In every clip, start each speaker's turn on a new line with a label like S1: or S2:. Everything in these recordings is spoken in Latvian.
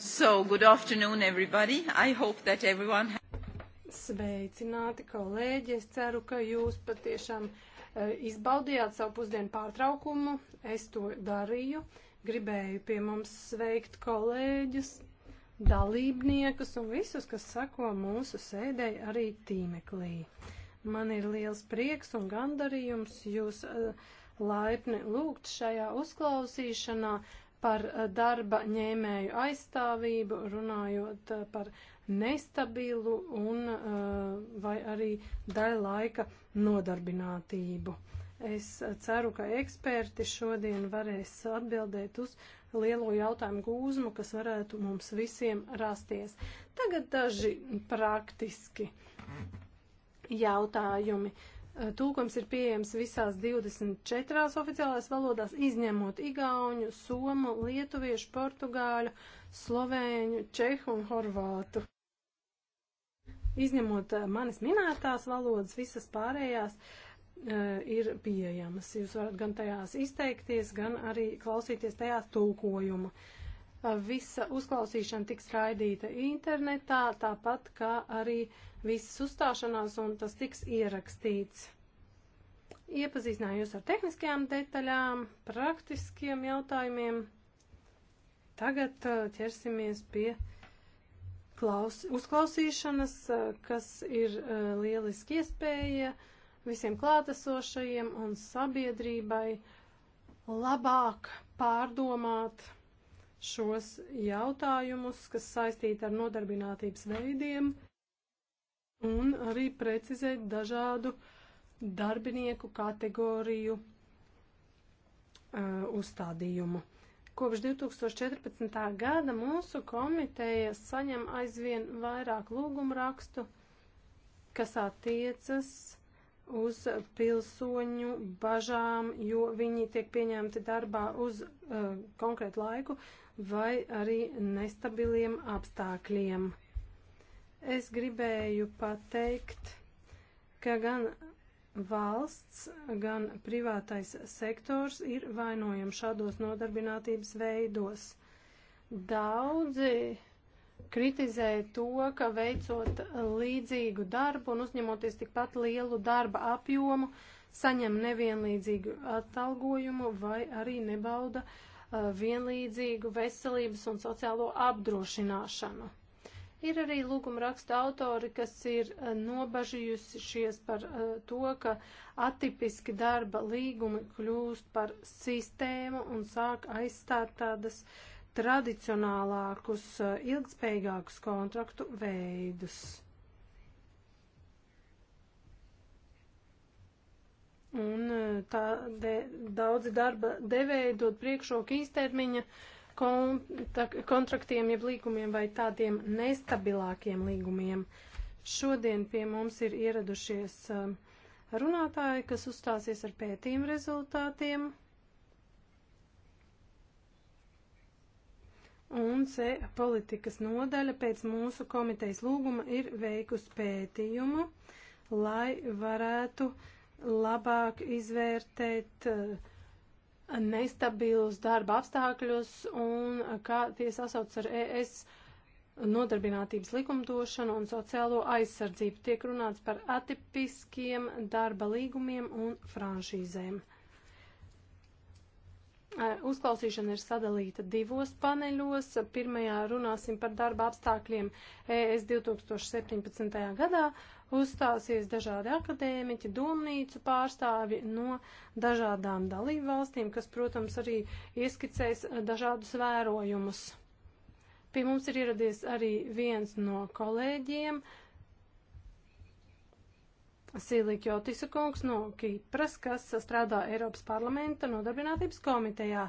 S1: So, good afternoon, everybody. I hope that everyone.
S2: Sveicināti, kolēģi! Es ceru, ka jūs patiešām uh, izbaudījāt savu pusdienu pārtraukumu. Es to darīju. Gribēju pie mums sveikt kolēģus, dalībniekus un visus, kas sako mūsu sēdēji arī tīmeklī. Man ir liels prieks un gandarījums jūs uh, laipni lūgt šajā uzklausīšanā par eh, darba ņēmēju aizstāvību, runājot eh, par nestabilu un eh, vai arī daļa laika nodarbinātību. Es ceru, ka eksperti šodien varēs atbildēt uz lielo jautājumu gūzmu, kas varētu mums visiem rasties. Tagad daži praktiski jautājumi. Uh, Eh, Tūkojums ir pieejams visās 24 oficiālās valodās, izņemot igauņu, somu, lietuviešu, portugāļu, slovēņu, čehu un horvātu. Izņemot eh, manis minētās valodas, visas pārējās uh, ir pieejamas. Jūs varat gan tajās izteikties, gan arī klausīties tajās tulkojumu. Uh, visa uzklausīšana tiks raidīta internetā, tāpat kā arī uh, visas uzstāšanās, un tas tiks ierakstīts. Iepazīstināju jūs ar tehniskajām detaļām, praktiskiem jautājumiem. Tagad uh, ķersimies pie klaus, uzklausīšanas, uh, kas ir uh, lieliski iespēja visiem klātesošajiem un sabiedrībai labāk pārdomāt šos jautājumus, kas saistīti ar nodarbinātības veidiem un arī precizēt dažādu darbinieku kategoriju uh, uzstādījumu. Kopš 2014. gada mūsu komiteja saņem aizvien vairāk lūgumu rakstu, kas attiecas uz pilsoņu bažām, jo viņi tiek pieņemti darbā uz uh, konkrētu laiku vai arī nestabiliem apstākļiem. Uh, Es gribēju pateikt, ka gan valsts, gan privātais sektors ir vainojami šādos nodarbinātības veidos. Daudzi kritizēja to, ka veicot līdzīgu darbu un uzņemoties tikpat lielu darba apjomu, saņem nevienlīdzīgu atalgojumu vai arī nebauda uh, vienlīdzīgu veselības un sociālo apdrošināšanu. Ir arī lūguma raksta autori, kas ir eh, nobažījušies par eh, to, ka atipiski darba līgumi kļūst par sistēmu un sāk aizstāt tādas tradicionālākus, eh, ilgspējīgākus kontraktu veidus. Un tā de, daudzi darba devēji dod priekšroku īstermiņa uh, kontraktiem, jeb līgumiem vai tādiem nestabilākiem līgumiem. Šodien pie mums ir ieradušies um, runātāji, kas uzstāsies ar pētījumu rezultātiem. Un C politikas nodaļa pēc mūsu komitejas lūguma ir veikusi pētījumu, lai varētu labāk izvērtēt uh, nestabilus darba apstākļus un kā tie sasauc ar ES nodarbinātības likumdošanu un sociālo aizsardzību. Tiek runāts par atipiskiem darba līgumiem un franšīzēm. E, uzklausīšana ir sadalīta divos paneļos. Pirmajā runāsim par darba apstākļiem ES 2017. gadā, uzstāsies dažādi akadēmiķi, domnīcu pārstāvi no dažādām dalību valstīm, kas, protams, arī ieskicēs dažādus vērojumus. Pie mums ir ieradies arī viens no kolēģiem, Silikjotis kungs no Kipras, kas strādā Eiropas parlamenta nodarbinātības komitejā.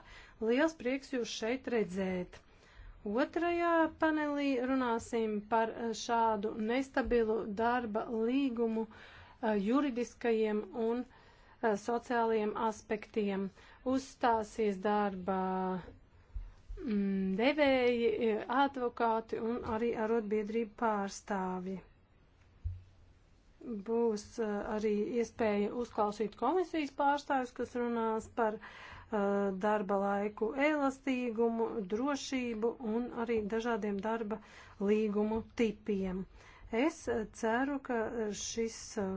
S2: Liels prieks jūs šeit redzēt! Otrajā panelī runāsim par eh, šādu nestabilu darba līgumu eh, juridiskajiem un eh, sociālajiem aspektiem. Uzstāsies darba mm, devēji, advokāti un arī arotbiedrību pārstāvji būs arī iespēja uzklausīt komisijas pārstāvis, kas runās par Uh, darba laiku elastīgumu, drošību un arī dažādiem darba līgumu tipiem. Es ceru, ka šis, uh,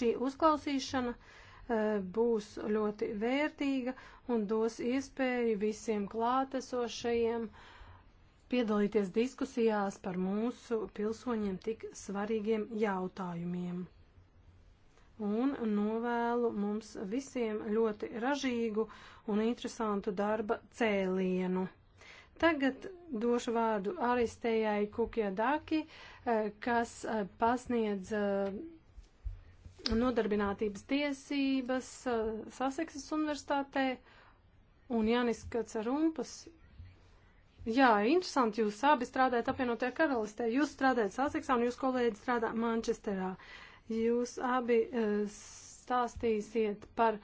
S2: šī uzklausīšana uh, būs ļoti vērtīga un dos iespēju visiem klātesošajiem piedalīties diskusijās par mūsu pilsoņiem tik svarīgiem jautājumiem un novēlu mums visiem ļoti ražīgu un interesantu darba cēlienu. Tagad došu vārdu Aristējai Kukjadaki, eh, kas eh, pasniedz eh, nodarbinātības tiesības Saseksas universitātē un Janis Kacarumpas Jā, interesanti. Jūs abi strādājat apvienotajā karalistē. Jūs strādājat Saseksā un jūs kolēģi strādā Mančesterā. Jūs abi eh, stāstīsiet par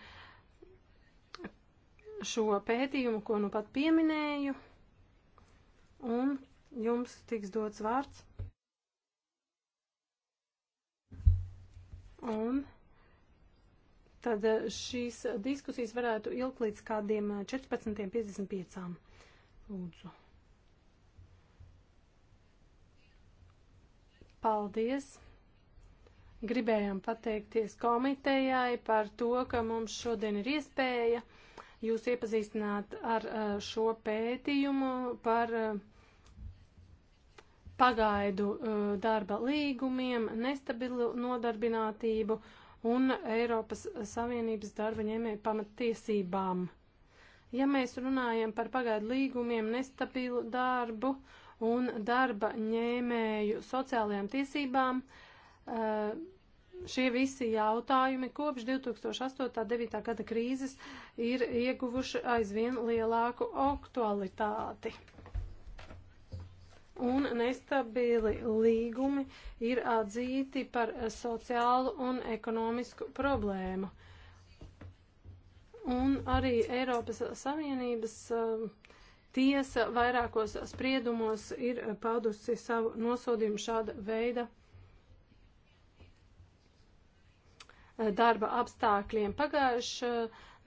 S2: šo pētījumu, ko nu pat pieminēju, un jums tiks dots vārds. Un tad eh, šīs diskusijas varētu ilgt līdz kādiem 14.55. Eh, Lūdzu. Paldies! Gribējām pateikties komitejai par to, ka mums šodien ir iespēja jūs iepazīstināt ar šo pētījumu par pagaidu darba līgumiem, nestabilu nodarbinātību un Eiropas Savienības darba ņēmēju pamattiesībām. Ja mēs runājam par pagaidu līgumiem, nestabilu darbu un darba ņēmēju sociālajām tiesībām, uh, Eh, šie visi jautājumi kopš 2008.9. gada krīzes ir ieguvuši aizvien lielāku aktualitāti. Un nestabili līgumi ir atzīti par sociālu un ekonomisku problēmu. Un arī Eiropas Savienības uh, tiesa vairākos spriedumos ir paudusi savu nosodījumu šāda veida Eh, darba apstākļiem. Pagājušā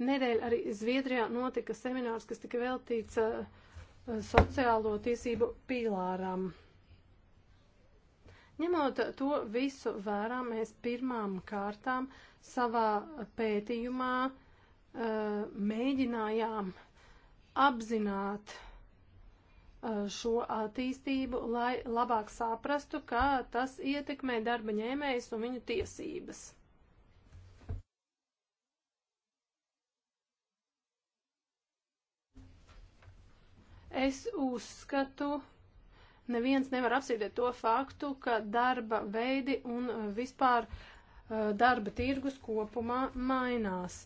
S2: nedēļa arī Zviedrijā notika seminārs, kas tika veltīts eh, sociālo tiesību pīlāram. Ņemot to visu vērā, mēs pirmām kārtām savā pētījumā eh, mēģinājām apzināt šo attīstību, lai labāk saprastu, kā tas ietekmē darba ņēmējs un viņu tiesības. Es uzskatu, neviens nevar apsīdēt to faktu, ka darba veidi un vispār e, darba tirgus kopumā mainās.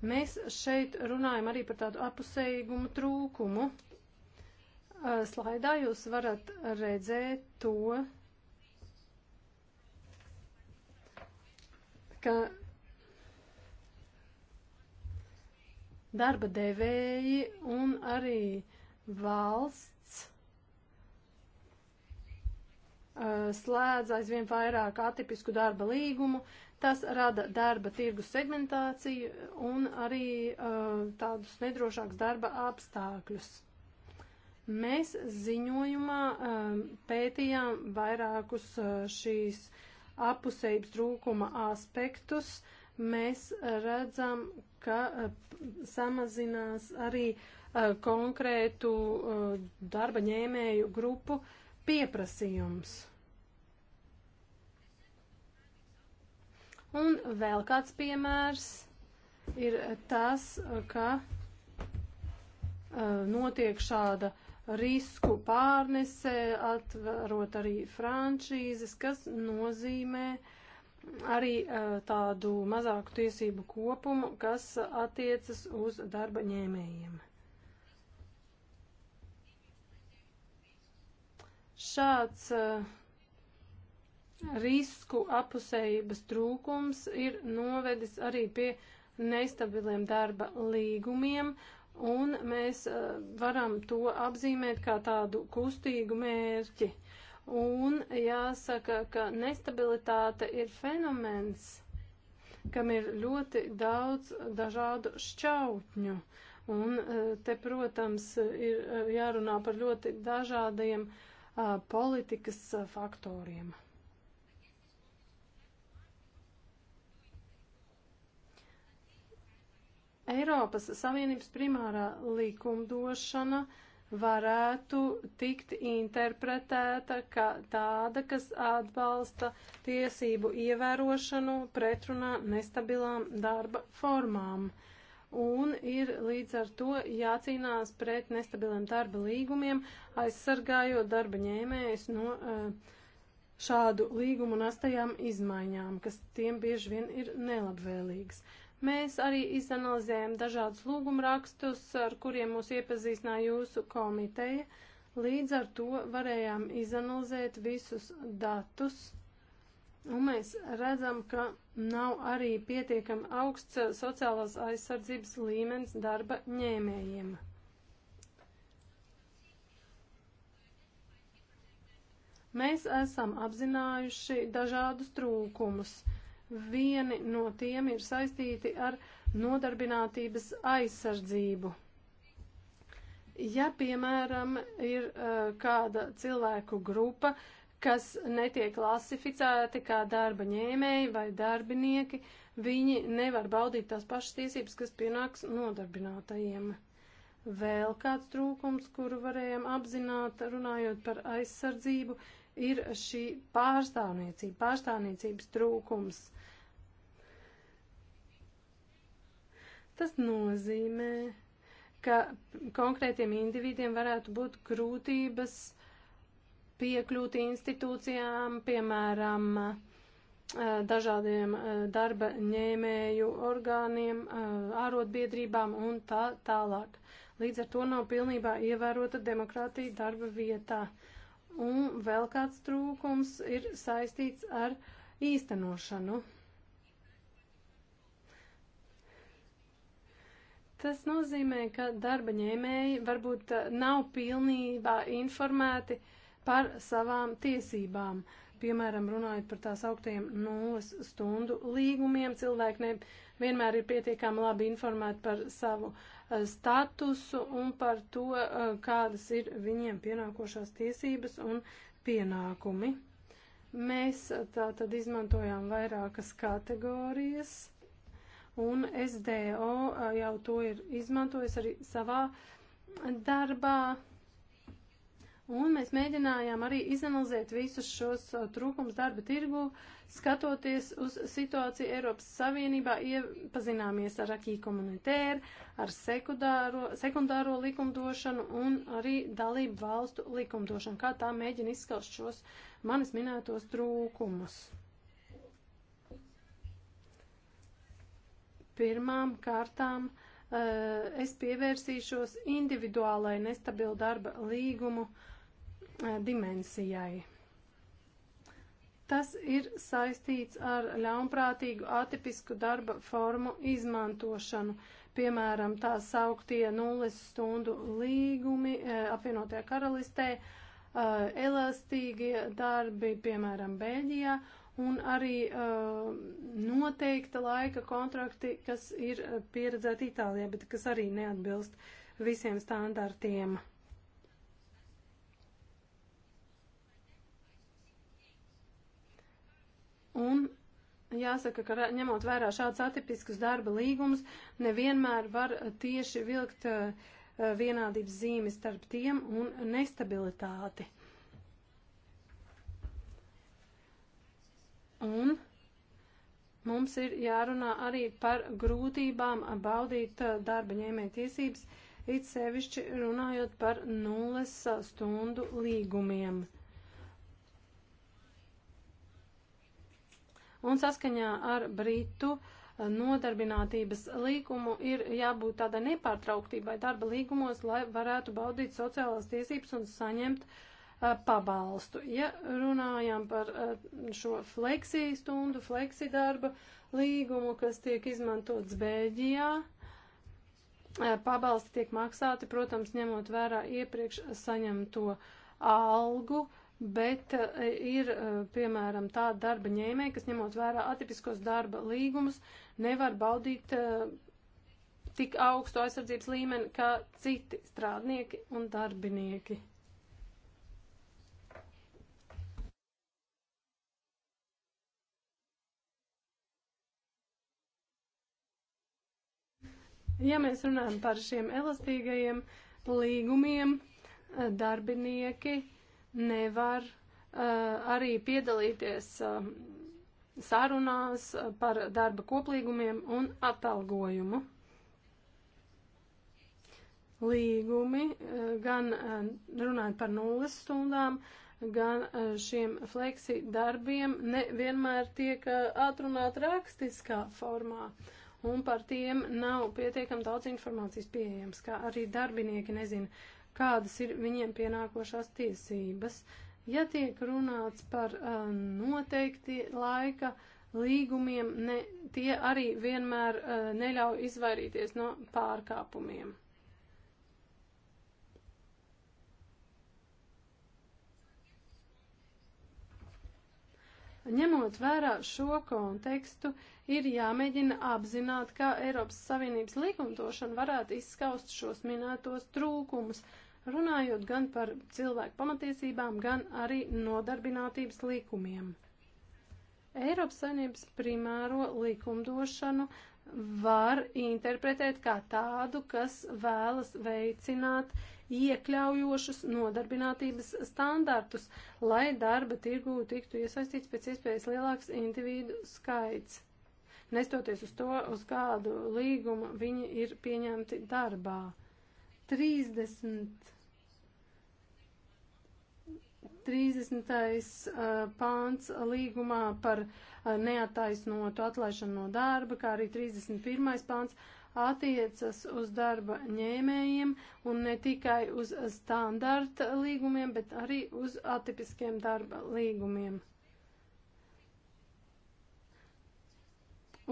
S2: Mēs šeit runājam arī par tādu apusējīgumu trūkumu. E, slaidā jūs varat redzēt to, ka darba devēji un arī uh, valsts eh, slēdz aizvien vairāk atipisku darba līgumu, tas rada darba tirgus segmentāciju un arī uh, tādus nedrošākus darba apstākļus. Mēs ziņojumā um, pētījām vairākus uh, šīs apusējības trūkuma aspektus. Mēs redzam, ka uh, samazinās arī uh, Eh, konkrētu eh, darba ņēmēju grupu pieprasījums. Un vēl kāds piemērs ir tas, ka eh, notiek šāda risku pārnese, atverot arī frančīzes, kas nozīmē arī tādu mazāku tiesību kopumu, kas attiecas uz darba ņēmējiem. Šāds uh, risku apusējības trūkums ir novedis arī pie nestabiliem darba līgumiem, un mēs uh, varam to apzīmēt kā tādu kustīgu mērķi. Un jāsaka, ka nestabilitāte ir fenomens, kam ir ļoti daudz dažādu šķautņu. Un uh, te, protams, ir jārunā par ļoti dažādiem uh, politikas faktoriem. Eiropas Savienības primārā likumdošana varētu tikt interpretēta kā tāda, kas atbalsta tiesību ievērošanu pretrunā nestabilām darba formām. Uh, un ir līdz ar to jācīnās pret nestabiliem darba līgumiem, aizsargājot darba ņēmējus no eh, šādu līgumu nastajām izmaiņām, kas tiem bieži vien ir nelabvēlīgas. Mēs arī izanalizējam dažādus lūgumrakstus, ar kuriem mūs iepazīstināja jūsu komiteja. Līdz ar to varējām izanalizēt visus datus Un mēs redzam, ka nav arī pietiekami augsts sociālās aizsardzības līmenis darba ņēmējiem. Mēs esam apzinājuši dažādus trūkumus. Vieni no tiem ir saistīti ar nodarbinātības aizsardzību. Ja, piemēram, ir uh, kāda cilvēku grupa, uh, kas netiek klasificēti kā darba ņēmēji vai darbinieki, viņi nevar baudīt tās pašas tiesības, kas pienāks nodarbinātajiem. Vēl kāds trūkums, kuru varējām apzināt, runājot par aizsardzību, ir šī pārstāvniecība, pārstāvniecības trūkums. Tas nozīmē, ka konkrētiem individiem varētu būt grūtības piekļūt institūcijām, piemēram, eh, dažādiem eh, darba ņēmēju orgāniem, eh, ārotbiedrībām un tā tālāk. Līdz ar to nav pilnībā ievērota demokrātija darba vietā. Un vēl kāds trūkums ir saistīts ar īstenošanu. Tas nozīmē, ka darba ņēmēji varbūt nav pilnībā informēti uh, par savām tiesībām. Piemēram, runājot par tās augtajiem nulles stundu līgumiem, cilvēki ne, vienmēr ir pietiekami labi informēti par savu eh, statusu un par to, eh, kādas ir viņiem pienākošās tiesības un pienākumi. Mēs eh, tā tad izmantojām vairākas kategorijas, un SDO jau to ir izmantojis arī savā darbā Un mēs mēģinājām arī izanalizēt visus šos uh, trūkums darba tirgu, skatoties uz situāciju Eiropas Savienībā, iepazināmies ar akī komunitēru, ar sekundāro, sekundāro likumdošanu un arī dalību valstu likumdošanu, kā tā mēģina izskaust šos manis minētos trūkumus. Pirmām kārtām uh, es pievērsīšos individuālai nestabilu darba līgumu uh, E, dimensijai. Tas ir saistīts ar ļaunprātīgu atipisku darba formu izmantošanu, piemēram, tā sauktie nulles stundu līgumi e, apvienotajā karalistē, e, elastīgie darbi, piemēram, Beļģijā, un arī noteikta laika kontrakti, kas ir pieredzēti Itālijā, bet kas arī neatbilst visiem standartiem. Un Jāsaka, ka ņemot vērā šādus atipiskus darba līgumus, nevienmēr var eh, tieši vilkt eh, vienādības zīmi starp tiem un nestabilitāti. Un mums ir jārunā arī par grūtībām baudīt eh, darba ņēmēja tiesības, it sevišķi runājot par nulles stundu līgumiem. Un saskaņā ar Britu eh, nodarbinātības līgumu ir jābūt tādai nepārtrauktībai darba līgumos, lai varētu baudīt sociālās tiesības un saņemt uh, pabalstu. Ja runājam par eh, šo fleksiju stundu, fleksi darba līgumu, kas tiek izmantots Bēļģijā, pabalsti tiek maksāti, protams, ņemot vērā iepriekš saņemto algu. Uh, Bet e, ir, e, piemēram, tāda darba ņēmēja, kas ņemot vērā atipiskos darba līgumus, nevar baudīt e, tik augstu aizsardzības līmeni kā citi strādnieki un darbinieki. Ja mēs runājam par šiem elastīgajiem līgumiem, darbinieki nevar uh, arī piedalīties uh, sarunās eh, par darba koplīgumiem un atalgojumu. Līgumi uh, gan uh, runājot par nulles stundām, gan uh, šiem fleksi darbiem nevienmēr tiek uh, atrunāt rakstiskā formā. Uh, un par tiem nav pietiekami daudz informācijas pieejams, kā arī darbinieki nezina, kādas ir viņiem pienākošās tiesības. Ja tiek runāts par uh, noteikti laika līgumiem, ne, tie arī vienmēr uh, neļauj izvairīties no pārkāpumiem. Ņemot vērā šo kontekstu, ir jāmēģina apzināt, kā Eiropas Savienības likumdošana varētu izskaust šos minētos trūkumus. Uh, runājot gan par cilvēku pamatiesībām, gan arī nodarbinātības likumiem. Eiropas saimnības primāro likumdošanu var interpretēt kā tādu, kas vēlas veicināt iekļaujošus nodarbinātības standartus, lai darba tirgū tiktu iesaistīts pēc iespējas lielāks individu skaits, nestoties uz to, uz kādu līgumu viņi ir pieņemti darbā. 30 30. pāns līgumā par neataisnotu atlaišanu no darba, kā arī 31. pāns attiecas uz darba ņēmējiem un ne tikai uz standarta līgumiem, bet arī uz atipiskiem darba līgumiem.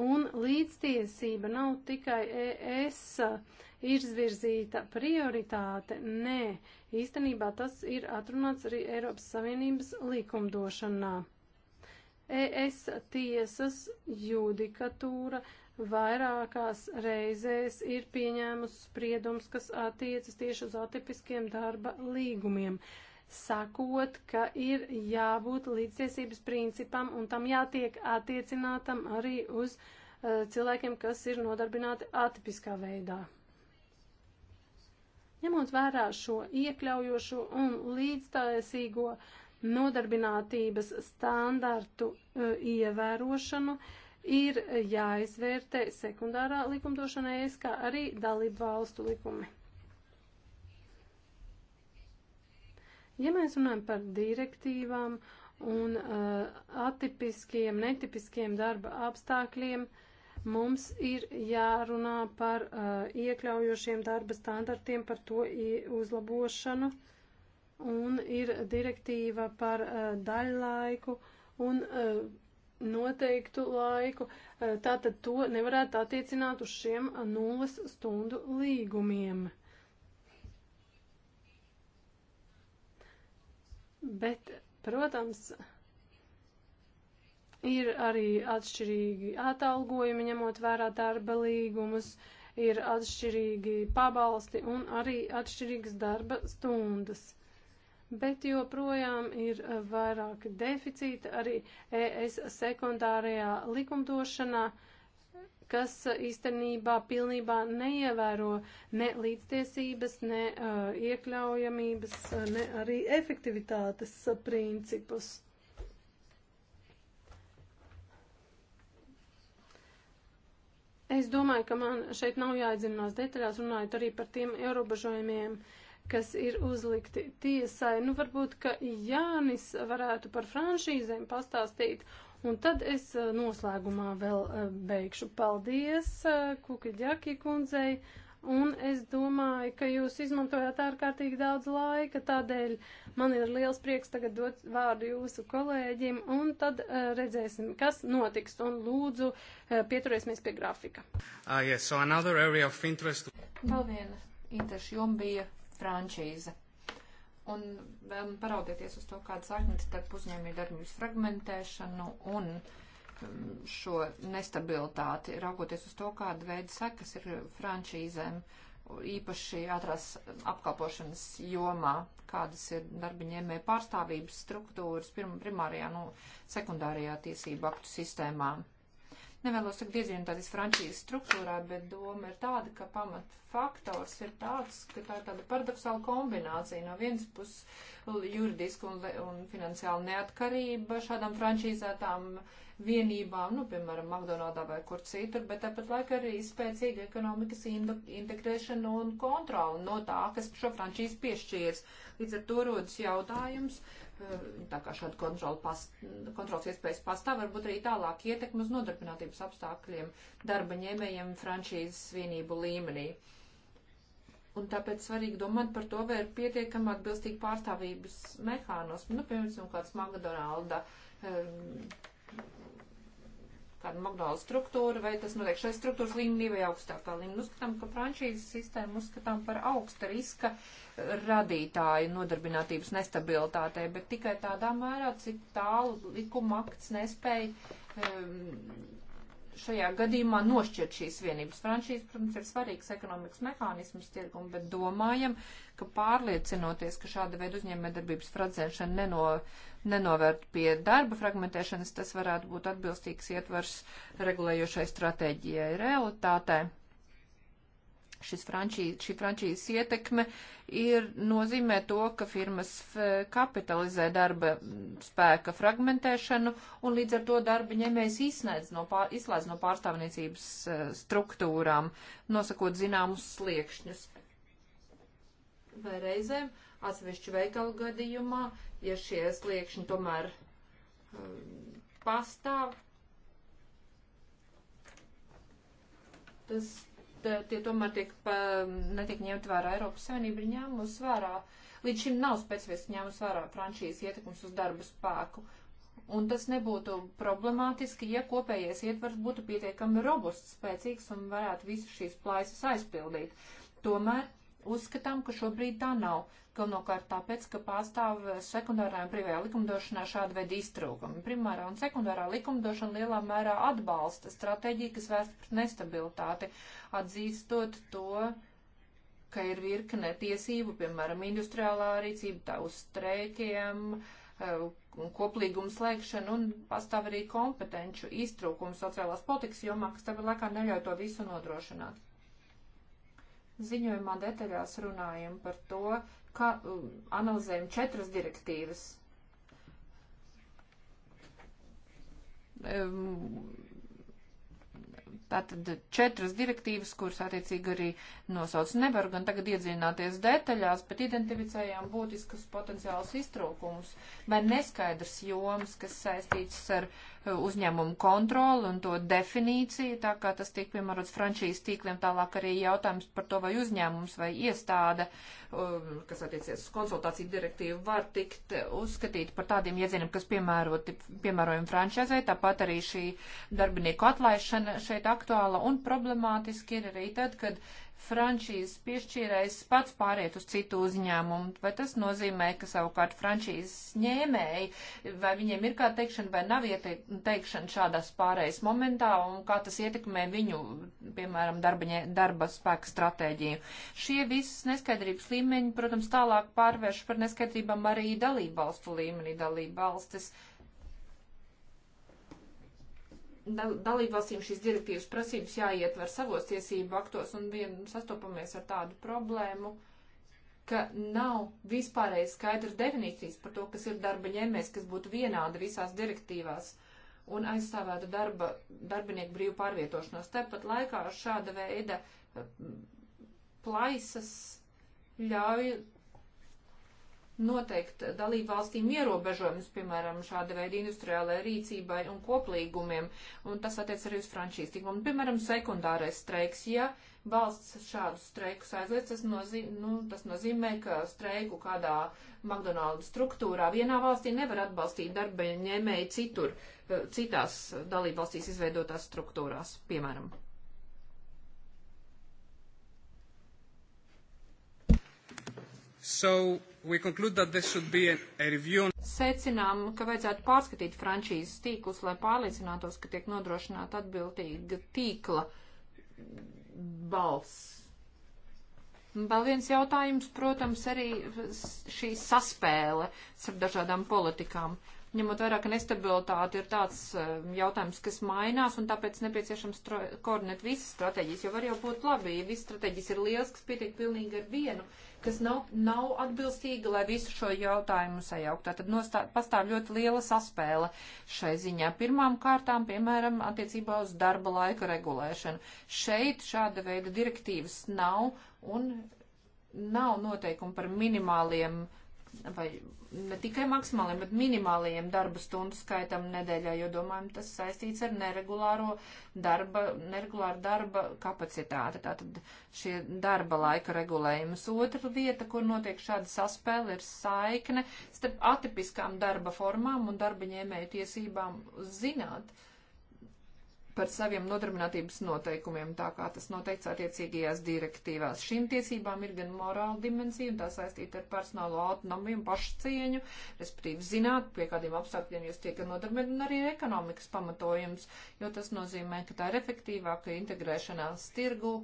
S2: Un līdztiesība nav tikai ES izvirzīta prioritāte, nē, īstenībā tas ir atrunāts arī Eiropas Savienības likumdošanā. ES tiesas judikatūra vairākās reizēs ir pieņēmusi spriedums, kas attiecas tieši uz atipiskiem darba līgumiem. Uh, sakot, ka ir jābūt līdztiesības principam un tam jātiek attiecinātam arī uz uh, cilvēkiem, kas ir nodarbināti atipiskā veidā. Ņemot vērā šo iekļaujošo un līdztaisīgo nodarbinātības standartu uh, ievērošanu, ir jāizvērtē sekundārā likumdošana ES, kā arī dalību valstu likumi. Ja mēs runājam par direktīvām un uh, atipiskiem, netipiskiem darba apstākļiem, mums ir jārunā par uh, iekļaujošiem darba standartiem, par to uzlabošanu, un ir direktīva par uh, daļlaiku un uh, noteiktu laiku. Uh, tātad to nevarētu attiecināt uz šiem uh, nulles stundu līgumiem. Bet, protams, ir arī atšķirīgi atalgojumi, ņemot vērā darba līgumus, ir atšķirīgi pabalsti un arī atšķirīgas darba stundas. Bet joprojām ir eh, vairāki deficīti arī ES sekundārajā likumdošanā. Uh, kas īstenībā pilnībā neievēro ne līdztiesības, ne uh, iekļaujamības, uh, ne arī efektivitātes uh, principus. Es domāju, ka man šeit nav jāiedzinās detaļās, runājot arī par tiem ierobežojumiem, uh, kas ir uzlikti tiesai. Nu, varbūt, ka Jānis varētu par franšīzēm pastāstīt. Un tad es eh, noslēgumā vēl eh, beigšu. Paldies eh, Kukaģaki kundzei. Un es domāju, ka jūs izmantojāt ārkārtīgi daudz laika, tādēļ man ir liels prieks tagad dot vārdu jūsu kolēģim, un tad uh, redzēsim, kas notiks, un lūdzu uh, pieturēsimies pie grafika. Uh, yes, so Vēl viena interešu joma bija
S1: franšīze. Un um, paraudieties uz to, kāda sakne starp uzņēmēju darbības fragmentēšanu un um, šo nestabilitāti, raugoties uz to, kāda veida sekas ir franšīzēm, īpaši ātrās apkalpošanas jomā, kādas ir darbiņēmē pārstāvības struktūras pirm, primārajā, nu, sekundārajā tiesību aktu sistēmām Nevēlos tagad iedziļināties frančīzes struktūrā, bet doma ir tāda, ka pamat faktors ir tāds, ka tā ir tāda paradoxāla kombinācija. No vienas puses juridiska un, un finansiāla neatkarība šādām frančīzētām vienībām, nu, piemēram, McDonaldā vai kur citur, bet tāpat laikā arī spēcīga ekonomikas integrēšana un kontrola no tā, kas šo frančīzi piešķīrs. Līdz ar to rodas jautājums, Eh, tā kā šāda kontrola pas, kontrols iespējas pastāv, varbūt arī tālāk ietekmi uz nodarbinātības apstākļiem darba ņēmējiem franšīzes vienību līmenī. Un tāpēc svarīgi domāt par to, vai ir pietiekama atbilstīga pārstāvības mehānismi, nu, piemēram, kāds McDonalda um, eh, kāda magdāla struktūra, vai tas notiek šai struktūras līmenī vai augstākā līmenī. Uzskatām, ka franšīzes sistēmu uzskatām par augsta riska radītāju nodarbinātības nestabilitātei, bet tikai tādā mērā, cik tālu likuma akts nespēja um, šajā gadījumā nošķirt šīs vienības. Franšīze, protams, ir svarīgs ekonomikas mehānisms tirgumu, bet domājam, ka pārliecinoties, ka šāda veida uzņēmējdarbības fragmentēšana neno, nenovērt pie darba fragmentēšanas, tas varētu būt atbilstīgs ietvars regulējošai stratēģijai realitātei šis frančī, šī frančīzes ietekme ir nozīmē to, ka firmas eh, kapitalizē darba spēka fragmentēšanu un līdz ar to darba ņēmējs izslēdz no, pār, izslēdz no pārstāvniecības eh, struktūrām, nosakot zināmus sliekšņus. Vai reizēm atsevišķu veikalu gadījumā, ja šie sliekšņi tomēr um, pastāv, tas Eh, tie tomēr tiek pa, netiek ņemt vērā. Eiropas Savienība ir ņēmus vērā, līdz šim nav specifiski ņēmus vērā franšīzes ietekmes uz darba spēku. Un tas nebūtu problemātiski, ja kopējais ietvars būtu pietiekami robusts, spēcīgs un varētu visu šīs plaisas aizpildīt. Tomēr uzskatām, ka šobrīd tā nav. Galvenokārt tāpēc, ka pastāv sekundārā un privējā likumdošanā šāda veida iztrūkumi. Primārā un sekundārā likumdošana lielā mērā atbalsta stratēģiju, kas vērsta pret nestabilitāti, atzīstot to, ka ir virkne tiesību, piemēram, industriālā rīcība, tā uz streikiem, eh, koplīgumu slēgšanu un pastāv arī kompetenču iztrūkumu sociālās politikas jomā, kas tev laikā neļauj to visu nodrošināt. Ziņojumā detaļās runājam par to, ka um, analizējam četras direktīvas. Um, tātad četras direktīvas, kuras attiecīgi arī nosauc. Nevaru gan tagad iedzināties detaļās, bet identificējām būtiskus potenciālus iztrūkumus vai neskaidrs jomas, kas saistīts ar uh, uzņēmumu kontroli un to definīciju, tā kā tas tiek piemērots franšīzes tīkliem, tālāk arī jautājums par to, vai uzņēmums vai iestāde, uh, kas attiecies uz konsultāciju direktīvu, var tikt uzskatīt par tādiem iedzieniem, kas piemēroti, piemērojami franšīzē, tāpat arī šī darbinieku atlaišana šeit aktuāla un problemātiski ir arī tad, kad franšīzes piešķīrējs pats pāriet uz citu uzņēmumu, vai tas nozīmē, ka savukārt franšīzes ņēmēji, vai viņiem ir kā teikšana vai nav ieteikšana šādās pārējas momentā, un kā tas ietekmē viņu, piemēram, darba, darba spēka stratēģiju. Šie visas neskaidrības līmeņi, protams, tālāk pārvērš par neskaidrībām arī dalību valstu līmenī dalību valstis dalībvalstīm šīs direktīvas prasības jāietver savos tiesību aktos un vien sastopamies ar tādu problēmu, ka nav vispārēji skaidra definīcijas par to, kas ir darba ņēmējs, kas būtu vienāda visās direktīvās un aizstāvētu darba, darbinieku brīvu pārvietošanos. Tepat laikā šāda veida eh, plaisas ļauj noteikt dalību valstīm ierobežojumus, piemēram, šāda veida industriālai rīcībai un koplīgumiem, un tas attiec arī uz franšīstīgumu. Piemēram, sekundārais streiks, ja valsts šādu streiku aizliedz, tas, nozīm, nu, tas nozīmē, ka streiku kādā McDonald's struktūrā vienā valstī nevar atbalstīt darba ņēmēji citur, eh, citās dalību valstīs izveidotās struktūrās, piemēram.
S2: So Secinām,
S1: ka vajadzētu pārskatīt frančīzes tīklus, lai pārliecinātos, ka tiek nodrošināta atbildīga tīkla balss. Vēl viens jautājums, protams, arī šī saspēle starp dažādām politikām. Uh, ņemot vairāk nestabilitāti, ir tāds eh, jautājums, kas mainās, un tāpēc nepieciešams koordinēt visas stratēģijas, jo var jau būt labi, ja visas stratēģijas ir liels, kas pietiek pilnīgi ar vienu, kas nav, nav atbilstīga, lai visu šo jautājumu sajaukt. Tātad nostā, pastāv ļoti liela saspēle šai ziņā. Pirmām kārtām, piemēram, attiecībā uz darba laika regulēšanu. Šeit šāda veida direktīvas nav, un nav noteikumi par minimāliem uh, vai ne tikai maksimāliem, bet minimāliem darba stundu skaitam nedēļā, jo, domājam, tas saistīts ar neregulāro darba, neregulāru darba kapacitāti, tātad šie darba laika regulējumus. Otra lieta, kur notiek šāda saspēle, ir saikne starp atipiskām darba formām un darba ņēmēju tiesībām zināt, uh, par saviem nodarbinātības noteikumiem, tā kā tas noteikts attiecīgajās direktīvās. Šīm tiesībām ir gan morāla dimensija, un tā saistīta ar personālo autonomiju un pašcieņu, respektīvi zināt, pie kādiem apstākļiem jūs tiekat nodarbināti, un arī ekonomikas pamatojums, jo tas nozīmē, ka tā ir efektīvāka integrēšanās tirgu.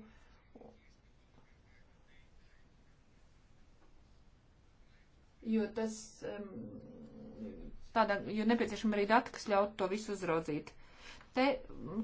S1: Jo tas um, tādā, jo nepieciešama arī data, kas ļautu to visu uzraudzīt. Uh, te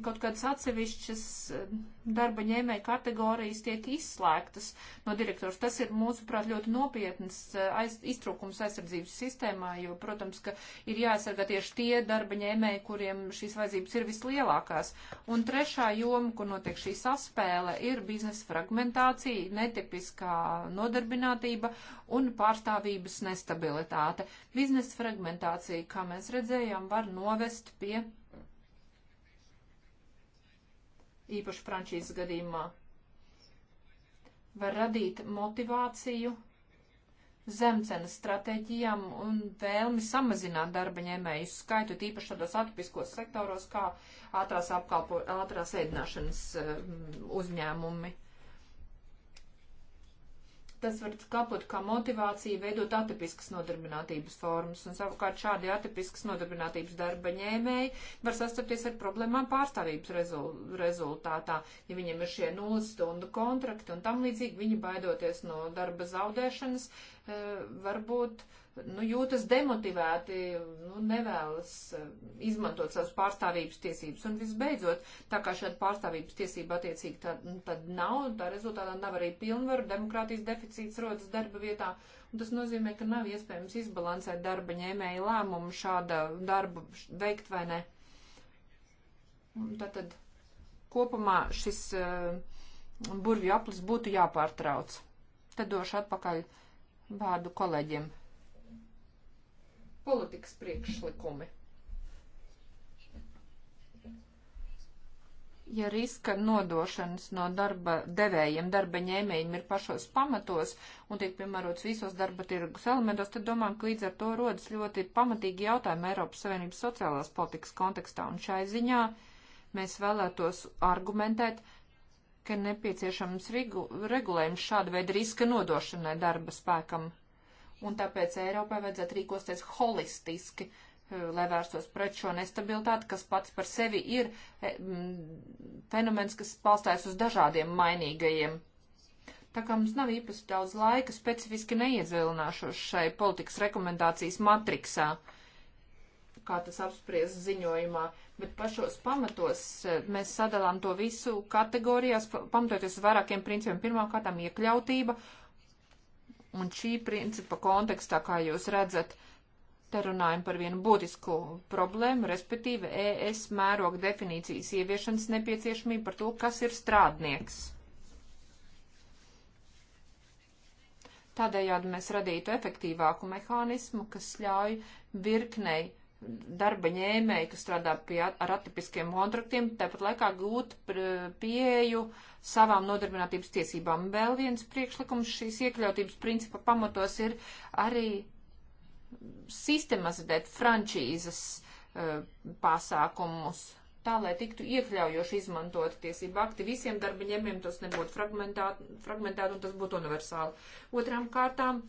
S1: kaut kādas atsevišķas eh, darba ņēmēja kategorijas tiek izslēgtas no direktors. Tas ir, mūsuprāt, ļoti nopietns eh, aiz, iztrūkums aizsardzības sistēmā, jo, protams, ka ir jāaizsargā tieši tie darba ņēmēji, kuriem šīs vajadzības ir vislielākās. Un trešā joma, kur notiek šī saspēle, ir biznesa fragmentācija, netipiskā nodarbinātība un pārstāvības nestabilitāte. Biznesa fragmentācija, kā mēs redzējām, var novest pie īpaši frančīzes gadījumā, var radīt motivāciju zemcenas stratēģijām un vēlmi samazināt darba ņēmēju skaitu, tīpaši tādos atpiskos sektoros kā ātrās, apkalpo, ātrās ēdināšanas eh, uzņēmumi tas var kalpot kā motivācija veidot atipiskas nodarbinātības formas, un savukārt šādi atipiskas nodarbinātības darba ņēmēji var sastapties ar problēmām pārstāvības rezul rezultātā. Ja viņiem ir šie nulles stundu kontrakti un tam līdzīgi, viņi baidoties no darba zaudēšanas, eh, varbūt nu, jūtas demotivēti, nu, nevēlas eh, izmantot savas pārstāvības tiesības. Un visbeidzot, tā kā šāda pārstāvības tiesība attiecīgi tad, nu, tad nav, tā rezultātā nav arī pilnvaru, demokrātijas deficīts rodas darba vietā, un tas nozīmē, ka nav iespējams izbalansēt darba ņēmēja lēmumu šāda darbu veikt vai ne. Tātad kopumā šis uh, burvju aplis būtu jāpārtrauc. Tad došu atpakaļ vārdu kolēģiem politikas priekšlikumi. Ja riska nodošanas no darba devējiem, darba ņēmējiem ir pašos pamatos un tiek piemērots visos darba tirgus elementos, tad domājam, ka līdz ar to rodas ļoti pamatīgi jautājumi Eiropas Savienības sociālās politikas kontekstā. Un šai ziņā mēs vēlētos argumentēt, ka nepieciešams rigu, regulējums šāda veida riska nodošanai darba spēkam un tāpēc Eiropai vajadzētu rīkosties holistiski, eh, lai vērstos pret šo nestabilitāti, kas pats par sevi ir eh, fenomens, kas palstājas uz dažādiem mainīgajiem. Tā kā mums nav īpaši daudz laika, specifiski neiedzēlināšos šai politikas rekomendācijas matriksā, kā tas apspries ziņojumā, bet pašos pamatos eh, mēs sadalām to visu kategorijās, pamatoties uz vairākiem principiem. Pirmkārtām iekļautība Un šī principa kontekstā, kā jūs redzat, te runājam par vienu būtisku problēmu, respektīvi ES mēroga definīcijas ieviešanas nepieciešamību par to, kas ir strādnieks. Tādējādi mēs radītu efektīvāku mehānismu, kas ļauj virknei darba ņēmēji, kas strādā pie, ar atipiskiem kontraktiem, tāpat laikā gūt pieeju savām nodarbinātības tiesībām. Vēl viens priekšlikums šīs iekļautības principa pamatos ir arī sistematizēt frančīzes uh, pasākumus tā, lai tiktu iekļaujoši izmantot tiesību akti visiem darba ņemiem, tas nebūtu fragmentēti un tas būtu universāli. Otram kārtām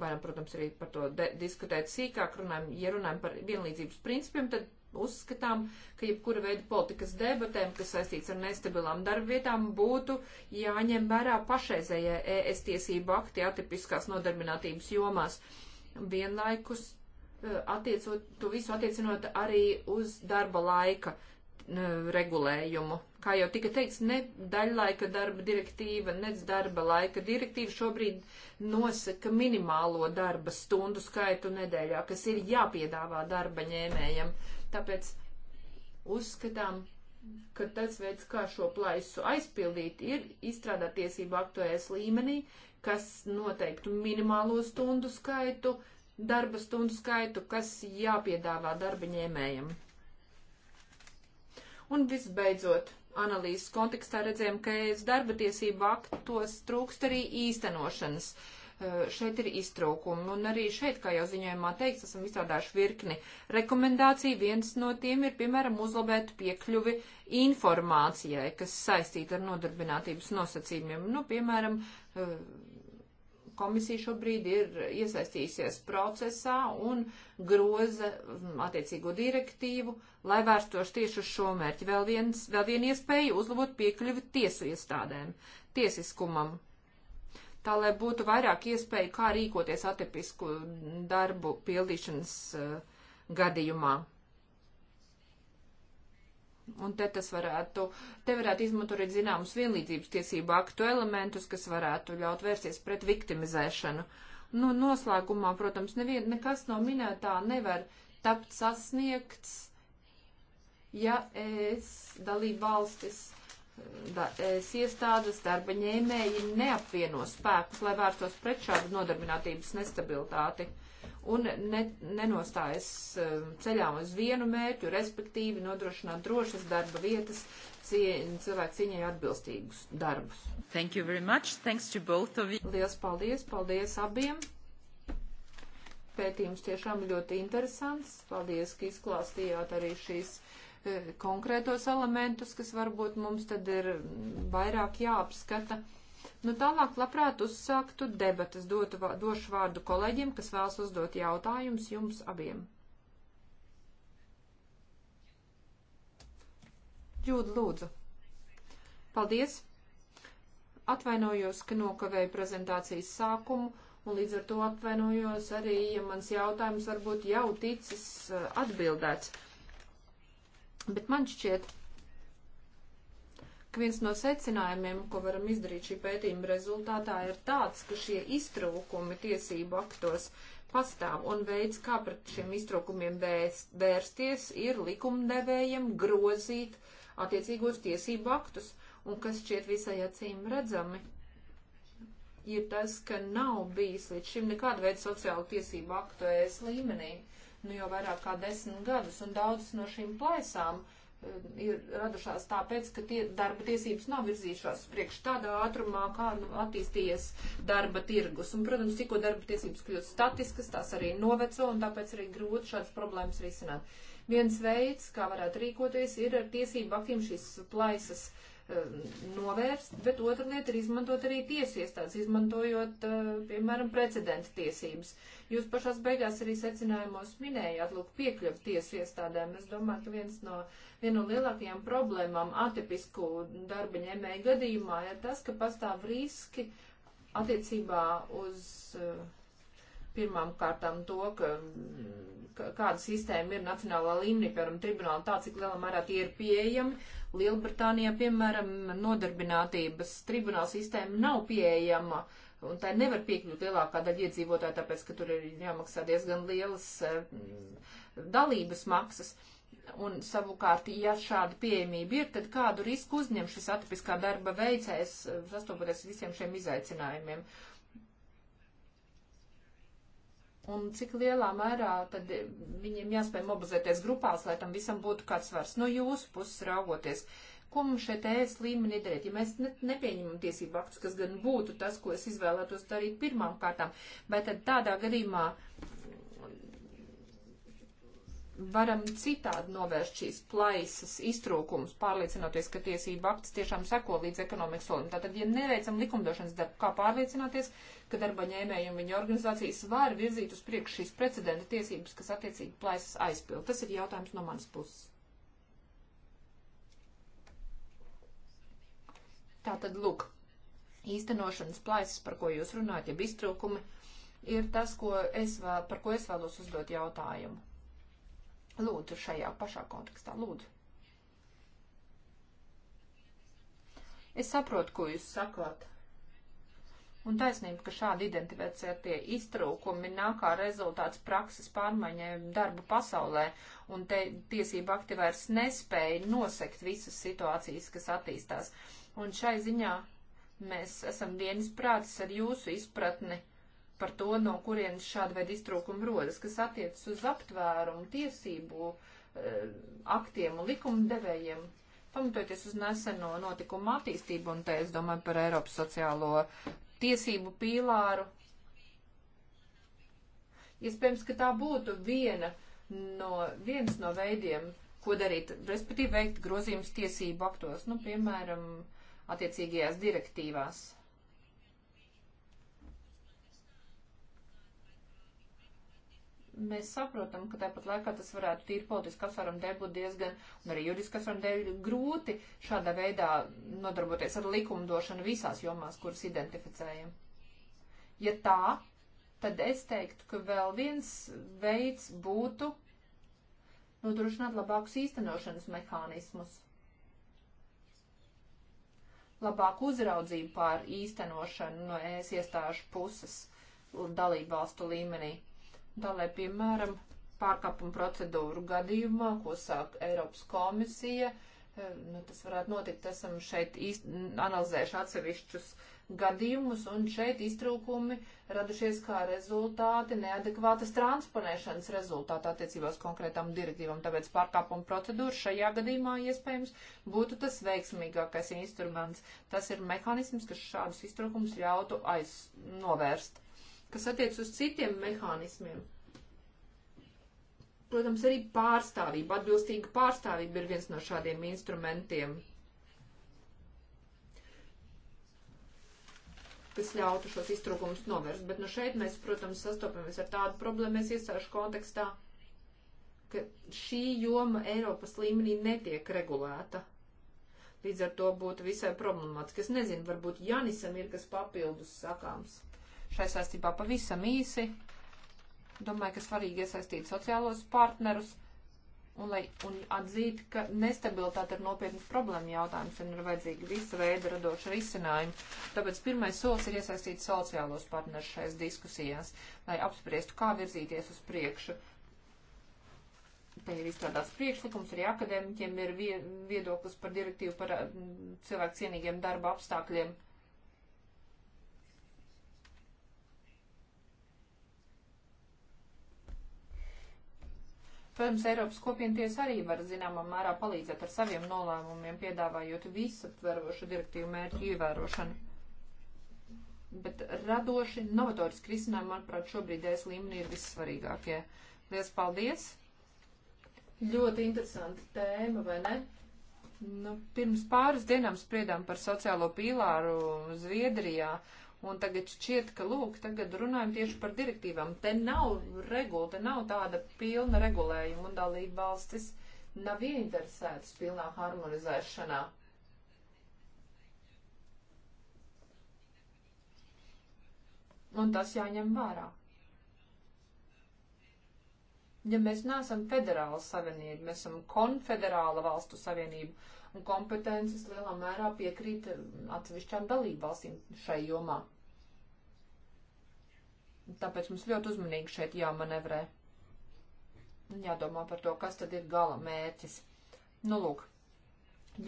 S1: Varam, protams, arī par to diskutēt sīkāk. Runājam, ja runājam par vienlīdzības principiem, tad uzskatām, ka jebkura veida politikas debatēm, kas saistīts ar nestabilām darbvietām, būtu jāņem vērā pašreizējie ES tiesību akti atipiskās nodarbinātības jomās. Vienlaikus eh, attiecot, to visu attiecinot arī uz darba laika regulējumu. Kā jau tika teikts, ne daļlaika darba direktīva, ne darba laika direktīva šobrīd nosaka minimālo darba stundu skaitu nedēļā, kas ir jāpiedāvā darba ņēmējam. Tāpēc uzskatām, ka tas veids, kā šo plaisu aizpildīt, ir izstrādāt tiesību aktuēs e līmenī, kas noteiktu minimālo stundu skaitu, darba stundu skaitu, kas jāpiedāvā darba ņēmējam. Un visbeidzot, analīzes kontekstā redzējām, ka ES darba tiesību aktos trūkst arī īstenošanas. Uh, šeit ir iztrūkumi, un arī šeit, kā jau ziņojumā teikts, esam izstrādājuši virkni rekomendāciju. Viens no tiem ir, piemēram, uzlabēt piekļuvi informācijai, kas saistīta ar nodarbinātības nosacījumiem. Nu, piemēram, uh, komisija šobrīd ir iesaistījusies procesā un groza mm, attiecīgo direktīvu, lai vērstos tieši uz šo mērķi. Vēl, viens, vēl viena iespēja uzlabot piekļuvi tiesu iestādēm, tiesiskumam, tā lai būtu vairāk iespēju, kā rīkoties atipisku darbu pildīšanas uh, gadījumā. Un te tas varētu, te varētu izmantot arī zināmus vienlīdzības tiesību aktu elementus, kas varētu ļaut vērsties pret viktimizēšanu. Nu, noslēgumā, protams, nevien, nekas no minētā nevar tapt sasniegts, ja es dalību valstis, da, es iestādes darba ņēmēji neapvieno spēkus, lai vērstos pret šādu nodarbinātības nestabilitāti un ne, nenostājas eh, ceļā uz vienu mērķu, respektīvi nodrošināt drošas darba vietas, cieņ, cilvēku cieņai atbilstīgus darbus. Thank you very much. Thanks to both of you. Lielas paldies, paldies abiem. Pētījums tiešām ļoti interesants. Paldies, ka izklāstījāt arī šīs eh, konkrētos elementus, kas varbūt mums tad ir vairāk jāapskata. Nu, tālāk labprāt uzsāktu debatas, dotu, došu vārdu kolēģiem, kas vēlas uzdot jautājumus jums abiem. Jūda, lūdzu. Paldies! Atvainojos, ka nokavēju prezentācijas sākumu, un līdz ar to atvainojos arī, ja mans jautājums varbūt jau ticis eh, atbildēts. Bet man šķiet, ka viens no secinājumiem, ko varam izdarīt šī pētījuma rezultātā, ir tāds, ka šie iztrūkumi tiesību aktos pastāv un veids, kā pret šiem iztrūkumiem vērsties, ir likumdevējiem grozīt attiecīgos tiesību aktus, un kas šķiet visai acīm redzami, ir tas, ka nav bijis līdz šim nekāda veida sociāla tiesība aktu ES līmenī, nu jau vairāk kā desmit gadus, un daudzas no šīm plaisām uh, ir radušās tāpēc, ka tie darba tiesības nav virzījušās priekš tādā ātrumā, kā nu, attīstījies darba tirgus. Un, protams, tikko darba tiesības kļūst statiskas, tās arī noveco, un tāpēc arī grūti šādas problēmas risināt. Viens veids, kā varētu rīkoties, ir ar tiesību aktiem šīs plaisas uh, Um, novērst, bet otra lieta ir izmantot arī tiesiestādes, izmantojot, uh, piemēram, precedenta tiesības. Jūs pašās beigās arī secinājumos minējāt, lūk, piekļuvu tiesiestādēm. Es domāju, ka viens no, viena no lielākajām problēmām atipisku darba ņēmēju gadījumā ir tas, ka pastāv riski attiecībā uz. Uh, pirmām kārtām to, ka, ka kāda sistēma ir nacionālā līmenī, piemēram, tribunāla tā, cik lielā mērā tie ir pieejami, Lielbritānijā, piemēram, nodarbinātības tribunāla sistēma nav pieejama. Un tā nevar piekļūt lielākā daļa iedzīvotāja, tāpēc, ka tur ir jāmaksā diezgan lielas eh, dalības maksas. Un savukārt, ja šāda pieejamība ir, tad kādu risku uzņem šis atipiskā darba veicējs eh, sastopoties ar visiem šiem izaicinājumiem? un cik lielā mērā tad viņiem jāspēj mobilizēties grupās, lai tam visam būtu kāds svars no jūsu puses raugoties. Ko mums šeit ēs līmenī darīt? Ja mēs ne, nepieņemam tiesību aktus, kas gan būtu tas, ko es izvēlētos darīt pirmām kārtām, bet tad tādā gadījumā varam citādi novērst šīs plaisas iztrūkumus, pārliecinoties, ka tiesība akts tiešām seko līdz ekonomikas solim. Tātad, ja neveicam likumdošanas darbu, kā pārliecināties, ka darba ņēmēji un viņa organizācijas var virzīt uz priekšu šīs precedenta tiesības, kas attiecīgi plaisas aizpild? Tas ir jautājums no manas puses. Tātad, lūk, īstenošanas plaisas, par ko jūs runājat, jeb iztrūkumi, ir tas, ko es vēl, par ko es vēlos uzdot jautājumu. Lūdzu, šajā pašā kontekstā, lūdzu. Es saprotu, ko jūs sakāt. Un taisnība, ka šādi identificētie iztrūkumi nāk kā rezultāts prakses pārmaiņai darba pasaulē, un te tiesība akti vairs nespēja nosekt visas situācijas, kas attīstās. Un šai ziņā mēs esam vienisprātis ar jūsu izpratni par to, no kurienes šāda veida iztrūkumi rodas, kas attiecas uz aptvērumu, tiesību eh, aktiem un likumdevējiem, pamatoties uz neseno notikumu attīstību, un te es domāju par Eiropas sociālo tiesību pīlāru. Iespējams, ka tā būtu viena no, viens no veidiem, ko darīt, respektīvi veikt grozījums tiesību aktos, nu, piemēram, attiecīgajās direktīvās. mēs saprotam, ka tāpat laikā tas varētu tīri politiski apsvērumu dēļ būt diezgan, un arī juridiski apsvērumu dēļ grūti šādā veidā nodarboties ar likumdošanu visās jomās, kuras identificējam. Ja tā, tad es teiktu, ka vēl viens veids būtu nodrošināt labākus īstenošanas mehānismus, labāku uzraudzību pār īstenošanu no ēs iestāžu puses dalībvalstu līmenī tā lai, piemēram, pārkāpuma procedūru gadījumā, ko sāk Eiropas komisija, eh, nu, tas varētu notikt, esam šeit īst, analizējuši atsevišķus gadījumus, un šeit iztrūkumi radušies kā rezultāti neadekvātas transponēšanas rezultātā attiecībās konkrētām direktīvām. Tāpēc pārkāpuma procedūra šajā gadījumā iespējams būtu tas veiksmīgākais instruments. Tas ir mehānisms, kas šādus iztrūkumus ļautu aiz novērst kas attiec uz citiem mehānismiem. Protams, arī pārstāvība, atbilstīga pārstāvība ir viens no šādiem instrumentiem, kas ļautu šos iztrūkumus novērst. Bet nu šeit mēs, protams, sastopamies ar tādu problēmu, mēs iestāšu kontekstā, ka šī joma Eiropas līmenī netiek regulēta. Līdz ar to būtu visai problemātiski. Es nezinu, varbūt Janisam ir kas papildus sakāms šai saistībā pavisam īsi. Domāju, ka svarīgi iesaistīt sociālos partnerus un, lai, un atzīt, ka nestabilitāte ir nopietnas problēma jautājums un ir vajadzīgi visa veida radoši risinājumi. Tāpēc pirmais solis ir iesaistīt sociālos partnerus šais diskusijās, lai apspriestu, kā virzīties uz priekšu. Te ir izstrādāts priekšlikums, arī akadēmiķiem ir viedoklis par direktīvu par mm, cilvēku cienīgiem darba apstākļiem. Protams, Eiropas kopienties arī var zināmā mērā palīdzēt ar saviem nolēmumiem, piedāvājot visaptverošu direktīvu mērķu ievērošanu. Bet radoši, novatoriski risinājumi, manuprāt, šobrīd es līmenī ir vissvarīgākie. Lielas paldies! Ļoti interesanta tēma, vai ne? Nu, pirms pāris dienām spriedām par sociālo pīlāru Zviedrijā. Uh, Un tagad šķiet, ka, lūk, tagad runājam tieši par direktīvām. Te nav regula, te nav tāda pilna regulējuma, un dalība valstis nav ieinteresētas pilnā harmonizēšanā. Un tas jāņem vērā. Ja mēs neesam federāla savienība, mēs esam konfederāla valstu savienība, un kompetences lielā mērā piekrīt atsevišķām dalībvalstīm šai jomā. Tāpēc mums ļoti uzmanīgi šeit jāmanevrē. Jādomā par to, kas tad ir gala mērķis. Nu, lūk,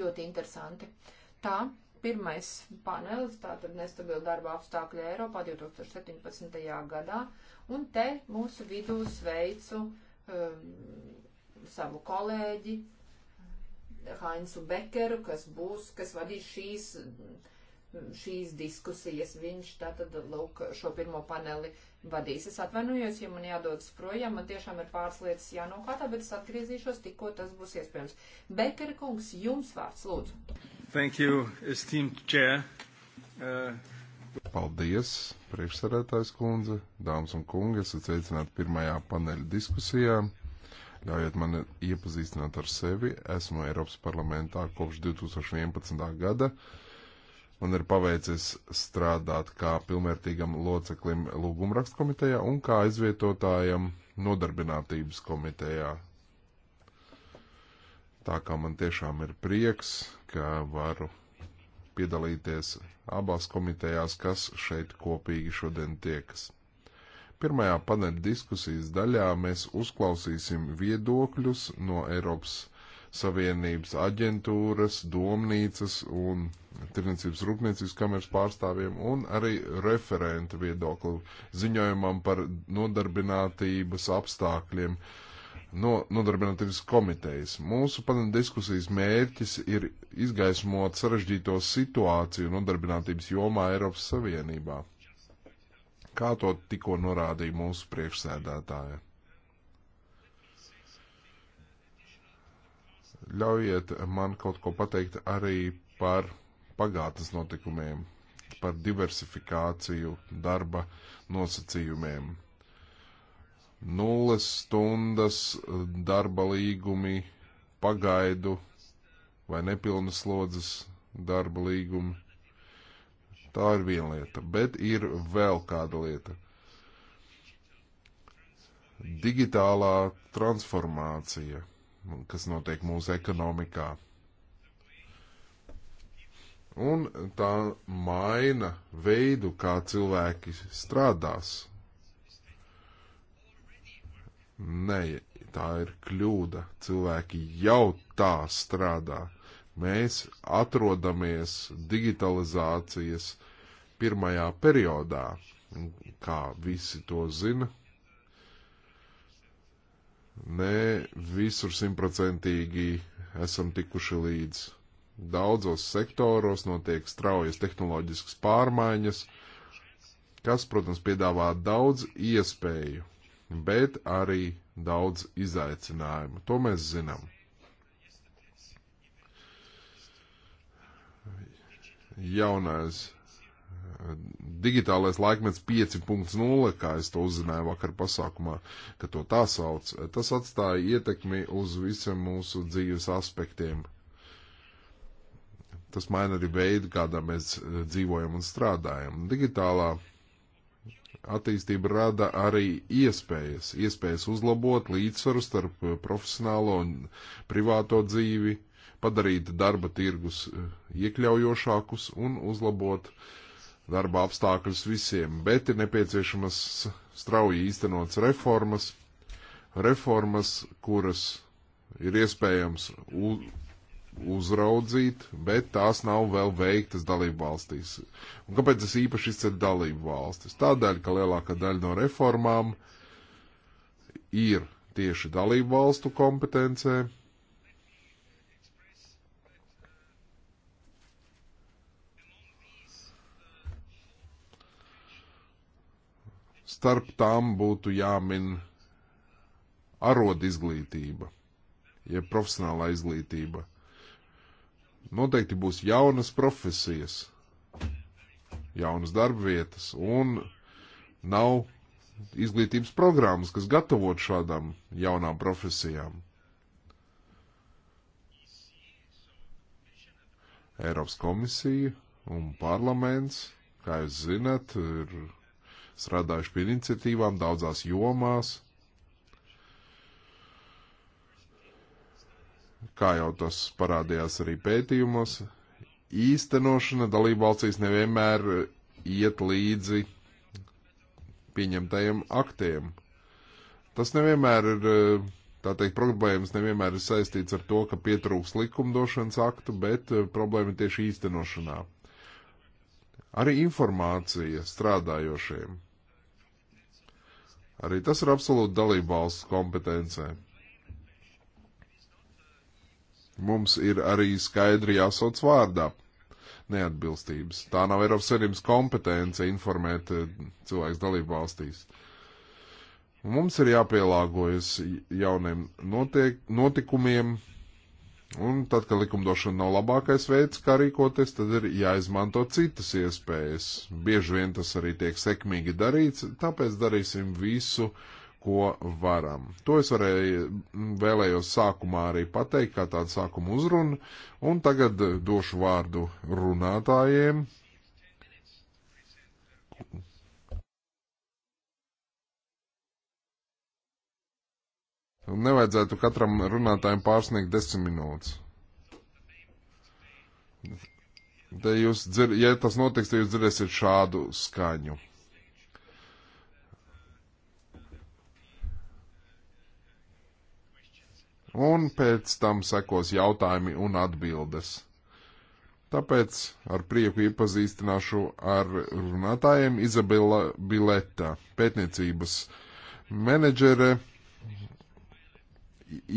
S1: ļoti interesanti. Tā, pirmais panelis, tātad nestabila darba apstākļa Eiropā 2017. gadā, un te mūsu vidū sveicu um, savu kolēģi Hainsu Bekeru, kas būs, kas vadīs šīs, šīs diskusijas. Viņš tātad, lūk, šo pirmo paneli vadīs. Es atvainojos, ja man jādodas projām, man tiešām ir pāris lietas jānokātā, bet es atgriezīšos tikko tas būs iespējams. Bekera kungs, jums vārds, lūdzu.
S2: Thank you, esteemed chair.
S3: Uh... Paldies, priekšsarētājs kundze, dāmas un kungi, esat sveicināti pirmajā paneļa diskusijā. Ļaujiet man iepazīstināt ar sevi. Esmu Eiropas parlamentā kopš 2011. gada. Man ir paveicies strādāt kā pilnvērtīgam loceklim lūgumrakstu komitejā un kā aizvietotājam nodarbinātības komitejā. Tā kā man tiešām ir prieks, ka varu piedalīties abās komitejās, kas šeit kopīgi šodien tiekas. Pirmajā paneļa diskusijas daļā mēs uzklausīsim viedokļus no Eiropas Savienības aģentūras, domnīcas un Tirniecības rūpniecības kameras pārstāvjiem un arī referenta viedokli ziņojumam par nodarbinātības apstākļiem no nodarbinātības komitejas. Mūsu paneļa diskusijas mērķis ir izgaismot sarežģīto situāciju nodarbinātības jomā Eiropas Savienībā kā to tikko norādīja mūsu priekšsēdētāja. Ļaujiet man kaut ko pateikt arī par pagātnes notikumiem, par diversifikāciju darba nosacījumiem. Nulles stundas darba līgumi, pagaidu vai nepilnas slodzes darba līgumi Tā ir viena lieta, bet ir vēl kāda lieta. Digitālā transformācija, kas notiek mūsu ekonomikā. Un tā maina veidu, kā cilvēki strādās. Nē, tā ir kļūda. Cilvēki jau tā strādā. Mēs atrodamies digitalizācijas pirmajā periodā, kā visi to zina. Ne visur simtprocentīgi esam tikuši līdz. Daudzos sektoros notiek straujas tehnoloģiskas pārmaiņas, kas, protams, piedāvā daudz iespēju, bet arī daudz izaicinājumu. To mēs zinām. jaunais eh, digitālais laikmets 5.0, kā es to uzzināju vakar pasākumā, ka to tā sauc, tas atstāja ietekmi uz visiem mūsu dzīves aspektiem. Tas maina arī veidu, kādā mēs eh, dzīvojam un strādājam. Digitālā attīstība rada arī iespējas, iespējas uzlabot līdzsvaru starp eh, profesionālo un privāto dzīvi, padarīt darba tirgus eh, iekļaujošākus un uzlabot darba apstākļus visiem, bet ir nepieciešamas strauji īstenots reformas, reformas, kuras ir iespējams uzraudzīt, bet tās nav vēl veiktas dalību valstīs. Un kāpēc es īpaši izceļu dalību valstis? Tādēļ, ka lielākā daļa no reformām ir tieši dalību valstu kompetencē, starp tām būtu jāmin arod izglītība, jeb profesionālā izglītība. Noteikti būs jaunas profesijas, jaunas darbvietas un nav izglītības programmas, kas gatavot šādām jaunām profesijām. Eiropas komisija un parlaments, kā jūs zinat, ir strādājuši pie iniciatīvām daudzās jomās. Kā jau tas parādījās arī pētījumos, īstenošana dalībvalstīs nevienmēr iet līdzi pieņemtajiem aktiem. Tas nevienmēr ir, tā teikt, problēmas nevienmēr ir saistīts ar to, ka pietrūks likumdošanas aktu, bet eh, problēma ir tieši īstenošanā. Arī informācija strādājošiem. Arī tas ir absolūti dalību valsts kompetencē. Mums ir arī skaidri jāsauc vārdā neatbilstības. Tā nav Eiropas Savienības kompetence informēt eh, cilvēks dalību valstīs. Mums ir jāpielāgojas jauniem notiek, notikumiem, Un tad, kad likumdošana nav labākais veids, kā rīkoties, tad ir jāizmanto citas iespējas. Bieži vien tas arī tiek sekmīgi darīts, tāpēc darīsim visu, ko varam. To es varēju, mm, vēlējos sākumā arī pateikt, kā tāda sākuma uzruna, un tagad došu vārdu runātājiem, Un nevajadzētu katram runātājam pārsniegt desmit minūtes. Te jūs dzir, ja tas notiks, tad jūs dzirdēsiet šādu skaņu. Un pēc tam sekos jautājumi un atbildes. Tāpēc ar prieku iepazīstināšu ar runātājiem Izabela Bileta, pētniecības menedžere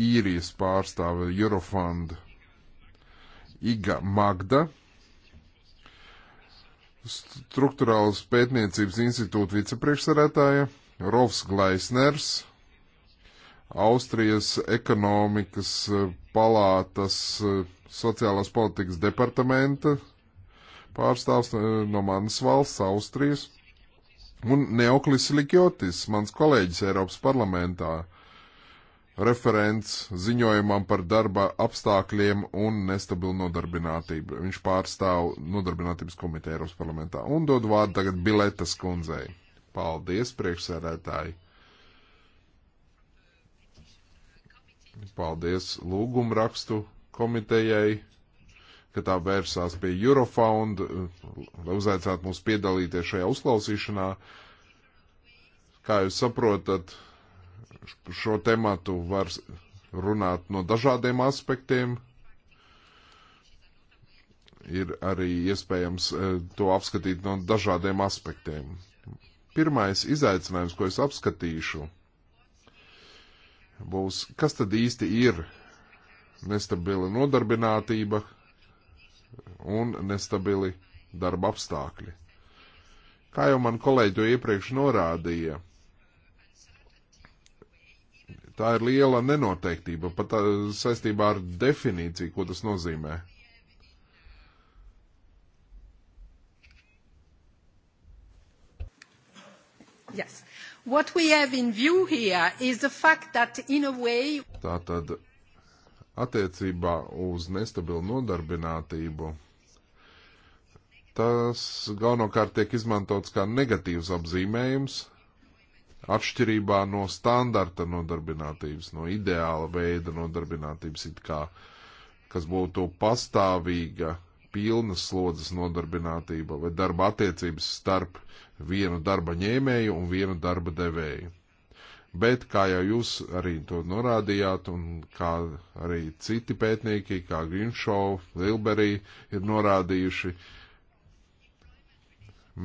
S3: īrijas pārstāve Eurofond Iga Magda, Struktūrālas pētniecības institūta vicepriekšsarētāja Rolfs Gleisners, Austrijas ekonomikas eh, palātas eh, sociālās politikas departamenta pārstāvs eh, no manas valsts, Austrijas, un Neoklis Likjotis, mans kolēģis Eiropas parlamentā, referents ziņojumam par darba apstākļiem un nestabilu nodarbinātību. Viņš pārstāv nodarbinātības komiteju Eiropas parlamentā un dod vārdu tagad biletas kundzei. Paldies, priekšsēdētāji! Paldies lūgumrakstu komitejai, ka tā vērsās pie Eurofound, lai uzaicinātu mūs piedalīties šajā uzklausīšanā. Kā jūs saprotat, šo tematu var runāt no dažādiem aspektiem. Ir arī iespējams eh, to apskatīt no dažādiem aspektiem. Pirmais izaicinājums, ko es apskatīšu, būs, kas tad īsti ir nestabila nodarbinātība un nestabili darba apstākļi. Kā jau man kolēģi to iepriekš norādīja, Tā ir liela nenoteiktība pat tā, saistībā ar definīciju, ko tas nozīmē.
S1: Yes. What we have in view here is the fact that in a way
S3: Tātad attiecībā uz nestabilu nodarbinātību tas galvenokārt tiek izmantots kā negatīvs apzīmējums atšķirībā no standarta nodarbinātības, no ideāla veida nodarbinātības, it kā, kas būtu pastāvīga, pilnas slodzes nodarbinātība vai darba attiecības starp vienu darba ņēmēju un vienu darba devēju. Bet, kā jau jūs arī to norādījāt, un kā arī citi pētnieki, kā Grimšov, Lilberī, ir norādījuši, uh,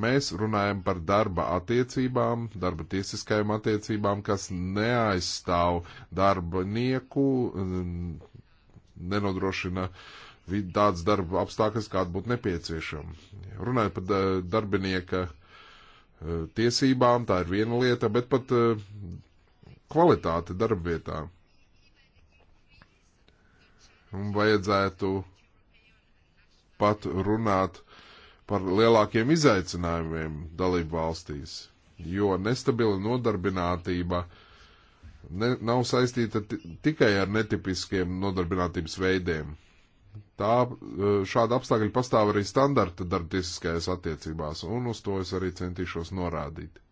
S3: Mēs runājam par darba attiecībām, darba tiesiskajām attiecībām, kas neaizstāv darbinieku, nenodrošina tādas darba apstākļas, kāda būtu nepieciešama. Runājot par darbinieka e, tiesībām, tā ir viena lieta, bet pat e, kvalitāte darbvietā. Un vajadzētu pat runāt par lielākiem izaicinājumiem dalību valstīs, jo nestabila nodarbinātība ne, nav saistīta tikai ar netipiskiem nodarbinātības veidiem. Tā, e, šāda apstākļa pastāv arī standarta darbtiesiskajās attiecībās, un uz to es arī centīšos norādīt.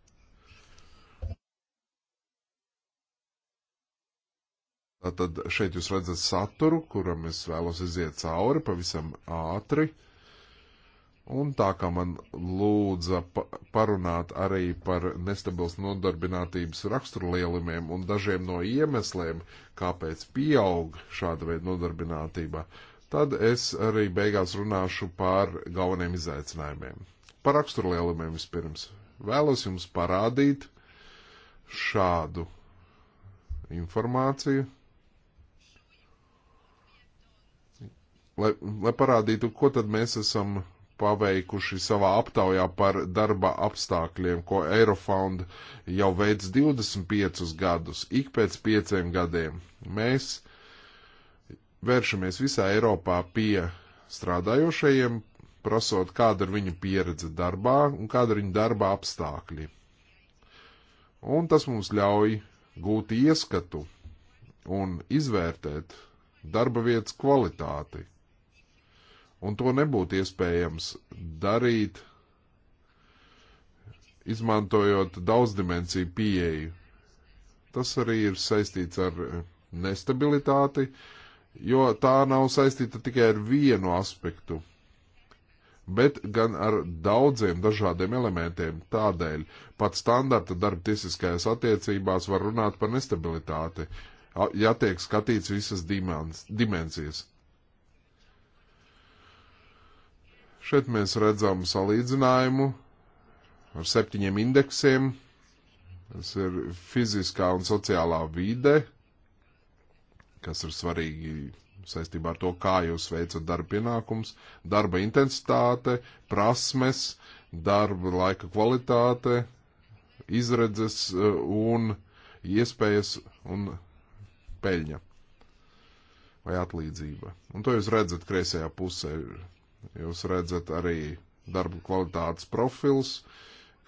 S3: Tātad šeit jūs redzat saturu, kuram es vēlos iziet cauri pavisam ātri. Uh, Un tā kā man lūdza parunāt arī par nestabils nodarbinātības raksturlielumiem un dažiem no iemesliem, kāpēc pieaug šāda veida nodarbinātība, tad es arī beigās runāšu par galveniem izaicinājumiem. Par raksturlielumiem vispirms. Vēlos jums parādīt šādu informāciju. Lai, lai parādītu, ko tad mēs esam paveikuši savā aptaujā par darba apstākļiem, ko Eurofound jau veids 25 gadus, ik pēc pieciem gadiem. Mēs vēršamies visā Eiropā pie strādājošajiem, prasot, kāda ir viņu pieredze darbā un kāda ir viņu darba apstākļi. Un tas mums ļauj gūt ieskatu un izvērtēt darba vietas kvalitāti, Un to nebūtu iespējams darīt, izmantojot daudzdimensiju pieeju. Tas arī ir saistīts ar nestabilitāti, jo tā nav saistīta tikai ar vienu aspektu bet gan ar daudziem dažādiem elementiem. Tādēļ pat standarta darba tiesiskajās attiecībās var runāt par nestabilitāti, ja tiek skatīts visas dimens, dimensijas. Šeit mēs redzam salīdzinājumu ar septiņiem indeksiem. Tas ir fiziskā un sociālā vide, kas ir svarīgi saistībā ar to, kā jūs veicat darba pienākums, darba intensitāte, prasmes, darba laika kvalitāte, izredzes eh, un iespējas un peļņa vai atlīdzība. Un to jūs redzat kreisajā pusē. Jūs redzat arī darba kvalitātes profils,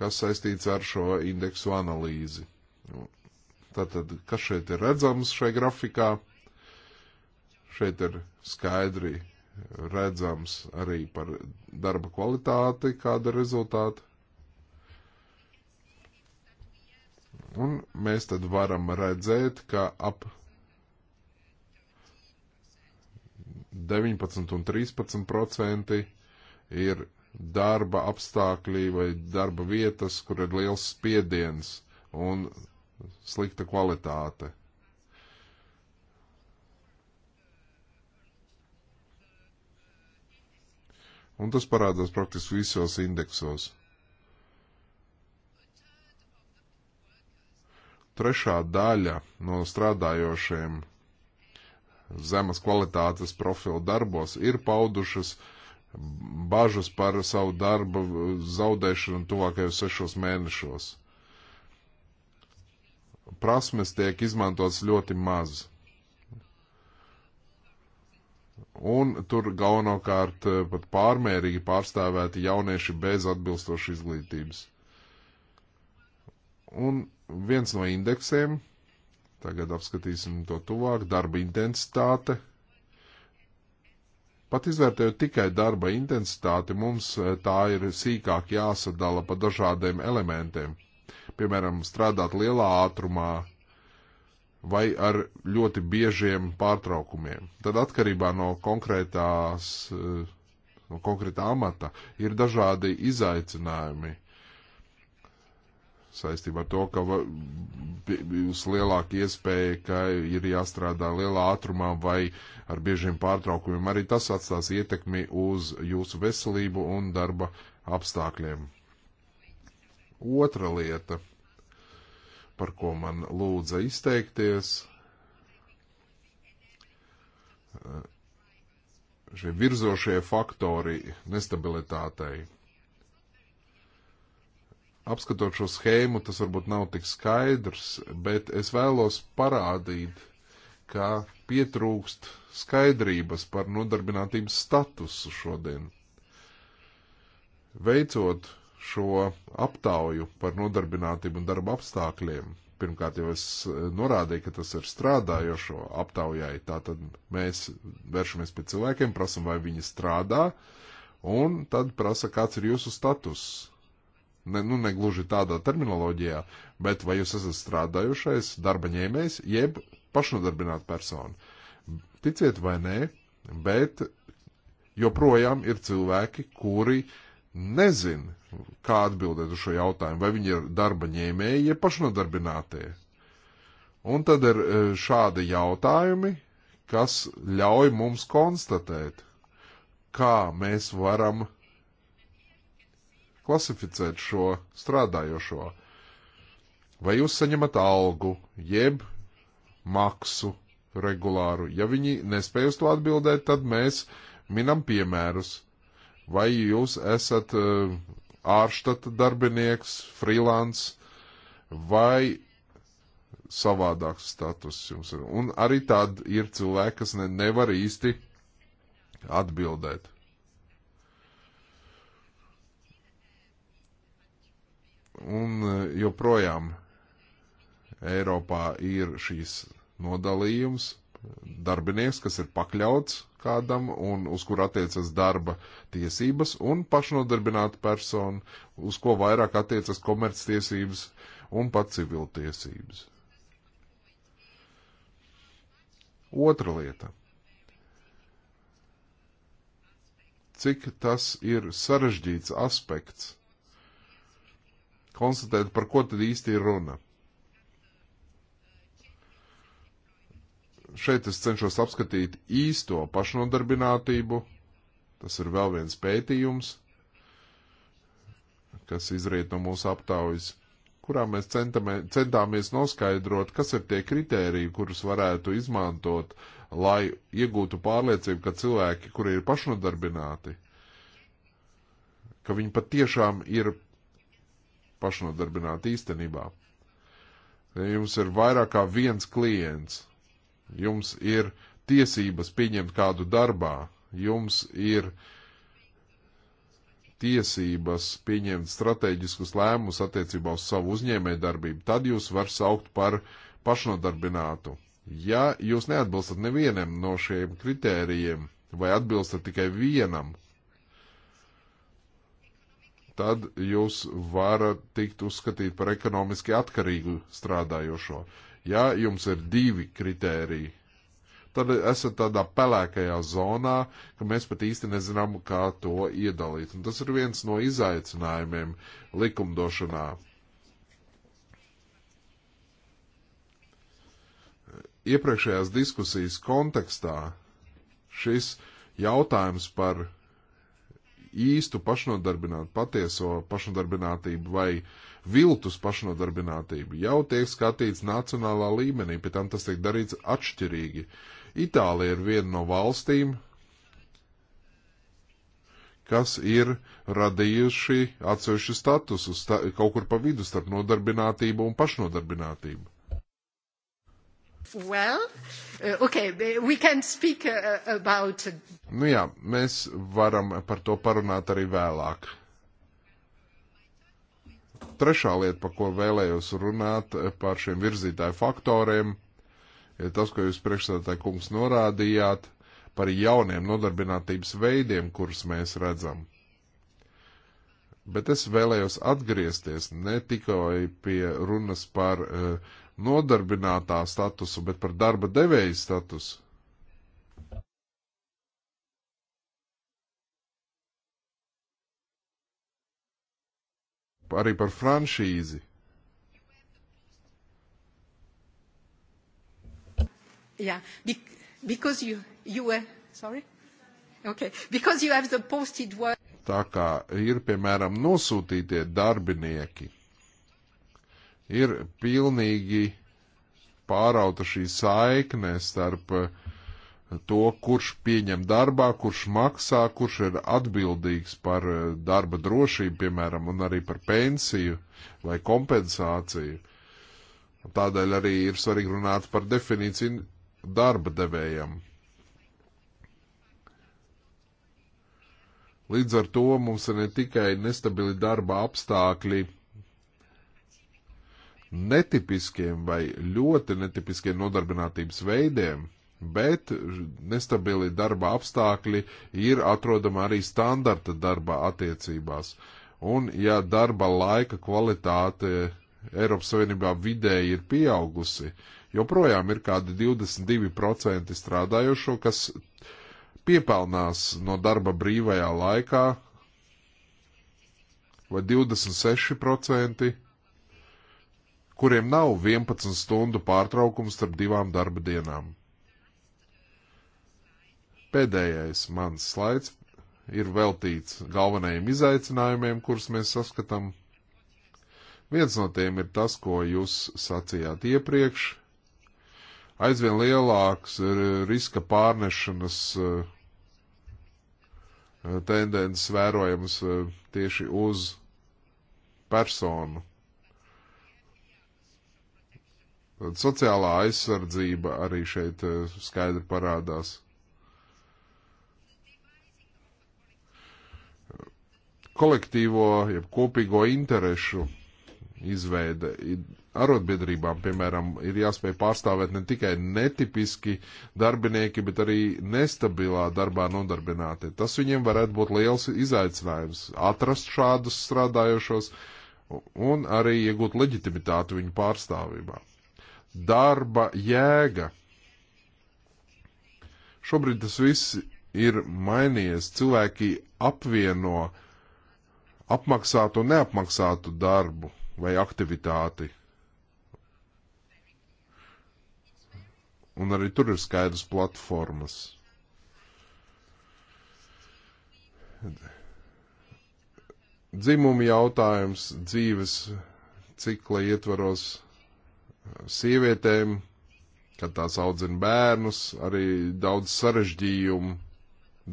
S3: kas saistīts ar šo indeksu analīzi. Tātad, kas šeit ir redzams šajā grafikā? Šeit ir skaidri redzams arī par darba kvalitāti, kāda ir rezultāta. Un mēs tad varam redzēt, ka ap 19 un 13 procenti ir darba apstākļi vai darba vietas, kur ir liels spiediens un slikta kvalitāte. Un tas parādās praktiski visos indeksos. Trešā daļa no strādājošiem zemas kvalitātes profilu darbos ir paudušas bažas par savu darbu zaudēšanu tuvākajos sešos mēnešos. Prasmes tiek izmantotas ļoti maz. Un tur galvenokārt eh, pat pārmērīgi pārstāvēti jaunieši bez atbilstošas izglītības. Un viens no indeksiem Tagad apskatīsim to tuvāk. Darba intensitāte. Pat izvērtējot tikai darba intensitāti, mums eh, tā ir sīkāk jāsadala pa dažādiem elementiem. Piemēram, strādāt lielā ātrumā vai ar ļoti biežiem pārtraukumiem. Tad atkarībā no konkrētās, eh, no konkrētā amata ir dažādi izaicinājumi saistībā ar to, ka būs lielāka iespēja, ka ir jāstrādā lielā ātrumā vai ar biežiem pārtraukumiem. Arī tas atstās ietekmi uz jūsu veselību un darba apstākļiem. Otra lieta, par ko man lūdza izteikties, šie virzošie faktori nestabilitātei apskatot šo schēmu, tas varbūt nav tik skaidrs, bet es vēlos parādīt, ka pietrūkst skaidrības par nodarbinātības statusu šodien. Veicot šo aptauju par nodarbinātību un darba apstākļiem, pirmkārt jau es eh, norādīju, ka tas ir strādājošo aptaujai, tātad mēs vēršamies pie cilvēkiem, prasam, vai viņi strādā, un tad prasa, kāds ir jūsu status ne, nu, ne gluži tādā terminoloģijā, bet vai jūs esat strādājušais darba ņēmējs jeb pašnodarbināta persona. Ticiet vai nē, bet joprojām ir cilvēki, kuri nezin, kā atbildēt uz šo jautājumu, vai viņi ir darba ņēmēji jeb pašnodarbinātie. Un tad ir e, šādi jautājumi, kas ļauj mums konstatēt, kā mēs varam klasificēt šo strādājošo. Vai jūs saņemat algu, jeb maksu regulāru? Ja viņi nespēj uz to atbildēt, tad mēs minam piemērus. Vai jūs esat uh, ārštata darbinieks, freelance vai savādāks status jums ir. Un arī tad ir cilvēki, kas ne, nevar īsti atbildēt. Un e, joprojām Eiropā ir šīs nodalījums darbinieks, kas ir pakļauts kādam un uz kur attiecas darba tiesības, un pašnodarbināta persona, uz ko vairāk attiecas komerctiesības un pat civiltiesības. Otra lieta. Cik tas ir sarežģīts aspekts konstatēt, par ko tad īsti ir runa. Šeit es cenšos apskatīt īsto pašnodarbinātību. Tas ir vēl viens pētījums, kas izriet no mūsu aptaujas, kurā mēs centamē, centāmies noskaidrot, kas ir tie kritēriji, kurus varētu izmantot, lai iegūtu pārliecību, ka cilvēki, kuri ir pašnodarbināti, ka viņi patiešām ir pašnodarbināti īstenībā. Jums ir vairāk kā viens klients, jums ir tiesības pieņemt kādu darbā, jums ir tiesības pieņemt strateģiskus lēmumus attiecībā uz savu uzņēmēju darbību, tad jūs var saukt par pašnodarbinātu. Ja jūs neatbilstat nevienam no šiem kritērijiem vai atbilstat tikai vienam, tad jūs varat tikt uzskatīt par ekonomiski atkarīgu strādājošo. Ja jums ir divi kritēriji, tad esat tādā pelēkajā zonā, ka mēs pat īsti nezinām, kā to iedalīt. Un tas ir viens no izaicinājumiem likumdošanā. Iepriekšējās diskusijas kontekstā šis jautājums par īstu pašnodarbinātību, patieso pašnodarbinātību vai viltus pašnodarbinātību jau tiek skatīts nacionālā līmenī, pie tam tas tiek darīts atšķirīgi. Itālija ir viena no valstīm, kas ir radījuši atsevišķu statusu sta kaut kur pa vidu starp nodarbinātību un pašnodarbinātību.
S1: Well, uh, okay, we can speak uh, uh, about.
S3: Nu jā, mēs varam par to parunāt arī vēlāk. Trešā lieta, par ko vēlējos runāt, eh, par šiem virzītāju faktoriem, ir tas, ko jūs priekšsēdētāji kungs norādījāt par jauniem nodarbinātības veidiem, kurus mēs redzam. Bet es vēlējos atgriezties ne tikai pie runas par uh, nodarbinātā statusu, bet par darba devēja statusu. Arī par franšīzi.
S1: Yeah, because you, you were, sorry? Okay, because you have the posted word.
S3: Tā kā ir, piemēram, nosūtītie darbinieki ir pilnīgi pārauta šī saikne starp eh, to, kurš pieņem darbā, kurš maksā, kurš ir atbildīgs par eh, darba drošību, piemēram, un arī par pensiju vai kompensāciju. Tādēļ arī ir svarīgi runāt par definīciju darba devējam. Līdz ar to mums ir ne tikai nestabili darba apstākļi, netipiskiem vai ļoti netipiskiem nodarbinātības veidiem, bet nestabili darba apstākļi ir atrodama arī standarta darba attiecībās. Un ja darba laika kvalitāte Eiropas Savienībā vidēji ir pieaugusi, joprojām ir kādi 22% strādājošo, kas piepelnās no darba brīvajā laikā, vai 26%, kuriem nav 11 stundu pārtraukums starp divām darba dienām. Pēdējais mans slaids ir veltīts galvenajiem izaicinājumiem, kurus mēs saskatām. Viens no tiem ir tas, ko jūs sacījāt iepriekš. Aizvien lielāks ir riska pārnešanas eh, tendences vērojams eh, tieši uz personu Sociālā aizsardzība arī šeit eh, skaidri parādās. Kolektīvo, jeb kopīgo interešu izveide arotbiedrībām, piemēram, ir jāspēj pārstāvēt ne tikai netipiski darbinieki, bet arī nestabilā darbā nodarbināti. Tas viņiem varētu būt liels izaicinājums atrast šādus strādājošos un arī iegūt leģitimitāti viņu pārstāvībā darba jēga. Šobrīd tas viss ir mainījies. Cilvēki apvieno apmaksātu un neapmaksātu darbu vai aktivitāti. Un arī tur ir skaidrs platformas. Dzimuma jautājums dzīves cikla ietvaros sievietēm, kad tās audzina bērnus, arī daudz sarežģījumu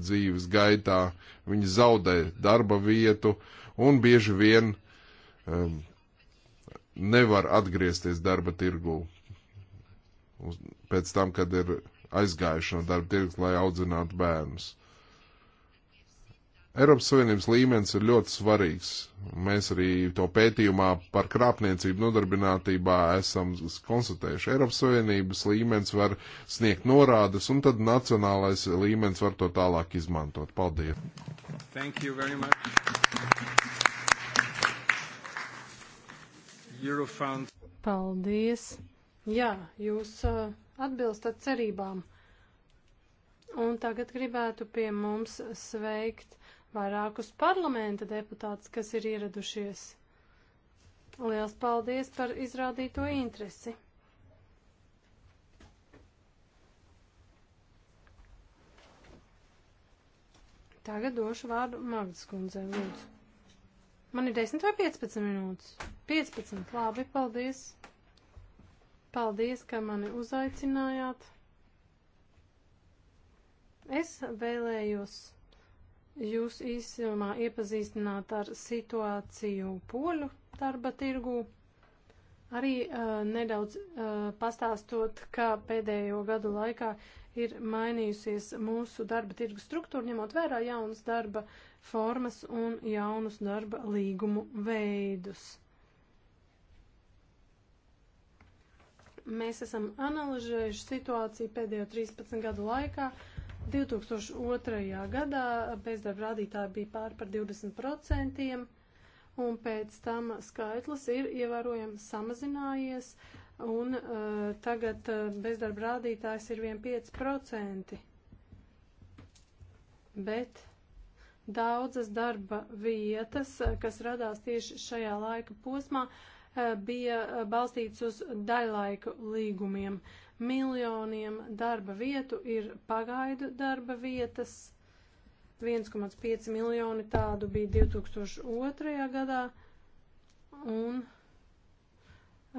S3: dzīves gaitā. Viņi zaudē darba vietu un bieži vien um, nevar atgriezties darba tirgū pēc tam, kad ir aizgājuši no darba tirgus, lai audzinātu bērnus. Eiropas Savienības līmenis ir ļoti svarīgs. Mēs arī to pētījumā par krāpniecību nodarbinātībā esam konstatējuši. Eiropas Savienības līmenis var sniegt norādes, un tad nacionālais līmenis var to tālāk izmantot. Paldies! Eurofound.
S2: Paldies! Jā, jūs uh, atbilstat cerībām. Un tagad gribētu pie mums sveikt vairākus parlamenta deputātus, kas ir ieradušies. Liels paldies par izrādīto interesi! Tagad došu vārdu Magdas kundzei, lūdzu. Man ir 10 vai 15 minūtes? 15, labi, paldies. Paldies, ka mani uzaicinājāt. Es vēlējos jūs īsumā iepazīstināt ar situāciju poļu darba tirgū. Arī uh, nedaudz uh, pastāstot, kā pēdējo gadu laikā ir mainījusies mūsu darba tirgu struktūra, ņemot vērā jaunas darba formas un jaunus darba līgumu veidus. Mēs esam analizējuši situāciju pēdējo 13 gadu laikā. Uh, 2002. gadā bezdarba rādītāji bija pār par 20%, un pēc tam skaitlis ir ievērojami samazinājies, un uh, tagad uh, bezdarba rādītājs ir 1,5%. Bet daudzas darba vietas, uh, kas radās tieši šajā laika posmā, uh, bija balstītas uz daļlaiku līgumiem. Uh, miljoniem darba vietu ir pagaidu darba vietas. 1,5 miljoni tādu bija 2002. gadā un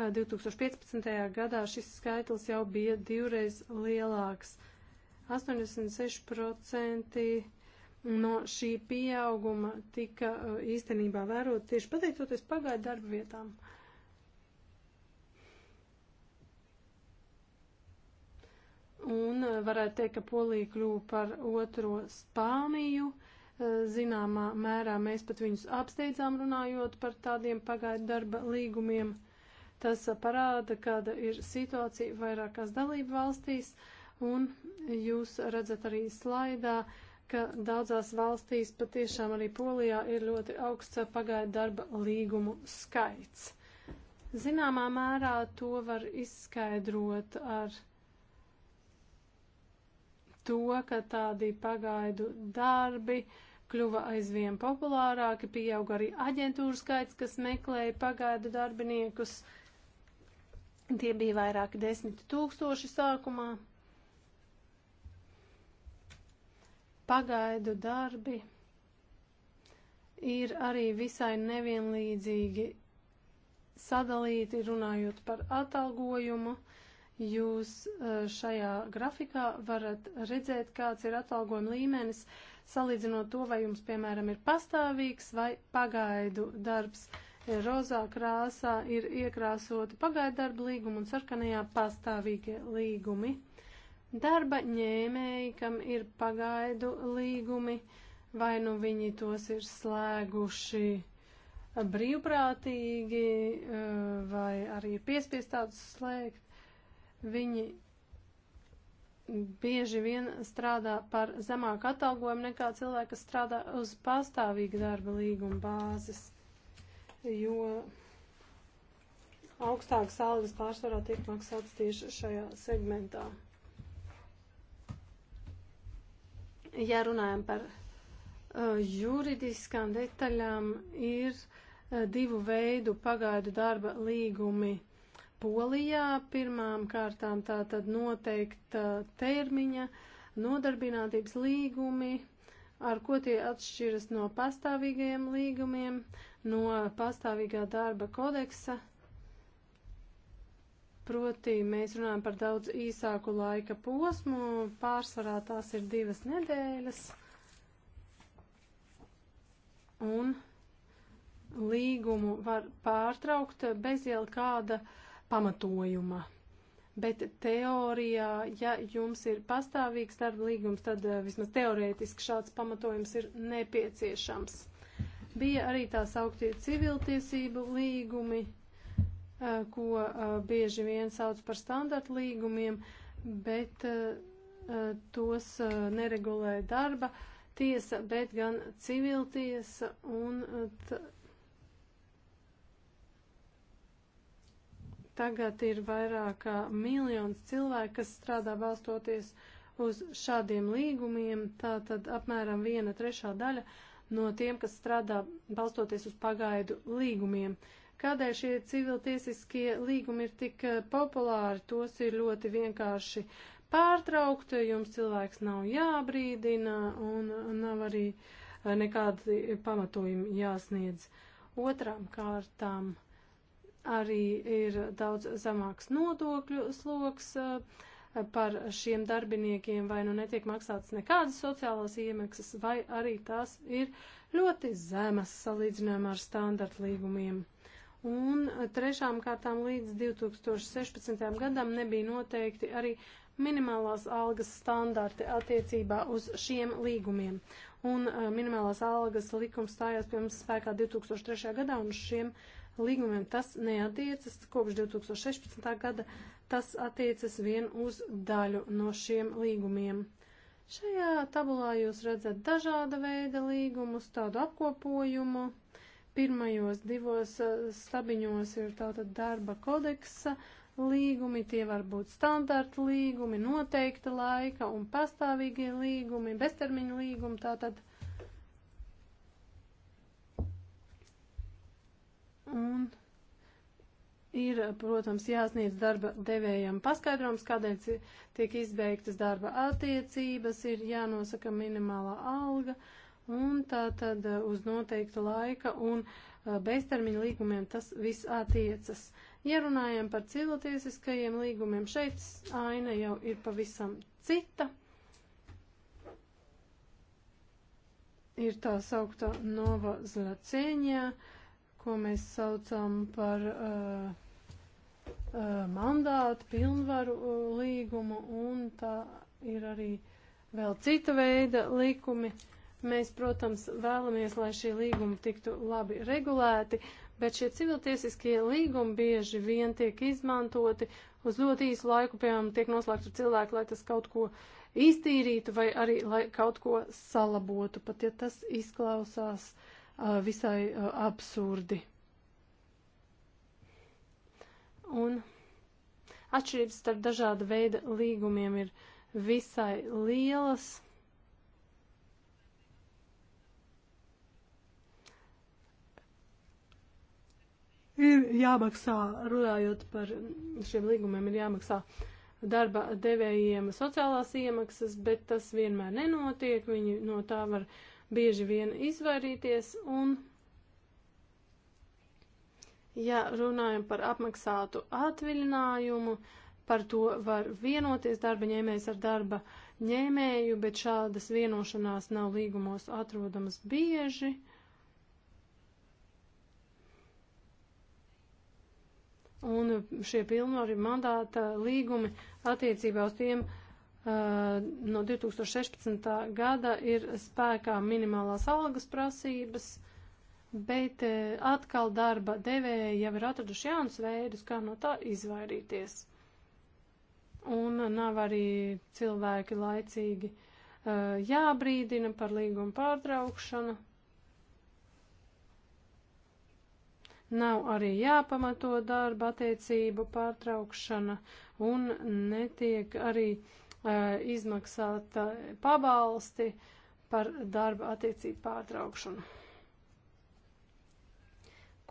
S2: 2015. Eh, gadā šis skaitlis jau bija divreiz lielāks. 86% no šī pieauguma tika eh, īstenībā vērot tieši pateicoties pagaidu darba vietām. Uh, Un eh, varētu teikt, ka Polija kļuva par otro Spāniju. Eh, zināmā mērā mēs pat viņus apsteidzām runājot par tādiem pagaidu darba līgumiem. Tas eh, parāda, kāda ir situācija vairākās dalību valstīs, un jūs redzat arī slaidā, ka daudzās valstīs patiešām arī Polijā ir ļoti augsts pagaidu darba līgumu skaits. Zināmā mērā to var izskaidrot ar to, ka tādi pagaidu darbi kļuva aizvien populārāki, pieauga arī aģentūru skaits, kas meklēja pagaidu darbiniekus. Tie bija vairāki desmit tūkstoši sākumā. Pagaidu darbi ir arī visai nevienlīdzīgi sadalīti, runājot par atalgojumu. Jūs e, šajā grafikā varat redzēt, kāds ir atalgojuma līmenis, salīdzinot to, vai jums, piemēram, ir pastāvīgs vai pagaidu darbs. E, rozā krāsā ir iekrāsoti pagaidu darba līgumi un sarkanajā pastāvīgie līgumi. Darba ņēmēji, kam ir pagaidu līgumi, vai nu viņi tos ir slēguši brīvprātīgi, e, vai arī ir piespiest tādus slēgt Viņi bieži vien strādā par zemāku atalgojumu nekā cilvēki, kas strādā uz pastāvīgu darba līguma bāzes, jo augstākas algas pārsvarā tiek maksātas tieši šajā segmentā. Ja runājam par uh, juridiskām detaļām, ir uh, divu veidu pagaidu darba līgumi Polijā pirmām kārtām tā tad noteikta termiņa, nodarbinātības līgumi, ar ko tie atšķiras no pastāvīgajiem līgumiem, no pastāvīgā darba kodeksa. Proti, mēs runājam par daudz īsāku laika posmu, pārsvarā tās ir divas nedēļas. Un līgumu var pārtraukt bez jau kāda uh, pamatojuma. Bet teorijā, ja jums ir pastāvīgs darba līgums, tad eh, vismaz teorētiski šāds pamatojums ir nepieciešams. Bija arī tā sauktie civiltiesību līgumi, eh, ko eh, bieži vien sauc par standarta līgumiem, bet tos neregulē darba tiesa, bet gan civiltiesa un. T, Tagad ir vairāk kā miljons cilvēku, kas strādā balstoties uz šādiem līgumiem, tātad apmēram viena trešā daļa no tiem, kas strādā balstoties uz pagaidu līgumiem. Kādēļ šie civiltiesiskie līgumi ir tik populāri, tos ir ļoti vienkārši pārtraukt, jums cilvēks nav jābrīdina un nav arī nekādi pamatojumi jāsniedz. Otrām kārtām Arī ir daudz zemāks nodokļu sloks eh, par šiem darbiniekiem, vai nu netiek maksātas nekādas sociālās iemaksas, vai arī tās ir ļoti zemas salīdzinājumā ar standarta līgumiem. Un trešām kārtām līdz 2016. gadam nebija noteikti arī minimālās algas standarti attiecībā uz šiem līgumiem. Un eh, minimālās algas likums stājās pirms spēkā 2003. gadā, un šiem uh, līgumiem tas neatiecas kopš 2016. gada, tas attiecas vien uz daļu no šiem līgumiem. Šajā tabulā jūs redzat dažāda veida līgumus, tādu apkopojumu. Pirmajos divos eh, stabiņos ir tātad darba kodeksa līgumi, tie var būt standarta līgumi, noteikta laika un pastāvīgie līgumi, beztermiņa līgumi, tātad Un ir, protams, jāsniedz darba devējam paskaidrojums, kādēļ tiek izbeigtas darba attiecības, ir jānosaka minimālā alga, un tā tad eh, uz noteikta laika un eh, beztermiņa līgumiem tas viss attiecas. Ja runājam par cilvēciskajiem līgumiem, šeit aina jau ir pavisam cita. Ir tā saukta Nova Zlaceņā. Uh, ko mēs saucam par uh, uh, mandātu, pilnvaru uh, līgumu, un tā ir arī vēl cita veida likumi. Mēs, protams, vēlamies, lai šie līgumi tiktu labi regulēti, bet šie civiltiesiskie līgumi bieži vien tiek izmantoti uz ļoti īsu laiku, piemēram, tiek noslēgts ar cilvēku, lai tas kaut ko iztīrītu vai arī, lai kaut ko salabotu, pat ja tas izklausās uh, visai absurdi. Un atšķirības starp dažāda veida līgumiem ir visai lielas. ir jāmaksā, runājot par šiem līgumiem, ir jāmaksā darba devējiem sociālās iemaksas, bet tas vienmēr nenotiek, viņi no tā var bieži vien izvairīties un Ja runājam par apmaksātu atviļinājumu, par to var vienoties darba ņēmējs ar darba ņēmēju, bet šādas vienošanās nav līgumos atrodamas bieži. Un šie pilnvaru mandāta līgumi attiecībā uz tiem uh, Uh, no 2016. gada ir spēkā minimālās algas prasības, bet uh, atkal darba devēji jau ir atraduši jaunus veidus, kā no tā izvairīties. Un nav arī cilvēki laicīgi uh, jābrīdina par līgumu pārtraukšanu. Nav arī jāpamato darba attiecību pārtraukšana un netiek arī uh, Uh, izmaksāt uh, pabalsti par darba attiecību pārtraukšanu.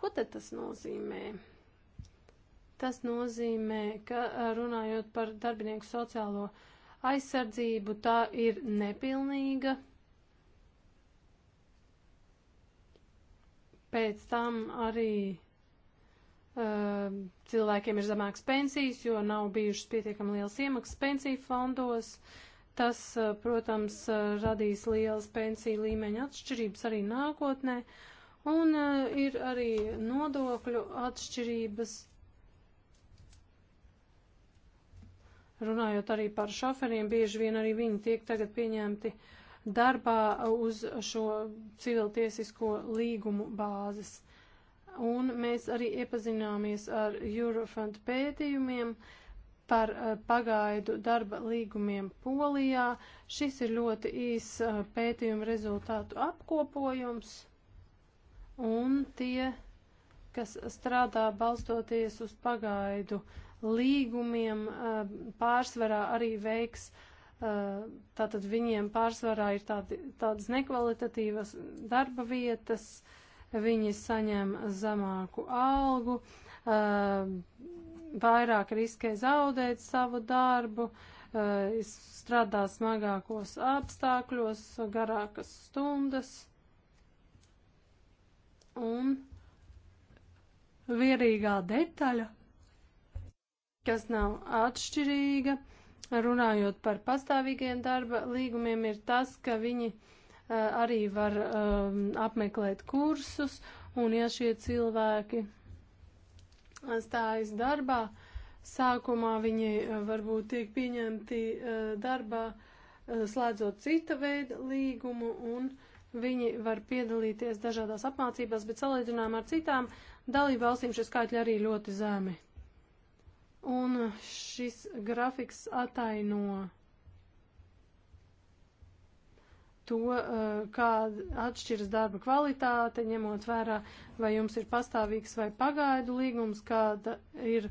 S2: Ko tad tas nozīmē? Tas nozīmē, ka uh, runājot par darbinieku sociālo aizsardzību, tā ir nepilnīga. Pēc tam arī Ehm, cilvēkiem ir zemāks pensijas, jo nav bijušas pietiekami liels iemaksas pensiju fondos. Tas, eh, protams, eh, radīs lielas pensiju līmeņa atšķirības arī nākotnē. Un eh, ir arī nodokļu atšķirības. Runājot arī par šoferiem, bieži vien arī viņi tiek tagad pieņemti darbā uz šo civiltiesisko līgumu bāzes un mēs arī iepazināmies ar Eurofund pētījumiem par eh, pagaidu darba līgumiem Polijā. Šis ir ļoti īs eh, pētījuma rezultātu apkopojums, un tie, kas strādā balstoties uz pagaidu līgumiem, eh, pārsvarā arī veiks tātad viņiem pārsvarā ir tādi, tādas nekvalitatīvas darba vietas, viņi saņem zemāku algu, eh, vairāk riskē zaudēt savu darbu, eh, strādā smagākos apstākļos, garākas stundas un vienīgā detaļa, kas nav atšķirīga, runājot par pastāvīgiem darba līgumiem, ir tas, ka viņi uh, Eh, arī var um, apmeklēt kursus, un ja šie cilvēki stājas darbā, sākumā viņi eh, varbūt tiek pieņemti uh, darbā, uh, slēdzot cita veida līgumu, un viņi var piedalīties dažādās apmācībās, bet salīdzinājumā ar citām dalību valstīm šie skaitļi arī ļoti zemi. Un šis grafiks ataino to, eh, kā atšķiras darba kvalitāte, ņemot vērā, vai jums ir pastāvīgs vai pagaidu līgums, kāda ir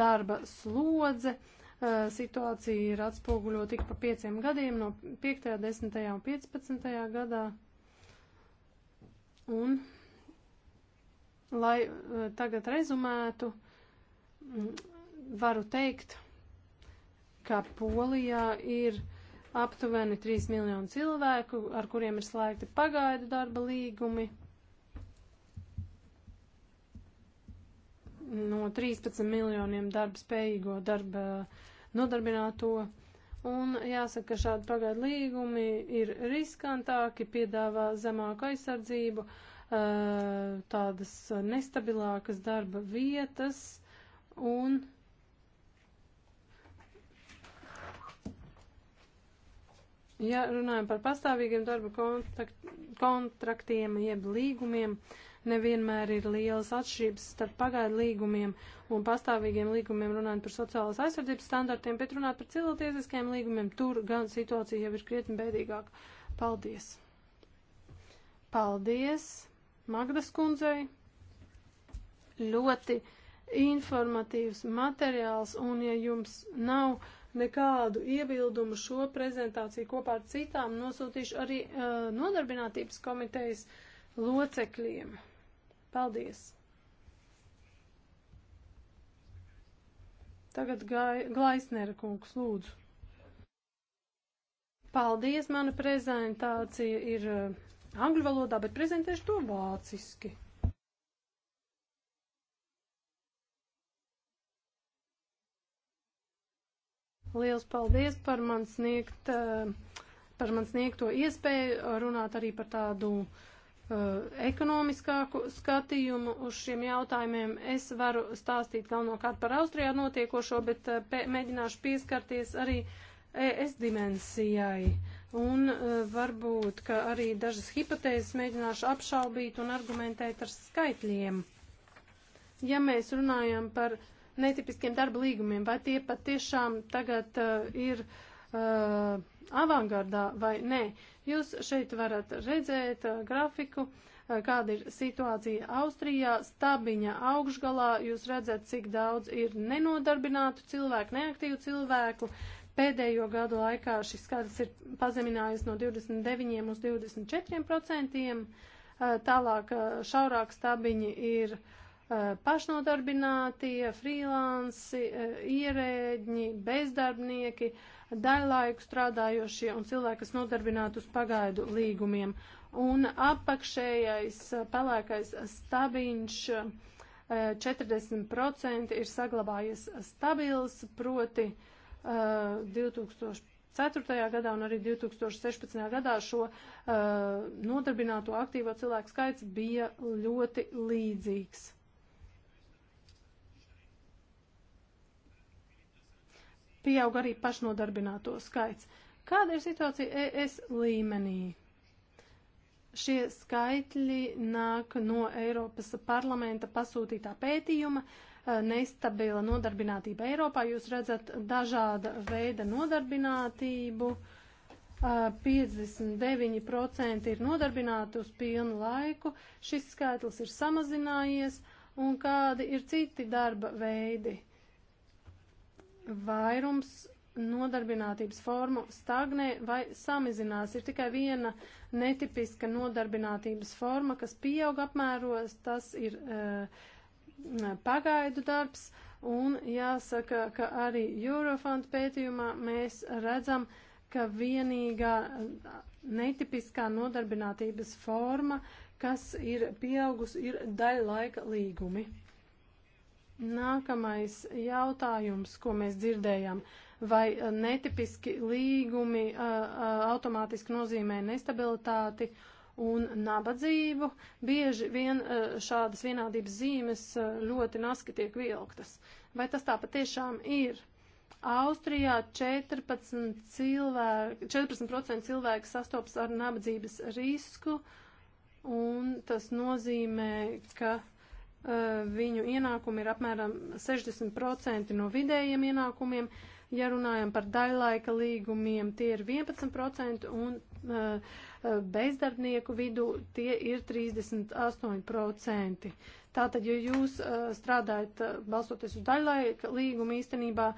S2: darba slodze. Eh, situācija ir atspoguļota tik pa pieciem gadiem, no 5., 10. un 15. gadā. Un, lai eh, tagad rezumētu, mm, varu teikt, ka Polijā ir uh, aptuveni 3 miljonu cilvēku, ar kuriem ir slēgti pagaidu darba līgumi. No 13 miljoniem darba spējīgo darba nodarbināto. Un jāsaka, ka šādi pagaidu līgumi ir riskantāki, piedāvā zemāku aizsardzību, eh, tādas nestabilākas darba vietas un Ja runājam par pastāvīgiem darba kontrakt, kontraktiem, jeb līgumiem, nevienmēr ir lielas atšķirības starp pagaidu līgumiem un pastāvīgiem līgumiem, runājot par sociālās aizsardzības standartiem, bet runājot par cilvēktiesiskajiem līgumiem, tur gan situācija jau ir krietni bēdīgāka. Paldies! Paldies Magdas kundzei! Ļoti informatīvs materiāls, un ja jums nav nekādu iebildumu šo prezentāciju kopā ar citām nosūtīšu arī uh, nodarbinātības komitejas locekļiem. Paldies! Tagad Glaisnera kungs lūdzu. Paldies, mana prezentācija ir uh, angļu valodā, bet prezentēšu to vāciski. Liels paldies par man, sniegt, eh, par man sniegto iespēju runāt arī par tādu eh, ekonomiskāku skatījumu uz šiem jautājumiem. Es varu stāstīt galvenokārt par Austrijā notiekošo, bet eh, pē, mēģināšu pieskarties arī ES dimensijai. Un varbūt, ka arī dažas hipotēzes mēģināšu apšaubīt un argumentēt ar skaitļiem. Ja mēs runājam par uh, netipiskiem darba līgumiem, vai tie pat tiešām tagad uh, ir uh, avangardā vai nē. Jūs šeit varat redzēt uh, grafiku, uh, kāda ir situācija Austrijā, stabiņa augšgalā, jūs redzat, cik daudz ir nenodarbinātu cilvēku, neaktīvu cilvēku. Pēdējo gadu laikā šis skaits ir pazeminājies no 29 uz 24 procentiem. Uh, tālāk uh, šaurāk stabiņi ir uh, Eh, pašnodarbinātie, frīlansi, eh, ierēģi, bezdarbnieki, daļlaiku strādājošie un cilvēki, kas nodarbināti uz pagaidu līgumiem. Un apakšējais eh, pelēkais stabiņš 40% ir saglabājies stabils, proti 2000. 2004. gadā un arī 2016. gadā šo uh, nodarbināto aktīvo cilvēku skaits bija ļoti līdzīgs. pieaug arī pašnodarbināto skaits. Kāda ir situācija ES līmenī? Šie skaitļi nāk no Eiropas parlamenta pasūtītā pētījuma eh, nestabila nodarbinātība Eiropā. Jūs redzat dažāda veida nodarbinātību. 59% eh, ir nodarbināti uz pilnu laiku. Šis skaitlis ir samazinājies. Un kādi ir citi darba veidi? vairums nodarbinātības formu stagnē vai samazinās. Ir tikai viena netipiska nodarbinātības forma, kas pieaug apmēros, tas ir e, pagaidu darbs, un jāsaka, ka arī Eurofond pētījumā mēs redzam, ka vienīgā eh, netipiskā nodarbinātības forma, kas ir pieaugusi, ir daļlaika līgumi. Nākamais jautājums, ko mēs dzirdējam, vai eh, netipiski līgumi eh, eh, automātiski nozīmē nestabilitāti un nabadzību? Bieži vien šādas vienādības zīmes ļoti naski tiek vilktas. Vai tas tā patiešām ir? Austrijā 14%, cilvēku, 14 cilvēku sastopas ar nabadzības risku, un tas nozīmē, ka Eh, viņu ienākumi ir apmēram 60% no vidējiem ienākumiem. Ja runājam par daļlaika līgumiem, tie ir 11% un eh, eh, bezdarbnieku vidū tie ir 38%. Tātad, ja jūs strādājat balstoties uz daļlaika līgumu, īstenībā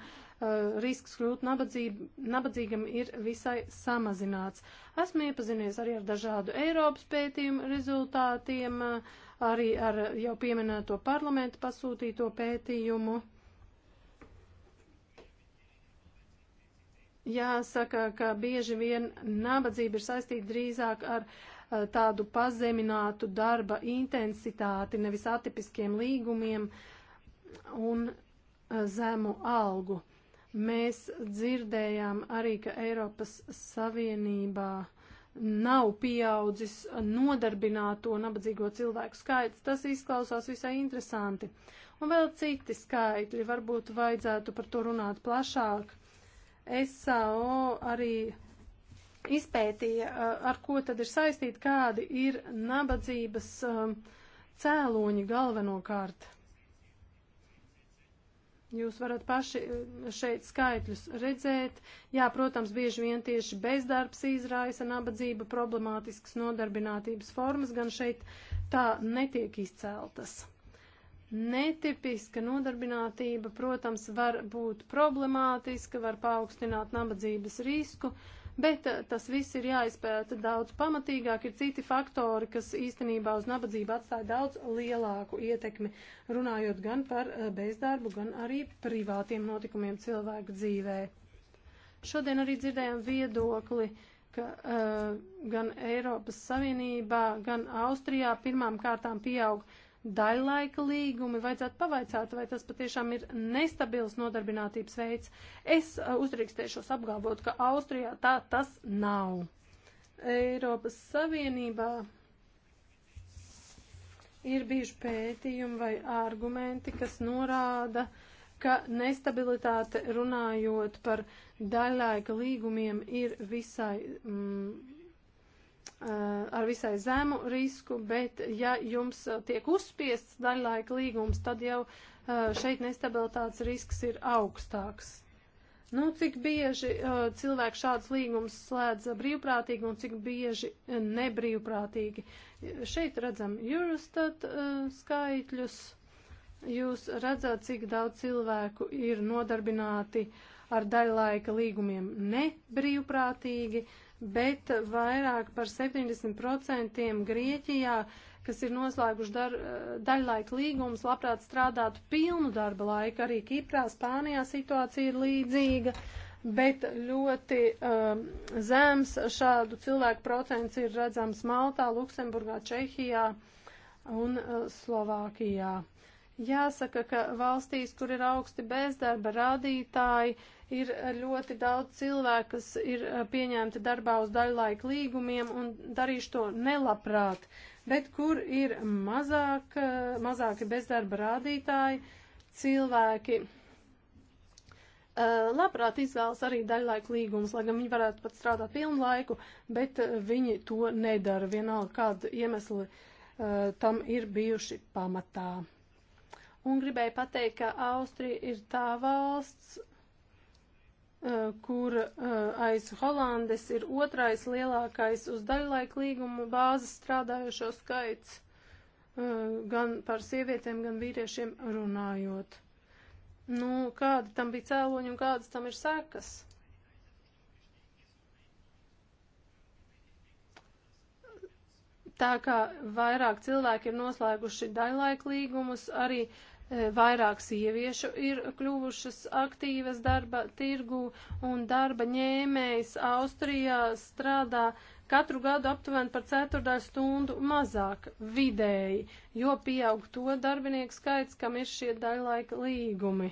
S2: risks kļūt nabadzīb, nabadzīgam ir visai samazināts. Esmu iepazinies arī ar dažādu Eiropas pētījumu rezultātiem. Uh, arī ar jau pieminēto parlamentu pasūtīto pētījumu. Jāsaka, ka bieži vien nabadzība ir saistīta drīzāk ar tādu pazeminātu darba intensitāti, nevis atipiskiem līgumiem un zemu algu. Mēs dzirdējām arī, ka Eiropas Savienībā uh, nav pieaudzis nodarbināto nabadzīgo cilvēku skaits. Tas izklausās visai interesanti. Un vēl citi skaitļi, varbūt vajadzētu par to runāt plašāk. SAO arī izpētīja, ar ko tad ir saistīti, kādi ir nabadzības cēloņi galvenokārt. Jūs varat paši eh, šeit skaitļus redzēt. Jā, protams, bieži vien tieši bezdarbs izraisa nabadzība, problemātiskas nodarbinātības formas gan šeit tā netiek izceltas. Netipiska nodarbinātība, protams, var būt problemātiska, var paaugstināt nabadzības risku. Uh, Bet eh, tas viss ir jāizpēta daudz pamatīgāk, ir citi faktori, kas īstenībā uz nabadzību atstāja daudz lielāku ietekmi, runājot gan par eh, bezdarbu, gan arī privātiem notikumiem cilvēku dzīvē. Šodien arī dzirdējām viedokli, ka uh, gan Eiropas Savienībā, gan Austrijā pirmām kārtām pieauga daļlaika līgumi, vajadzētu pavaicāt, vai tas patiešām ir nestabils nodarbinātības veids. Es uh, uzdrīkstēšos apgalvot, ka Austrijā tā tas nav. Eiropas Savienībā ir bijuši pētījumi vai argumenti, kas norāda, ka nestabilitāte runājot par daļlaika līgumiem ir visai. Mm, Eh, ar visai zemu risku, bet ja jums eh, tiek uzspiests daļlaika līgums, tad jau eh, šeit nestabilitātes risks ir augstāks. Nu, cik bieži uh, cilvēki šādas līgumas slēdz brīvprātīgi un cik bieži nebrīvprātīgi. Šeit redzam Eurostat uh, skaitļus. Jūs redzat, cik daudz cilvēku ir nodarbināti ar daļlaika līgumiem nebrīvprātīgi. Uh, bet vairāk par 70% Grieķijā, kas ir noslēguši dar, daļlaika līgumus, labprāt strādātu pilnu darba laiku. Arī Kiprā, Spānijā situācija ir līdzīga, bet ļoti um, zems šādu cilvēku procents ir redzams Maltā, Luksemburgā, Čehijā un uh, Slovākijā. Jāsaka, ka valstīs, kur ir augsti bezdarba rādītāji, uh, Ir eh, ļoti daudz cilvēku, kas ir eh, pieņemti darbā uz daļlaika līgumiem un darīšu to nelabprāt. Bet kur ir mazāk, eh, mazāki bezdarba rādītāji, cilvēki labprāt izvēlas arī daļlaika līgumus, lai gan viņi varētu pat strādāt pilnu laiku, bet viņi to nedara vienalga, kāda iemesli uh, tam ir bijuši pamatā. Un gribēju pateikt, ka Austrija ir tā valsts, Eh, kur eh, aiz Holandes ir otrais lielākais uz daļlaika līgumu bāzes strādājošo skaits, eh, gan par sievietēm, gan vīriešiem runājot. Nu, kādi tam bija cēloņi un kādas tam ir sekas? Tā kā vairāk cilvēki ir noslēguši daļlaika līgumus, arī uh, vairāk sieviešu ir kļuvušas aktīvas darba tirgu un darba ņēmējs Austrijā strādā katru gadu aptuveni par ceturtdaļu stundu mazāk vidēji, jo pieaug to darbinieku skaits, kam ir šie daļlaika līgumi.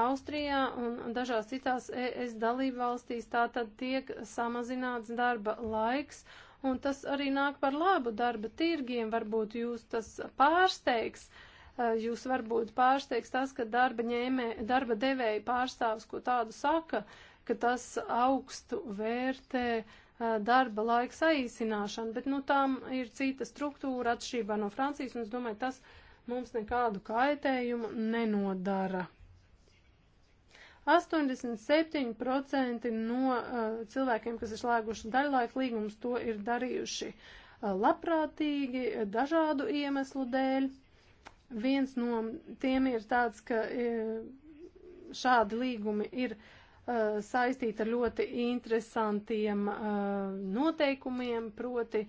S2: Austrijā un dažās citās ES dalību valstīs tātad tiek samazināts darba laiks un tas arī nāk par labu darba tirgiem, varbūt jūs tas pārsteigs, uh, Eh, jūs varbūt pārsteigts tas, ka darba, ņēmē, darba devēja pārstāvs, ko tādu saka, ka tas augstu vērtē eh, darba laika saīsināšanu, bet nu tam ir cita struktūra atšķirībā no Francijas, un es domāju, tas mums nekādu kaitējumu nenodara. 87% no uh, cilvēkiem, kas ir slēguši daļlaika līgumus, to ir darījuši uh, labprātīgi, dažādu iemeslu dēļ. Uh, Viens no tiem ir tāds, ka e, šādi līgumi ir e, saistīta ar ļoti interesantiem e, noteikumiem, proti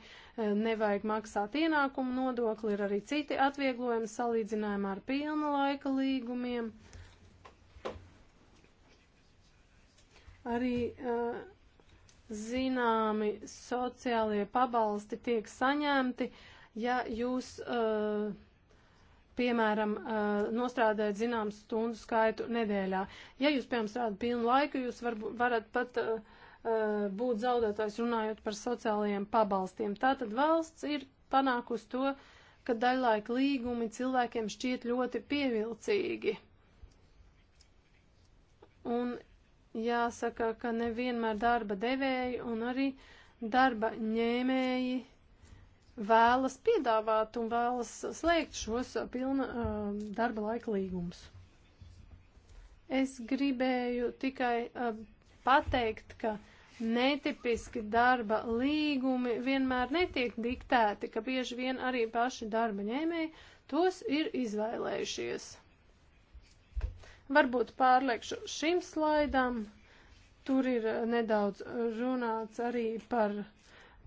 S2: nevajag maksāt ienākumu nodokli, ir arī citi atvieglojumi salīdzinājumā ar pilna laika līgumiem. Arī zināmi sociālie pabalsti tiek saņemti, ja jūs uh, piemēram, uh, nostrādājat zināmu stundu skaitu nedēļā. Ja jūs, piemēram, strādājat pilnu laiku, jūs var, varat pat uh, uh, būt zaudētājs runājot par sociālajiem pabalstiem. Tātad valsts ir panākusi to, ka daļlaika līgumi cilvēkiem šķiet ļoti pievilcīgi. Un jāsaka, ka nevienmēr darba devēji un arī darba ņēmēji vēlas piedāvāt un vēlas slēgt šos pilna uh, darba laika līgumus. Es gribēju tikai uh, pateikt, ka netipiski darba līgumi vienmēr netiek diktēti, ka bieži vien arī paši darba ņēmēji tos ir izvēlējušies. Varbūt pārliekšu šim slaidam. Tur ir uh, nedaudz runāts arī par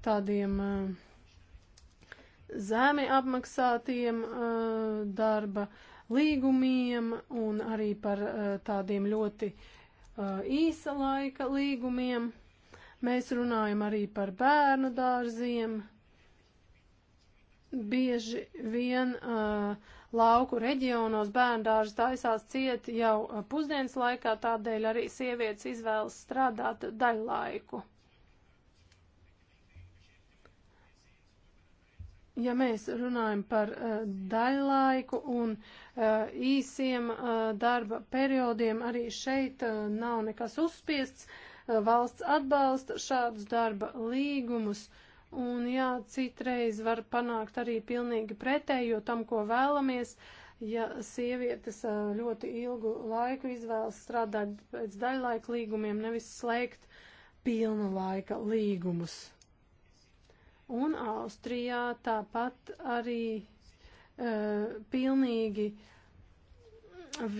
S2: tādiem uh, zemi apmaksātiem uh, darba līgumiem un arī par uh, tādiem ļoti uh, īsa laika līgumiem. Mēs runājam arī par bērnu dārziem. Bieži vien uh, lauku reģionos bērndārs taisās ciet jau pusdienas laikā, tādēļ arī sievietes izvēlas strādāt daļlaiku. Ja mēs runājam par uh, daļlaiku un uh, īsiem uh, darba periodiem, arī šeit uh, nav nekas uzspiests. Uh, valsts atbalsta šādus darba līgumus. Un jā, citreiz var panākt arī pilnīgi pretējo tam, ko vēlamies. Ja sievietes uh, ļoti ilgu laiku izvēlas strādāt pēc daļlaika līgumiem, nevis slēgt pilna laika līgumus. Un Austrijā tāpat arī uh, pilnīgi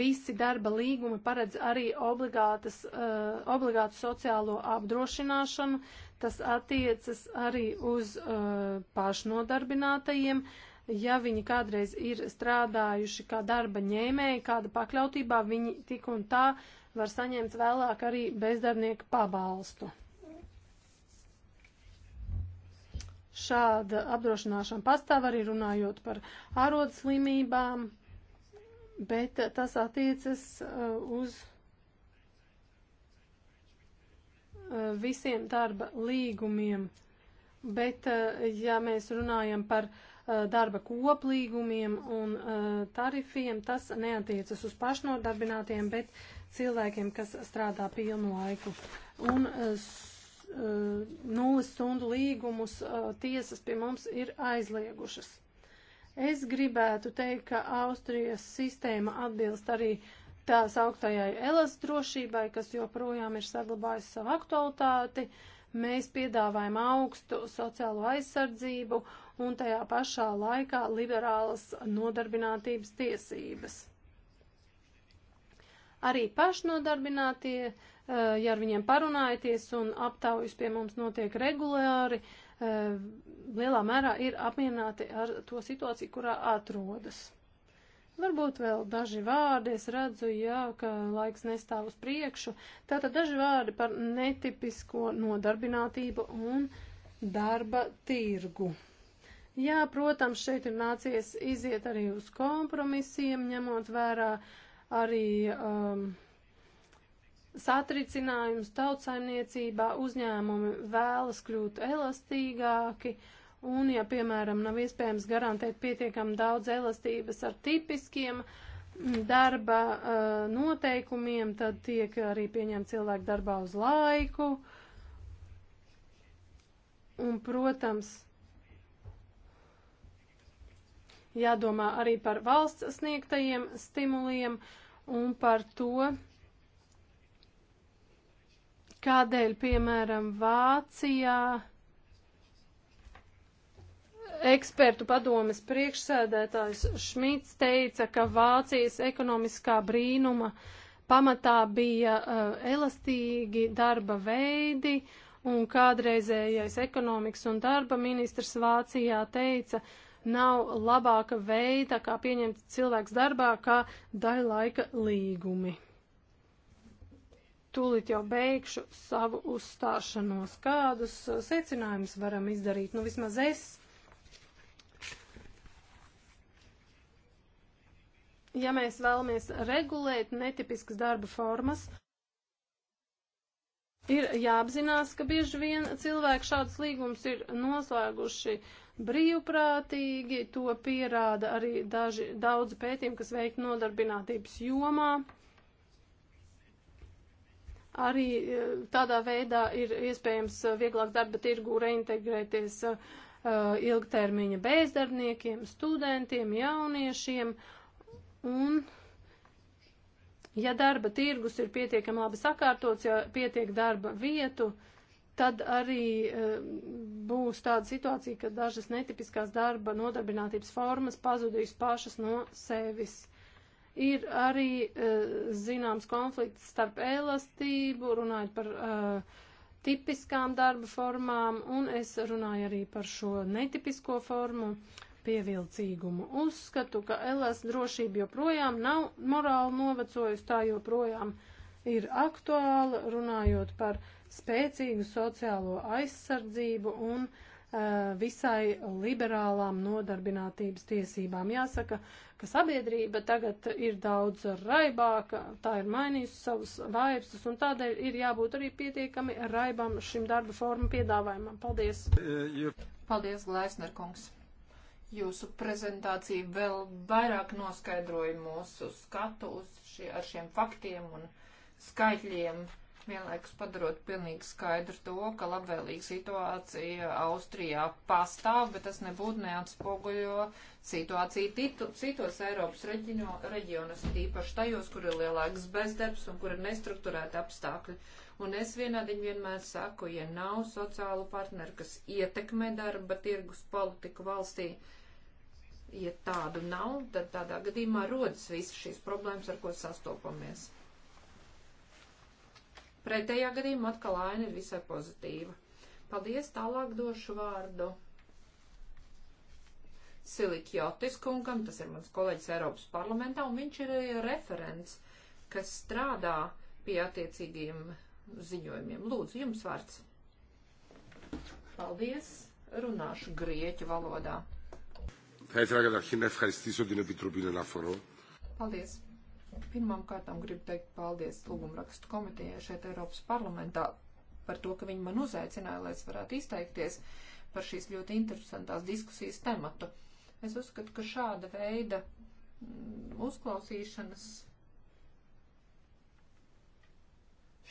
S2: visi darba līgumi paredz arī obligātas, uh, obligātu sociālo apdrošināšanu. Tas attiecas arī uz uh, pašnodarbinātajiem. Ja viņi kādreiz ir strādājuši kā darba ņēmēji, kāda pakļautībā, viņi tik un tā var saņemt vēlāk arī bezdarbnieku pabalstu. Šāda apdrošināšana pastāv arī runājot par ārodslimībām, bet tas attiecas uh, uz uh, visiem darba līgumiem. Bet, uh, ja mēs runājam par darba koplīgumiem un tarifiem, tas neatiecas uz pašnodarbinātiem, bet cilvēkiem, kas strādā pilnu laiku. Un nulles stundu līgumus tiesas pie mums ir aizliegušas. Es gribētu teikt, ka Austrijas sistēma atbilst arī tās augstajai elas drošībai, kas joprojām ir saglabājusi savu aktualitāti. Mēs piedāvājam augstu sociālo aizsardzību un tajā pašā laikā liberālas nodarbinātības tiesības. Arī pašnodarbinātie uh, Eh, ja ar viņiem parunājaties un aptaujas pie mums notiek regulāri, eh, lielā mērā ir apmierināti ar to situāciju, kurā atrodas. Varbūt vēl daži vārdi, es redzu, jā, ka laiks nestāv uz priekšu. Tātad daži vārdi par netipisko nodarbinātību un darba tirgu. Jā, protams, šeit ir nācies iziet arī uz kompromisiem, ņemot vērā arī. Um, satricinājums tautsaimniecībā, uzņēmumi vēlas kļūt elastīgāki, un, ja, piemēram, nav iespējams garantēt pietiekam daudz elastības ar tipiskiem mm, darba uh, noteikumiem, tad tiek arī pieņemt cilvēku darbā uz laiku, un, protams, jādomā arī par valsts sniegtajiem stimuliem un par to, Kādēļ, piemēram, Vācijā ekspertu padomes priekšsēdētājs Šmits teica, ka Vācijas ekonomiskā brīnuma pamatā bija uh, elastīgi darba veidi, un kādreizējais ekonomikas un darba ministrs Vācijā teica, nav labāka veida, kā pieņemt cilvēks darbā, kā dailaika līgumi. Tūlīt jau beigšu savu uzstāšanos. Kādus uh, secinājumus varam izdarīt? Nu, vismaz es. Ja mēs vēlamies regulēt netipiskas darba formas, ir jāapzinās, ka bieži vien cilvēki šādas līgumas ir noslēguši brīvprātīgi, to pierāda arī daži, daudzi pētījumi, kas veikti nodarbinātības jomā. Arī e, tādā veidā ir iespējams e, vieglāk darba tirgu reintegrēties e, ilgtermiņa bezdarbniekiem, studentiem, jauniešiem un. Ja darba tirgus ir pietiekami labi sakārtots, ja pietiek darba vietu, tad arī e, būs tāda situācija, ka dažas netipiskās darba nodarbinātības formas pazudīs pašas no sevis. Ir arī e, zināms konflikts starp elastību, runājot par uh, tipiskām darba formām, un es runāju arī par šo netipisko formu pievilcīgumu. Uzskatu, ka LS drošība joprojām nav morāli novecojusi, tā joprojām ir aktuāla, runājot par spēcīgu sociālo aizsardzību un uh, visai liberālām nodarbinātības tiesībām. Jāsaka, ka sabiedrība tagad ir daudz raibāka, tā ir mainījusi savus vaipstus, un tādēļ ir jābūt arī pietiekami raibam šim darba formu piedāvājumam. Paldies! Paldies, Glēsner kungs! Jūsu prezentācija vēl
S1: vairāk noskaidroja mūsu skatu uz šie, ar šiem faktiem un skaitļiem vienlaikus padarot pilnīgi skaidru to, ka labvēlīga situācija Austrijā pastāv, bet tas nebūtu neatspoguļo situāciju titu, citos Eiropas reģino, reģionos, tīpaši tajos, kur ir lielāks bezdarbs un kur ir nestruktūrēti apstākļi. Un es vienādiņi vienmēr saku, ja nav sociālu partneru, kas ietekmē darba tirgus politiku valstī, ja tādu nav, tad tādā gadījumā rodas visas šīs problēmas, ar ko sastopamies. Pretējā gadījumā atkal aina ir visai pozitīva. Paldies, tālāk došu vārdu. Silikjotis kungam, tas ir mans kolēģis Eiropas parlamentā, un viņš ir eh, referents, kas strādā pie attiecīgiem ziņojumiem. Lūdzu, jums vārds. Paldies, runāšu grieķu valodā.
S3: Θα ήθελα καταρχήν να ευχαριστήσω την Επιτροπή Ελαφορών.
S1: Paldies. Pirmām kārtām gribu teikt paldies lūgumrakstu komitejai šeit Eiropas parlamentā par to, ka viņi man uzaicināja, lai es varētu izteikties par šīs ļoti interesantās diskusijas tematu. Es uzskatu, ka šāda veida mm, uzklausīšanas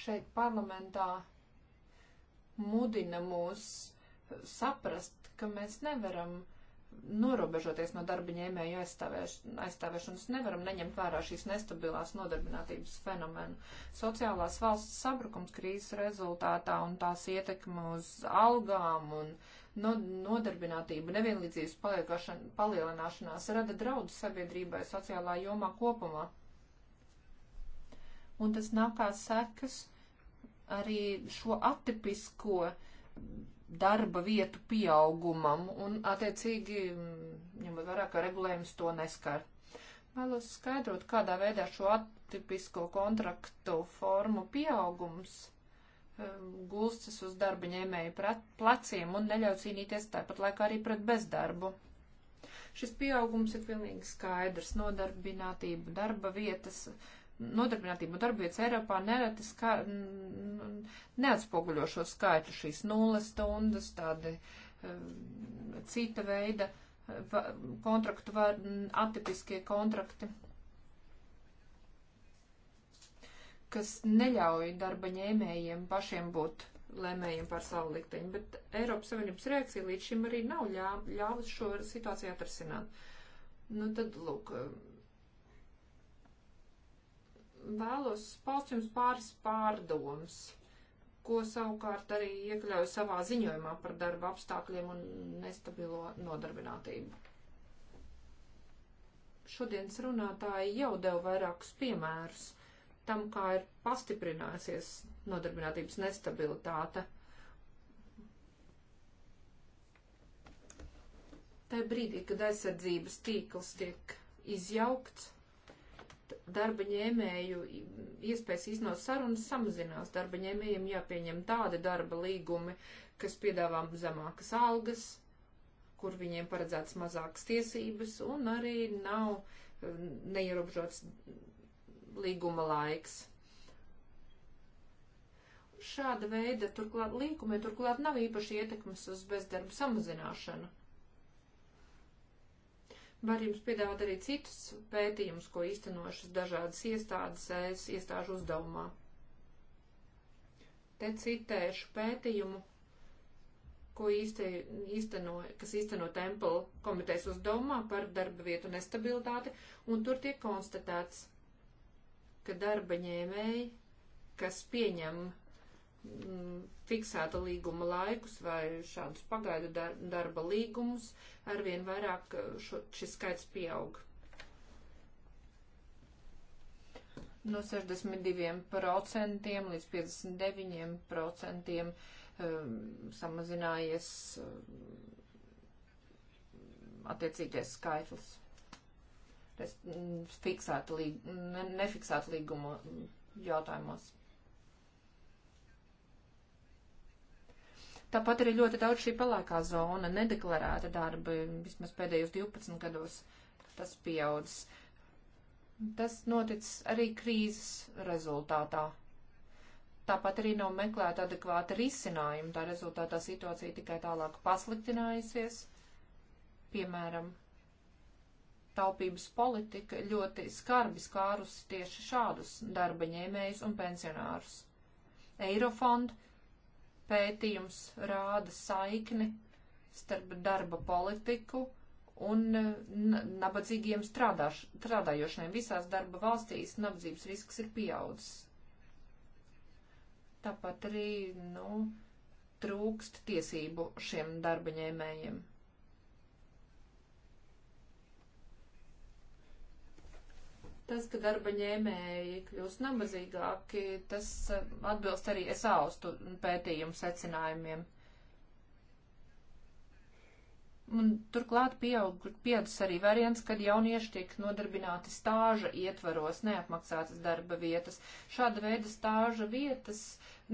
S1: šeit parlamentā mudina mūs saprast, ka mēs nevaram norobežoties no darba ņēmēju aizstāvēšanas, nevaram neņemt vērā šīs nestabilās nodarbinātības fenomenu. Sociālās valsts sabrukums krīzes rezultātā un tās ietekme uz algām un nodarbinātību nevienlīdzības palielināšanās rada draudu sabiedrībai sociālā jomā kopumā. Un tas nāk kā sekas arī šo atipisko darba vietu pieaugumam un, attiecīgi, mm, ņemot vērā, ka regulējums to neskar. Vēlos skaidrot, kādā veidā šo atipisko kontraktu formu pieaugums mm, gulstas uz darba ņēmēju pleciem un neļauj cīnīties tāpat laikā arī pret bezdarbu. Šis pieaugums ir pilnīgi skaidrs - nodarbinātība, darba vietas, uh, nodarbinātību darbvietas Eiropā nereti ska, neatspoguļo šo skaitu šīs nulles stundas, tādi um, cita veida uh, kontraktu var, atipiskie kontrakti, kas neļauj darba ņēmējiem pašiem būt lēmējiem par savu likteņu, bet Eiropas Savienības reakcija līdz šim arī nav ļā, ļāvis šo situāciju atrasināt. Nu tad, lūk, um, vēlos paust jums pāris pārdomas, ko savukārt arī iekļauju savā ziņojumā par darba apstākļiem un nestabilo nodarbinātību. Šodienas runātāji jau deva vairākus piemērus tam, kā ir pastiprinājusies nodarbinātības nestabilitāte. Tajā brīdī, kad aizsardzības tīkls tiek izjaukts, darba ņēmēju iespējas iznot sarunas samazinās. Darba ņēmējiem jāpieņem tādi darba līgumi, kas piedāvā zemākas algas, kur viņiem paredzēts mazākas tiesības un arī nav um, neierobežots līguma laiks. Šāda veida turklāt līgumiem turklāt nav īpaši ietekmes uz bezdarba samazināšanu Var jums piedāvāt arī citus pētījumus, ko īstenošas dažādas iestādes ES iestāžu uzdevumā. Te citēšu pētījumu, ko īste, īsteno, kas īsteno Temple komitejas uzdevumā par darba vietu nestabilitāti, un tur tiek konstatēts, ka darba ņēmēji, kas pieņem fiksēta līguma laikus vai šādus pagaidu darba līgumus, arvien vairāk uh, šo, šis skaits pieaug. No 62% līdz 59% um, samazinājies um, attiecīgais skaitlis. Fiksēta līg, ne, nefiksēta līguma um, jautājumos. Tāpat arī ļoti daudz šī pelēkā zona, nedeklarēta darba, vismaz pēdējos 12 gados tas pieaudzis. Tas noticis arī krīzes rezultātā. Tāpat arī nav meklēta adekvāta risinājuma, tā rezultātā situācija tikai tālāk pasliktinājusies. Piemēram, taupības politika ļoti skarbi skārusi tieši šādus darba ņēmējus un pensionārus. Eirofond pētījums rāda saikni starp darba politiku un e, nabadzīgiem strādāš, strādājošiem. Visās darba valstīs nabadzības risks ir pieaudzis. Tāpat arī, nu, trūkst tiesību šiem darbaņēmējiem. Tas, ka darba ņēmēji kļūst nabadzīgāki, tas eh, atbilst arī SAU pētījumu secinājumiem. Un turklāt pieaug, pieaugs arī variants, kad jaunieši tiek nodarbināti stāža ietvaros, neapmaksātas darba vietas. Šāda veida stāža vietas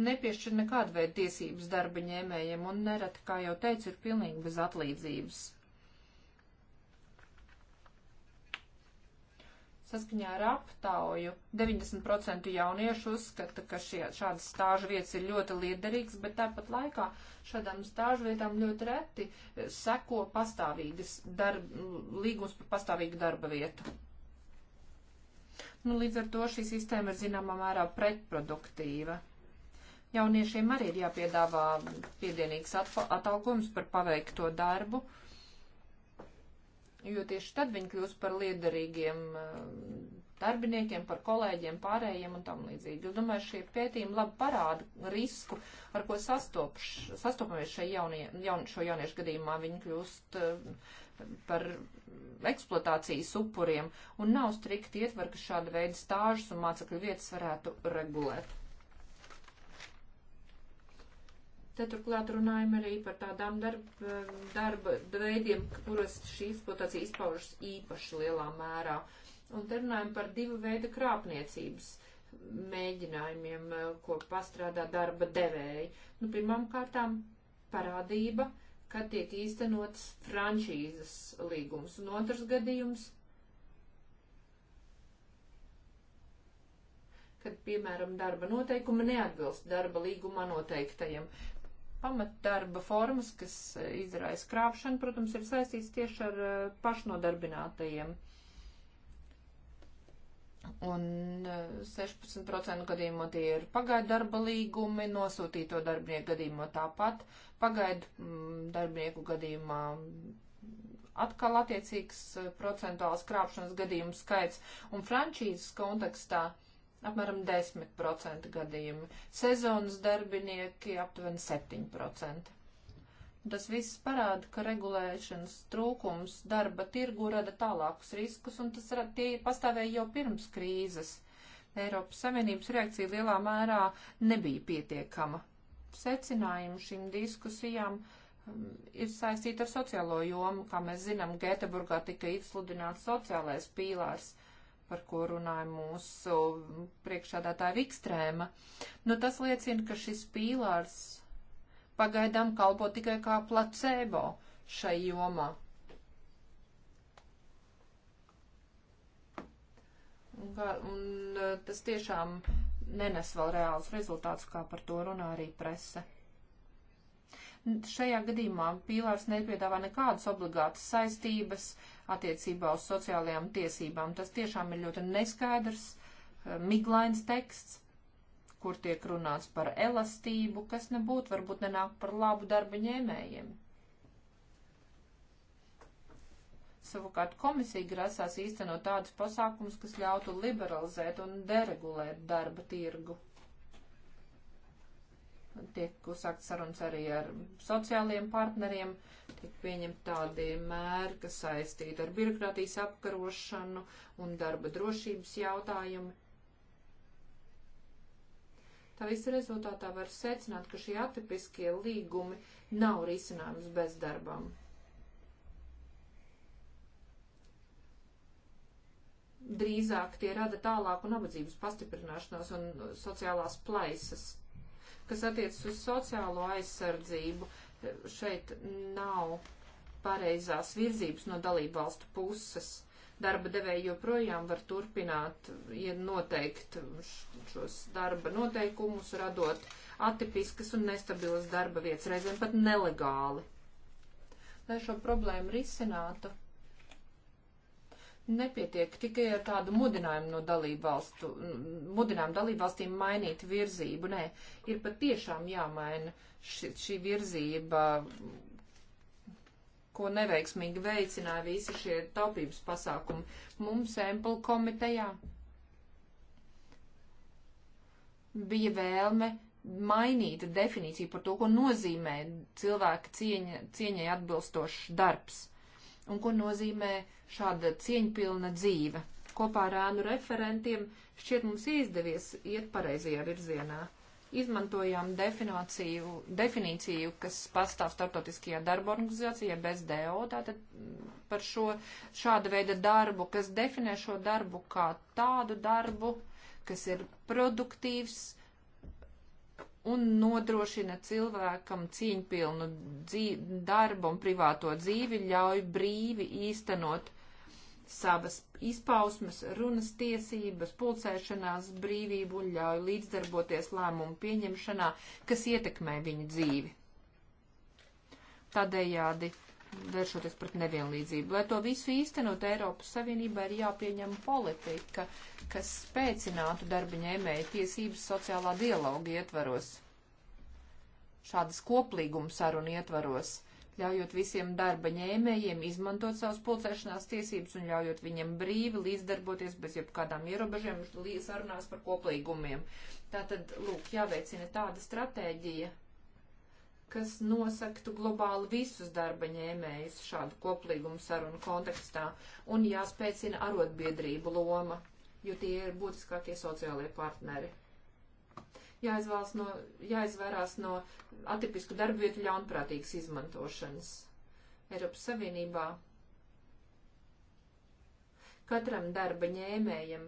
S1: nepiešķir nekādu veidu tiesības darba ņēmējiem un nereti, kā jau teicu, ir pilnīgi bez atlīdzības. Saskaņā ar aptauju 90% jauniešu uzskata, ka šie, šādas stāžu vietas ir ļoti liederīgas, bet tāpat laikā šādām stāžu vietām ļoti reti eh, seko pastāvīgas darb, līgums par pastāvīgu darba vietu. Nu, līdz ar to šī sistēma ir zināmā mērā pretproduktīva. Jauniešiem arī ir jāpiedāvā piedienīgs atalgojums par paveikto darbu. Uh, jo tieši tad viņi kļūst par liederīgiem eh, darbiniekiem, par kolēģiem, pārējiem un tam līdzīgi. Es domāju, šie pētījumi labi parāda risku, ar ko sastopš, sastopamies šai jaunie, jaun, šo jauniešu gadījumā. Viņi kļūst eh, par eksploatācijas upuriem un nav strikti ietver, ka šāda veida stāžas un mācekļu vietas varētu regulēt. Te turklāt runājam arī par tādām darba, um, darba veidiem, kuros šī eksploatācija izpaužas īpaši lielā mērā. Un te runājam par divu veidu krāpniecības mēģinājumiem, uh, ko pastrādā darba devēji. Nu, pirmām kārtām parādība, kad tiek īstenots franšīzes līgums. Un otrs gadījums kad, piemēram, darba noteikumi neatbilst darba līgumā noteiktajam pamatdarba formas, kas eh, izraisa krāpšanu, protams, ir saistīts tieši ar eh, pašnodarbinātajiem. Un 16% eh, gadījumā tie ir pagaidu darba līgumi, nosūtīto darbinieku gadījumā tāpat, pagaidu mm, darbinieku gadījumā mm, atkal attiecīgs procentuāls krāpšanas gadījumu skaits, un frančīzes kontekstā uh, apmēram 10% gadījumi, sezonas darbinieki aptuveni 7%. Tas viss parāda, ka regulēšanas trūkums darba tirgu rada tālākus riskus, un tas rad, tie pastāvēja jau pirms krīzes. Eiropas Savienības reakcija lielā mērā nebija pietiekama. Secinājumi šīm diskusijām um, ir saistīti ar sociālo jomu. Kā mēs zinām, Gēteburgā tika izsludināts sociālais pīlārs par ko runāja mūsu priekšādātāja Vikstrēma. Nu, tas liecina, ka šis pīlārs pagaidām kalpo tikai kā placebo šai jomā. Un, kā, un tas tiešām nenes vēl reāls rezultāts, kā par to runā arī prese. Šajā gadījumā pīlārs nepiedāvā nekādas obligātas saistības attiecībā uz sociālajām tiesībām. Tas tiešām ir ļoti neskaidrs, eh, miglains teksts, kur tiek runāts par elastību, kas nebūtu varbūt nenāk par labu darba ņēmējiem. Savukārt komisija grasās īstenot tādus pasākumus, kas ļautu liberalizēt un deregulēt darba tirgu. Tiek uzsākt sarunas arī ar sociālajiem partneriem, tiek pieņemt tādi mēri, kas saistīti ar birokrātijas apkarošanu un darba drošības jautājumu. Tā visa rezultātā var secināt, ka šie atipiskie līgumi nav risinājums bezdarbam. Drīzāk tie rada tālāku nabadzības pastiprināšanos un sociālās plaisas kas attiecas uz sociālo aizsardzību, šeit nav pareizās virzības no dalību valstu puses. Darba devēja joprojām var turpināt ja noteikt šos darba noteikumus, radot atipiskas un nestabilas darba vietas, reizēm pat nelegāli. Lai šo problēmu risinātu, nepietiek tikai ar tādu mudinājumu no dalību valstu, mudinājumu dalību valstīm mainīt virzību. Nē, ir patiešām jāmaina ši, šī virzība, ko neveiksmīgi veicināja visi šie taupības pasākumi mums Empel komitejā. Bija vēlme mainīt definīciju par to, ko nozīmē cilvēka cieņa, cieņai atbilstošs darbs un ko nozīmē šāda cieņpilna dzīve. Kopā ar ēnu referentiem šķiet mums izdevies iet pareizajā virzienā. Izmantojām definīciju, definīciju, kas pastāv starptautiskajā darba organizācijā bez DO, tātad mm, par šo šāda veida darbu, kas definē šo darbu kā tādu darbu, kas ir produktīvs, un nodrošina cilvēkam cīņpilnu dzīvi, darbu un privāto dzīvi, ļauj brīvi īstenot savas izpausmes, runas tiesības, pulcēšanās brīvību un ļauj līdzdarboties lēmumu pieņemšanā, kas ietekmē viņu dzīvi. Tādējādi vēršoties pret nevienlīdzību. Lai to visu īstenot, Eiropas Savienībā ir jāpieņem politika, kas spēcinātu darba ņēmēju tiesības sociālā dialoga ietvaros. Šādas koplīguma saruna ietvaros, ļaujot visiem darba ņēmējiem izmantot savas pulcēšanās tiesības un ļaujot viņiem brīvi līdzdarboties bez jebkādām ierobežiem sarunās par koplīgumiem. Tātad, lūk, jāveicina tāda stratēģija, kas nosaktu globāli visus darba ņēmējus šādu koplīgumu sarunu kontekstā un jāspēcina arotbiedrību loma, jo tie ir būtiskākie sociālie partneri. Jāizvēlas no, jāizvērās no atipisku darbvietu ļaunprātīgas izmantošanas. Eiropas Savienībā katram darba ņēmējam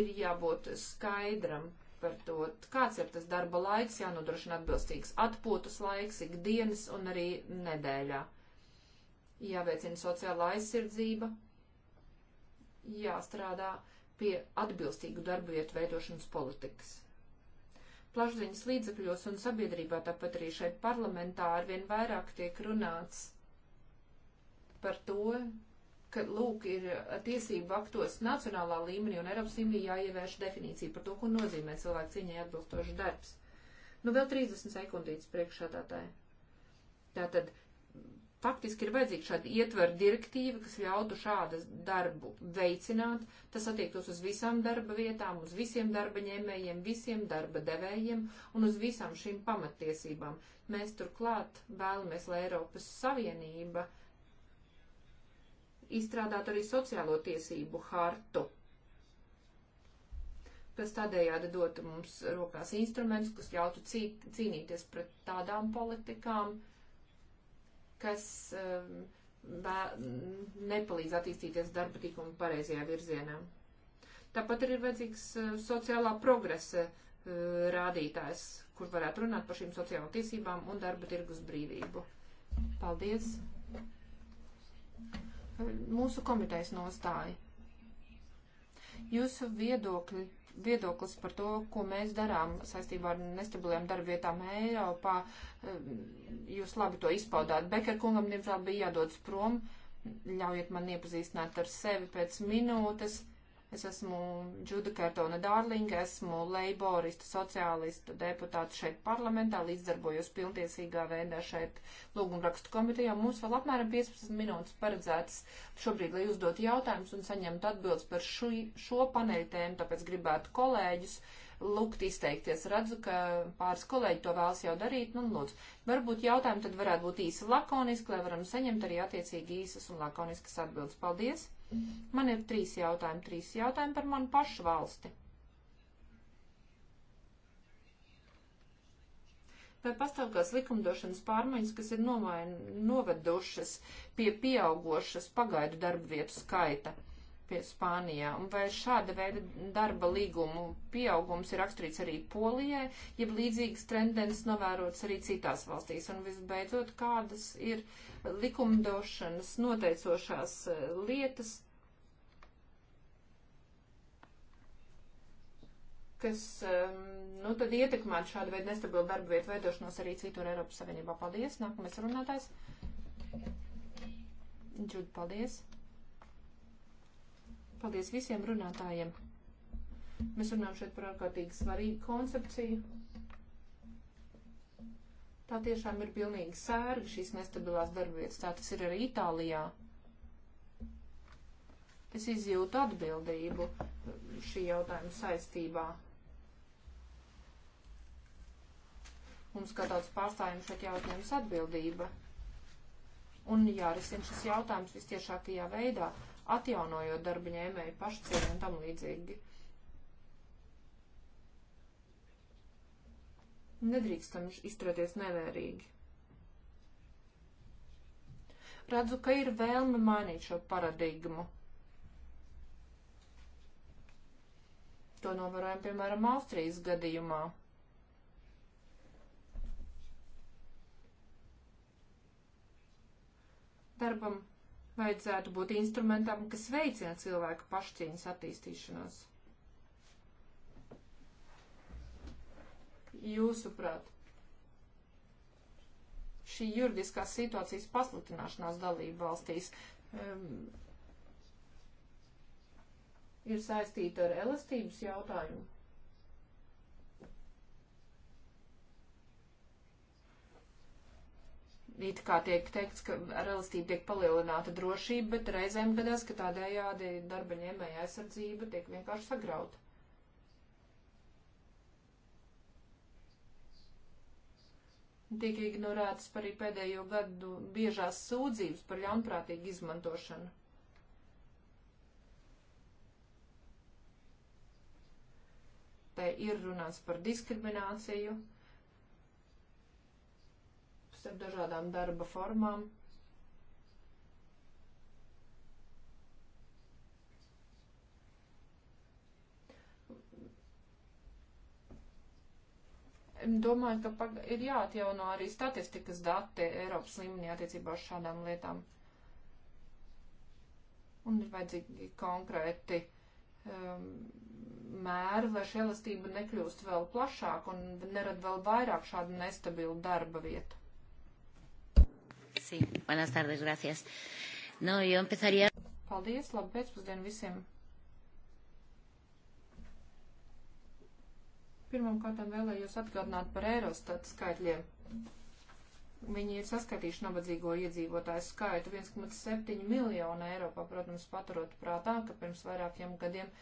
S1: ir jābūt skaidram par to, kāds ir tas darba laiks, jānodrošina atbilstīgs atpūtas laiks ikdienas un arī nedēļā. Jāveicina sociālā aizsardzība, jāstrādā pie atbilstīgu darbu vietu veidošanas politikas. Plašsaziņas līdzekļos un sabiedrībā, tāpat arī šeit parlamentā, arvien vairāk tiek runāts par to, ka, lūk, ir uh, tiesību aktos nacionālā līmenī un Eiropas līmenī jāievērš definīcija par to, ko nozīmē cilvēku cieņai atbilstošs darbs. Nu, vēl 30 sekundītes priekšādātāji. Tātad, faktiski ir vajadzīga šāda ietvera direktīva, kas ļautu šādu darbu veicināt. Tas attiektos uz visām darba vietām, uz visiem darba ņēmējiem, visiem darba devējiem un uz visām šīm pamattiesībām. Mēs turklāt vēlamies, lai Eiropas Savienība uh, izstrādāt arī sociālo tiesību hartu, kas tādējādi dotu mums rokās instruments, kas ļautu cī, cīnīties pret tādām politikām, kas um, bē, nepalīdz attīstīties darba tikuma pareizajā virzienā. Tāpat arī ir vajadzīgs uh, sociālā progresa uh, rādītājs, kur varētu runāt par šīm sociālām tiesībām un darba tirgus brīvību. Paldies! mūsu komitejas nostāja. Jūsu viedokļi, viedoklis par to, ko mēs darām saistībā ar nestabiliem darbvietām Eiropā, um, jūs labi to izpaudāt. Beker kungam, diemžēl, bija jādodas prom. Ļaujiet man iepazīstināt ar sevi pēc minūtes. Es esmu Džuda Kartona Dārlinga, esmu leiboristu sociālistu deputāts šeit parlamentā, līdzdarbojos pilntiesīgā veidā šeit lūgumrakstu komitejā. Mums vēl apmēram 15 minūtes paredzētas šobrīd, lai uzdot jautājumus un saņemt atbildes par šo, šo paneļu tēmu, tāpēc gribētu kolēģus lūgt izteikties. Redzu, ka pāris kolēģi to vēlas jau darīt. Nu, lūdzu, varbūt jautājumi tad varētu būt īsi lakoniski, lai varam saņemt arī attiecīgi īsas un lakoniskas atbildes. Paldies! Man ir trīs jautājumi, trīs jautājumi par manu pašu valsti. Vai pastāv kāds likumdošanas pārmaiņas, kas ir nomain, novedušas pie pieaugošas pagaidu darba vietu skaita pie Spānijā? Un vai šāda veida darba līgumu pieaugums ir raksturīts arī Polijai, jeb līdzīgas tendences novērotas arī citās valstīs? Un visbeidzot, kādas ir likumdošanas noteicošās eh, lietas kas, um, nu, tad ietekmētu šādu veidu nestabilu darba vietu veidošanos arī citur Eiropas Savienībā. Paldies! Nākamais runātājs. Džud, paldies! Paldies visiem runātājiem! Mēs runājam šeit par ārkārtīgi svarīgu koncepciju. Tā tiešām ir pilnīgi sērga šīs nestabilās darbvietas. Tā tas ir arī Itālijā. Es izjūtu atbildību šī jautājuma saistībā. Mums, kā tāds pārstājums, šeit jāuzņemas atbildība. Un jārisina šis jautājums vistiešākajā veidā, atjaunojot darbaņēmēju pašcieņu un tam līdzīgi. Nedrīkstam izturēties nevērīgi. Redzu, ka ir vēlme mainīt šo paradigmu. To novērojam, piemēram, Austrijas gadījumā. darbam vajadzētu būt instrumentam, kas veicina cilvēku pašcieņas attīstīšanos. Jūsuprāt, šī juridiskās situācijas pasliktināšanās dalība valstīs um, ir saistīta ar elastības jautājumu? it kā tiek teikts, ka ar elastību tiek palielināta drošība, bet reizēm gadās, ka tādējādi darba ņēmēja aizsardzība tiek vienkārši sagrauta. Tiek ignorētas arī pēdējo gadu biežās sūdzības par ļaunprātīgu izmantošanu. Te ir runāts par diskrimināciju starp dažādām darba formām. Domāju, ka ir jāatjauno arī statistikas dati Eiropas līmenī attiecībā uz šādām lietām. Un ir vajadzīgi konkrēti um, mēri, lai šī elastība nekļūst vēl plašāk un nerad vēl vairāk šādu nestabilu darba vietu. Sí, buenas tardes, gracias. No, yo empezaría... Paldies, labu pēcpusdienu visiem. Pirmkārt, vēlējos atgādināt par Eirostat skaitļiem. Viņi ir saskatījuši nabadzīgo iedzīvotāju skaitu 1,7 miljonu Eiropā, protams, paturot prātā, ka pirms vairākiem gadiem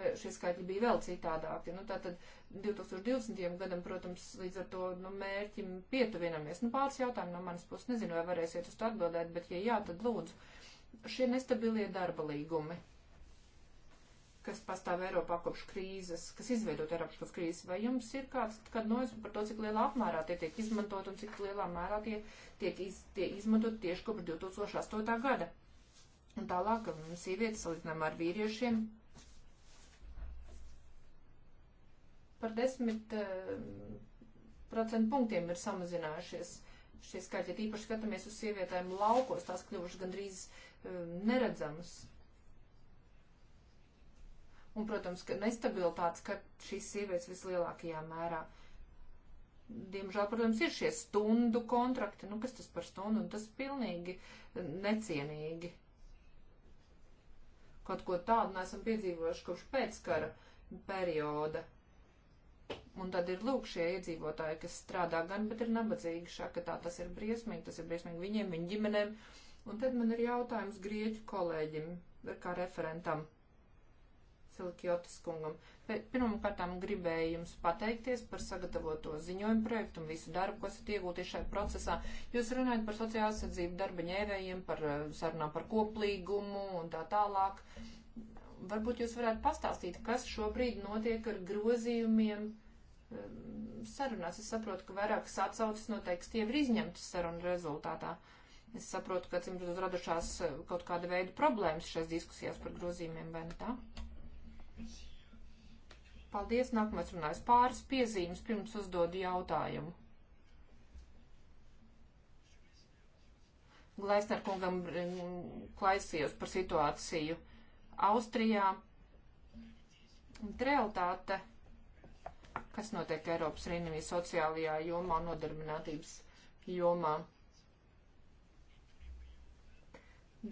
S1: E, šie skaitļi bija vēl citādāki. Nu, tātad 2020. gadam, protams, līdz ar to nu, mērķim pietuvināmies. Nu, pāris jautājumu no manas puses nezinu, vai varēsiet uz to atbildēt, bet, ja jā, tad lūdzu. Šie nestabilie darba līgumi, kas pastāv Eiropā kopš krīzes, kas izveidot Eiropas kopš krīzes, vai jums ir kāds, kad nojas par to, cik lielā apmērā tie tiek izmantot un cik lielā mērā tie tiek iz, tie izmantot tieši kopš 2008. gada? Un tālāk, um, sievietes salīdzinām ar vīriešiem, par 10% eh, punktiem ir samazinājušies šie skaitļi. Tīpaši skatāmies uz sievietēm laukos, tās kļuvušas gandrīz eh, neredzamas. Un, protams, ka nestabilitātes, ka šīs sievietes vislielākajā mērā. Diemžēl, protams, ir šie stundu kontrakti, nu kas tas par stundu, un tas pilnīgi necienīgi. Kaut ko tādu neesam piedzīvojuši kopš pēckara perioda. Un tad ir lūk šie iedzīvotāji, kas strādā gan, bet ir nabadzīgi šaka, tā tas ir briesmīgi, tas ir briesmīgi viņiem, viņu ģimenēm. Un tad man ir jautājums grieķu kolēģim, kā referentam, Silkjotis kungam. Pirmkārtām gribēju jums pateikties par sagatavoto ziņojumu projektu un visu darbu, ko esat ieguldījuši šajā procesā. Jūs runājat par sociālās sadzību darba ņēvējiem, par eh, sarunām par koplīgumu un tā tālāk varbūt jūs varētu pastāstīt, kas šobrīd notiek ar grozījumiem um, sarunās. Es saprotu, ka vairākas atsaucas no tekstiem ir izņemtas sarunu rezultātā. Es saprotu, ka cim radušās uh, kaut kāda veida problēmas šajās diskusijās par grozījumiem, vai ne tā? Paldies, nākamais runājs pāris piezīmes, pirms uzdodu jautājumu. Glaisner kungam mm, klaisījos par situāciju Austrijā. Bet realitāte, kas notiek Eiropas rīnavī sociālajā jomā, nodarbinātības jomā,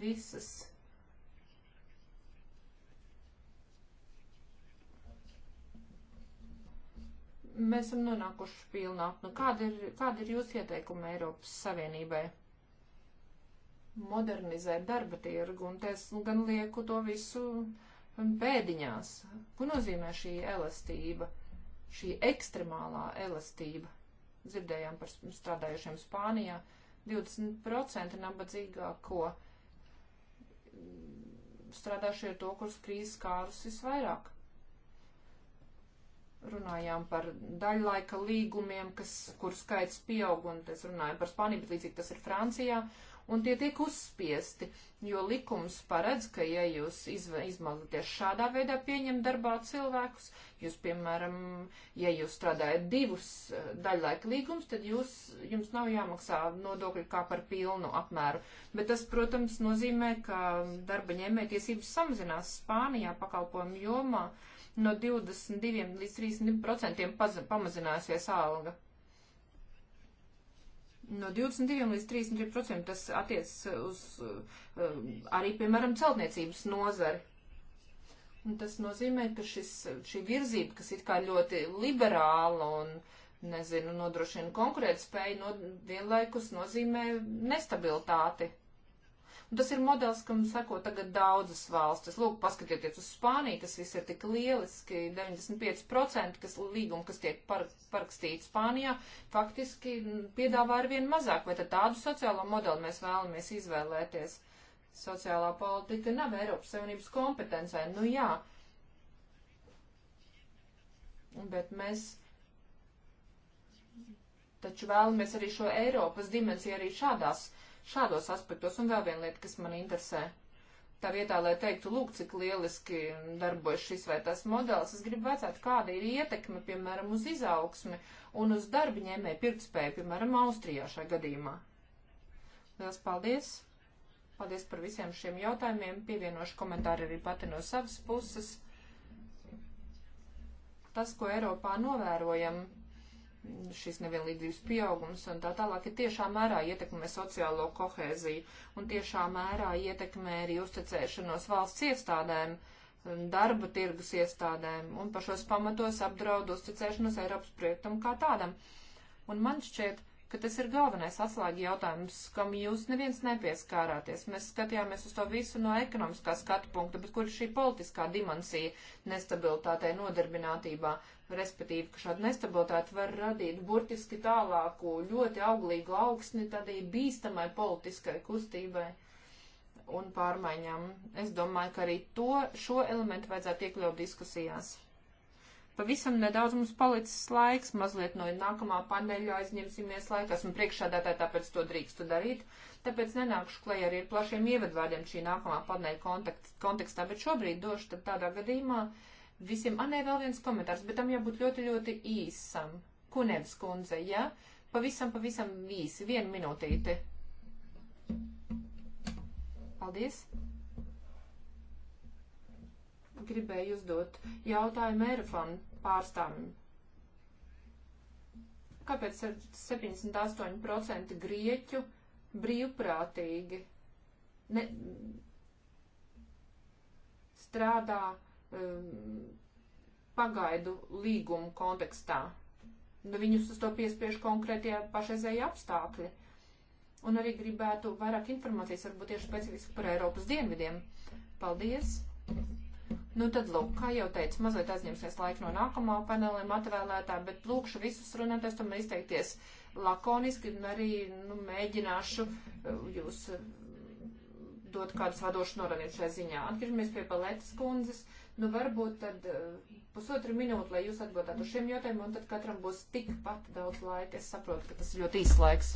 S1: visas. Mēs esam nonākuši pilnā. Nu, kāda, ir, kāda ir jūsu ieteikuma Eiropas Savienībai? modernizēt darba tirgu, un es gan lieku to visu pēdiņās. Ko nozīmē šī elastība, šī ekstremālā elastība? Dzirdējām par strādājušiem Spānijā 20% nabadzīgāko strādājušie ir to, kurus krīzes kārus visvairāk. Runājām par daļlaika līgumiem, kas, kur skaits pieaug, un es runāju par Spāniju, bet līdzīgi tas ir Francijā. Uh, un tie tiek uzspiesti, jo likums paredz, ka ja jūs izmantoties šādā veidā pieņem darbā cilvēkus, jūs, piemēram, ja jūs strādājat divus eh, daļlaika līgumus, tad jūs, jums nav jāmaksā nodokļi kā par pilnu apmēru. Bet tas, protams, nozīmē, ka darba ņēmē tiesības samazinās Spānijā pakalpojumu jomā no 22 līdz 30 procentiem pamazinājusies alga no 22 līdz 33%. Tas attiec uz eh, arī, piemēram, celtniecības nozari. Un tas nozīmē, ka šis, šī virzība, kas it kā ļoti liberāla un, nezinu, nodrošina konkurētspēju, no, vienlaikus nozīmē nestabilitāti. Un tas ir modelis, kam seko tagad daudzas valstis. Lūk, paskatieties uz Spāniju, kas viss ir tik lieliski, 95% kas līguma, kas tiek par, parakstīta Spānijā, faktiski piedāvā ar vien mazāk. Vai tad tādu sociālo modeli mēs vēlamies izvēlēties? Sociālā politika nav Eiropas Savienības kompetencē. Nu jā, bet mēs taču vēlamies arī šo Eiropas dimensiju arī šādās šādos aspektos. Un vēl viena lieta, kas man interesē. Tā vietā, lai teiktu, lūk, cik lieliski darbojas šis vai tas modelis, es gribu vecāt, kāda ir ietekme, piemēram, uz izaugsmi un uz darbiņēmēju pirktspēju, piemēram, Austrijā šajā gadījumā. Lielas paldies! Paldies par visiem šiem jautājumiem. Pievienošu komentāru arī pati no savas puses. Tas, ko Eiropā novērojam, šis nevienlīdzības pieaugums un tā tālāk ir tiešā mērā ietekmē sociālo kohēziju un tiešā mērā ietekmē arī uzticēšanos valsts iestādēm, darba tirgus iestādēm un pašos pamatos apdraud uzticēšanos Eiropas projektam kā tādam. Un man šķiet, ka tas ir galvenais atslēgi jautājums, kam jūs neviens nepieskārāties. Mēs skatījāmies uz to visu no ekonomiskā skatu punkta, bet kur ir šī politiskā dimensija nestabilitātē, nodarbinātībā? respektīvi, ka šāda nestabilitāte var radīt burtiski tālāku, ļoti auglīgu augsni tādai bīstamai politiskai kustībai un pārmaiņām. Es domāju, ka arī to, šo elementu vajadzētu iekļaut diskusijās. Pavisam nedaudz mums palicis laiks, mazliet no nākamā paneļa aizņemsimies laiku, esmu priekšādātāji, tāpēc to drīkstu darīt, tāpēc nenākšu klajā arī ar plašiem ievadvārdiem šī nākamā paneļa kontekstā, bet šobrīd došu tad tādā gadījumā uh, visiem. A, nē, vēl viens komentārs, bet tam jābūt ļoti, ļoti īsam. Kunevs kundze, jā? Ja? Pavisam, pavisam īsi. Vienu minūtīti. Paldies! Gribēju uzdot jautājumu Eirofonu pārstāvim. Kāpēc ir 78% grieķu brīvprātīgi ne, strādā? um, pagaidu līgumu kontekstā. Nu, viņus uz to piespiež konkrētie pašreizēji apstākļi. Un arī gribētu vairāk informācijas, varbūt tieši specifiski par Eiropas dienvidiem. Paldies! Nu tad, lūk, kā jau teicu, mazliet aizņemsies laika no nākamā panelēm atvēlētā, bet lūkšu visus runātājus tomēr izteikties lakoniski un arī nu, mēģināšu uh, jūs uh, dot kādus vadošus norādījumus šai ziņā. Atgriežamies pie Paletas kundzes. Uh, Nu, varbūt tad eh, pusotru minūti, lai jūs atbildētu uz šiem jautājumiem, un tad katram būs tikpat daudz laika. Es saprotu, ka tas ir ļoti īsts laiks.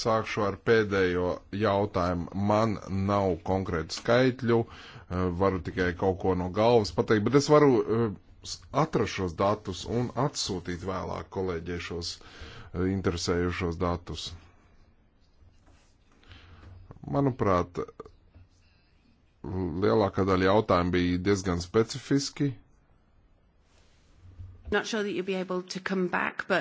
S3: Sākšu ar pēdējo jautājumu. Man nav konkrētu skaitļu, eh, varu tikai kaut ko no galvas pateikt, bet es varu eh, atrast šos datus un atsūtīt vēlāk kolēģiem šos interesējušos datus. Manuprāt, lielākā daļa jautājumu bija diezgan specifiski.
S2: Sure back,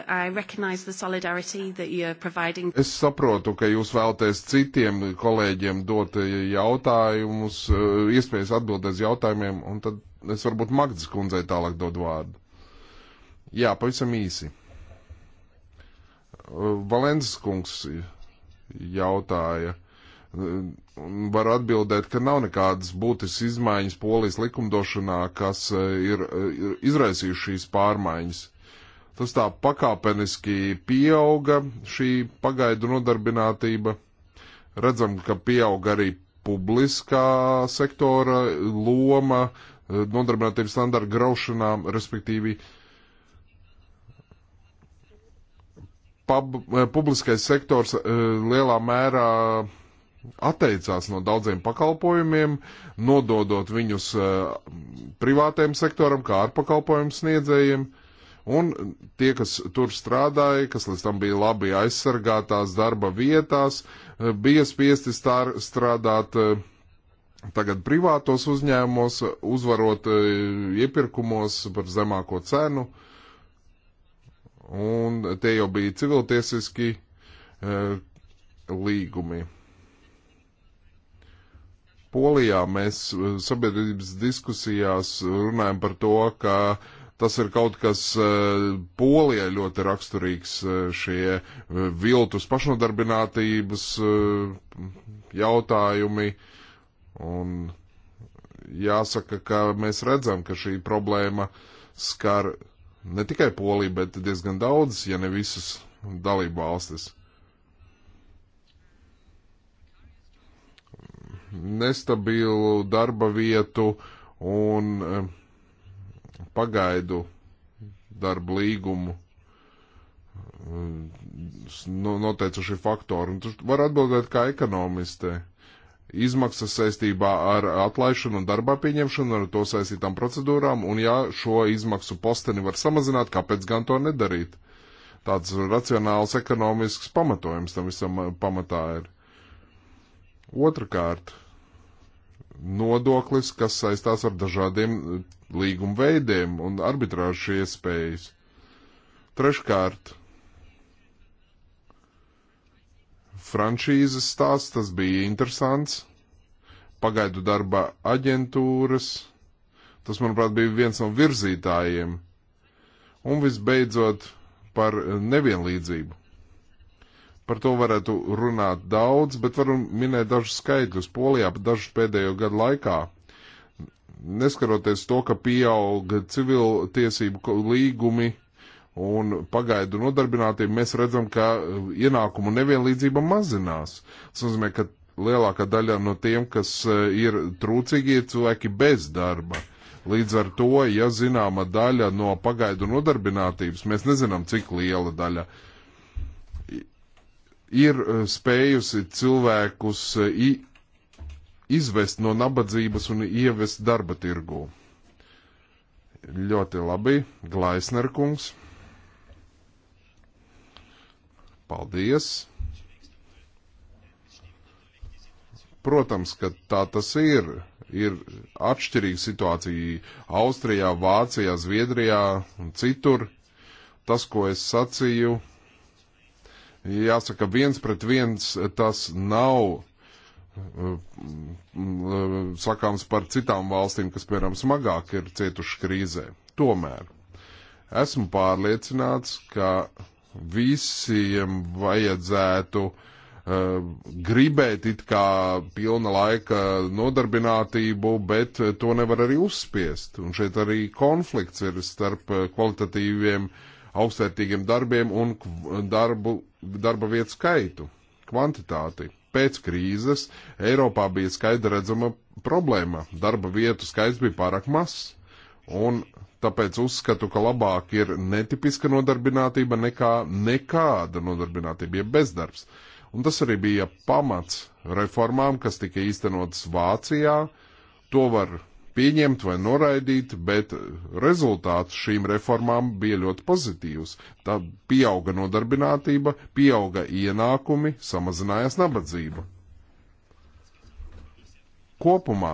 S2: es
S3: saprotu, ka jūs vēlaties citiem kolēģiem dot eh, jautājumus, eh, iespējas atbildēt uz jautājumiem, un tad es varbūt Magdas kundzei tālāk dod vārdu. Jā, pavisam īsi. Eh, Valences kungs jautāja varu atbildēt, ka nav nekādas būtiskas izmaiņas polijas likumdošanā, kas e, ir, e, ir izraisījušas šīs pārmaiņas. Tas tā pakāpeniski pieauga šī pagaidu nodarbinātība. Redzam, ka pieauga arī publiskā sektora loma e, nodarbinātības standarta graušanā, respektīvi pub, publiskais sektors lielā mērā atteicās no daudziem pakalpojumiem, nododot viņus eh, privātajam sektoram, kā ar pakalpojumu sniedzējiem. Un tie, kas tur strādāja, kas līdz tam bija labi aizsargātās darba vietās, eh, bija spiesti stār, strādāt eh, tagad privātos uzņēmumos, uzvarot iepirkumos par zemāko cenu. Un tie jau bija civiltiesiski līgumi Polijā mēs eh, sabiedrības diskusijās runājam par to, ka tas ir kaut kas eh, Polijai ļoti raksturīgs, eh, šie viltus pašnodarbinātības jautājumi. Un jāsaka, ka mēs redzam, ka šī problēma skar ne tikai Poliju, bet diezgan daudz, ja ne visas dalību valstis. nestabilu darba vietu un eh, pagaidu darba līgumu eh, noteicuši faktori. Un tu var atbildēt kā ekonomistē. Izmaksas saistībā ar atlaišanu un darbā pieņemšanu, ar to saistītām procedūrām, un ja šo izmaksu posteni var samazināt, kāpēc gan to nedarīt? Tāds racionāls ekonomisks pamatojums tam visam eh, pamatā ir. Otrakārt, nodoklis, kas saistās ar dažādiem eh, līguma veidiem un arbitrāžu iespējas. Treškārt, franšīzes stāsts, tas bija interesants. Pagaidu darba aģentūras, tas, manuprāt, bija viens no virzītājiem. Un visbeidzot par eh, nevienlīdzību. Par to varētu runāt daudz, bet varu minēt dažus skaidrus. Polijā dažus pēdējo gadu laikā, neskaroties to, ka pieauga civiltiesību līgumi un pagaidu nodarbinātība, mēs redzam, ka ienākumu nevienlīdzība mazinās. Tas nozīmē, ka lielākā daļa no tiem, kas e, ir trūcīgi, ir cilvēki bez darba. Līdz ar to, ja zināma daļa no pagaidu nodarbinātības, mēs nezinām, cik liela daļa uh, ir e, spējusi cilvēkus e, izvest no nabadzības un ievest darba tirgū. Ļoti labi, Glaisner kungs. Paldies! Protams, ka tā tas ir. Ir atšķirīga situācija Austrijā, Vācijā, Zviedrijā un citur. Tas, ko es sacīju, Jāsaka, viens pret viens tas nav uh, sakāms par citām valstīm, kas, piemēram, smagāk ir cietuši krīzē. Tomēr esmu pārliecināts, ka visiem vajadzētu uh, gribēt it kā pilna laika nodarbinātību, bet to nevar arī uzspiest. Un šeit arī konflikts ir starp uh, kvalitatīviem uh, augstvērtīgiem darbiem un darbu, darba vietu skaitu, kvantitāti. Pēc krīzes Eiropā bija skaidra redzama problēma. Darba vietu skaits bija pārāk mazs. Un tāpēc uzskatu, ka labāk ir netipiska nodarbinātība nekā nekāda nodarbinātība, ja bezdarbs. Un tas arī bija pamats reformām, kas tika īstenotas Vācijā. To var pieņemt vai noraidīt, bet rezultāts šīm reformām bija ļoti pozitīvs. Tā pieauga nodarbinātība, pieauga ienākumi, samazinājās nabadzība. Kopumā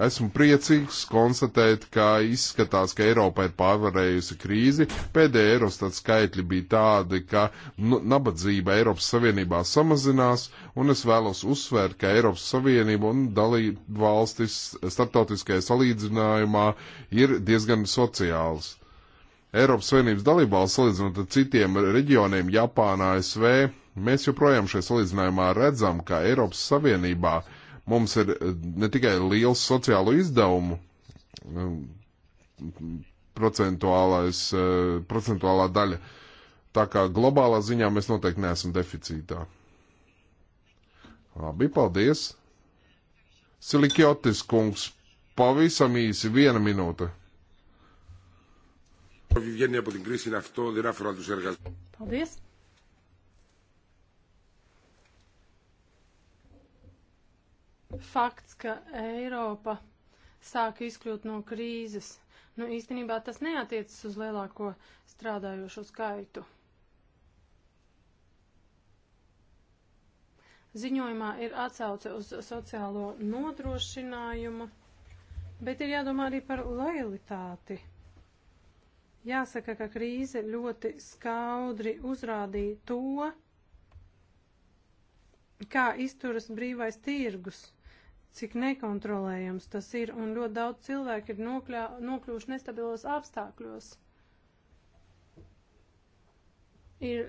S3: Esmu priecīgs konstatēt, ka izskatās, ka Eiropa ir pārvarējusi krīzi. Pēdējie Eurostat skaitļi bija tādi, ka nu, nabadzība Eiropas Savienībā samazinās, un es vēlos uzsvērt, ka Eiropas Savienība un dalība valstis starptautiskajā salīdzinājumā ir diezgan sociāls. Eiropas Savienības dalībvalsts salīdzinot ar citiem reģioniem Japānā, ASV, mēs joprojām šajā salīdzinājumā redzam, ka Eiropas Savienībā uh, Mums ir eh, ne tikai liels sociālo izdevumu um, procentuālais, eh, procentuālā daļa. Tā kā globālā ziņā mēs noteikti neesam deficītā. Labi, paldies. Silikjotis kungs, pavisam īsi viena minūte. Paldies.
S2: fakts, ka Eiropa sāk izkļūt no krīzes. Nu, īstenībā tas neatiecas uz lielāko strādājošo skaitu. Ziņojumā ir atsauce uz sociālo nodrošinājumu, bet ir jādomā arī par lojalitāti. Jāsaka, ka krīze ļoti skaudri uzrādīja to, kā izturas brīvais tirgus cik nekontrolējams tas ir, un ļoti daudz cilvēku ir nokļā, nokļuvuši nestabilos apstākļos. Ir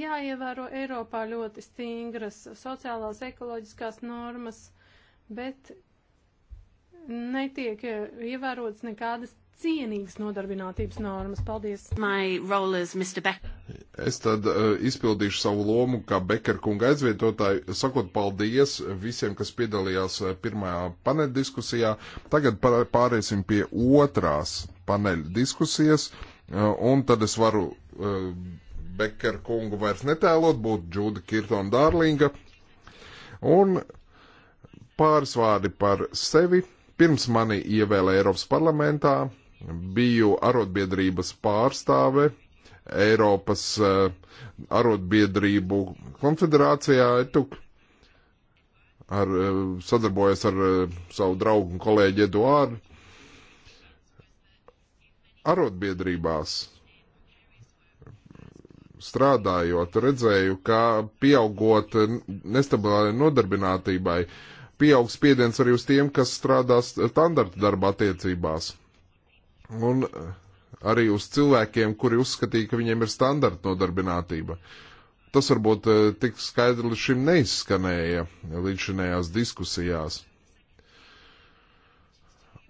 S2: jāievēro Eiropā ļoti stingras sociālās ekoloģiskās normas, bet netiek ievērotas nekādas cienīgas nodarbinātības normas. Paldies!
S3: Es tad uh, izpildīšu savu lomu kā Bekara kunga aizvietotāju, sakot paldies visiem, kas piedalījās uh, pirmajā paneļa diskusijā. Tagad pāriesim pie otrās paneļa diskusijas, uh, un tad es varu uh, Bekara kungu vairs netēlot, būtu Džūda Kirtona Dārlinga. Un pāris vārdi par sevi. Pirms mani ievēlēja Eiropas parlamentā, biju arotbiedrības pārstāve Eiropas eh, arotbiedrību konfederācijā ETUK. Ar, eh, sadarbojas ar eh, savu draugu un kolēģi Eduāru. Arotbiedrībās strādājot, redzēju, ka pieaugot nestabilai nodarbinātībai, pieaug spiediens arī uz tiem, kas strādās standarta darba attiecībās un eh, arī uz cilvēkiem, kuri uzskatīja, ka viņiem ir standarta nodarbinātība. Tas varbūt eh, tik skaidri līdz šim neizskanēja līdz šinējās diskusijās.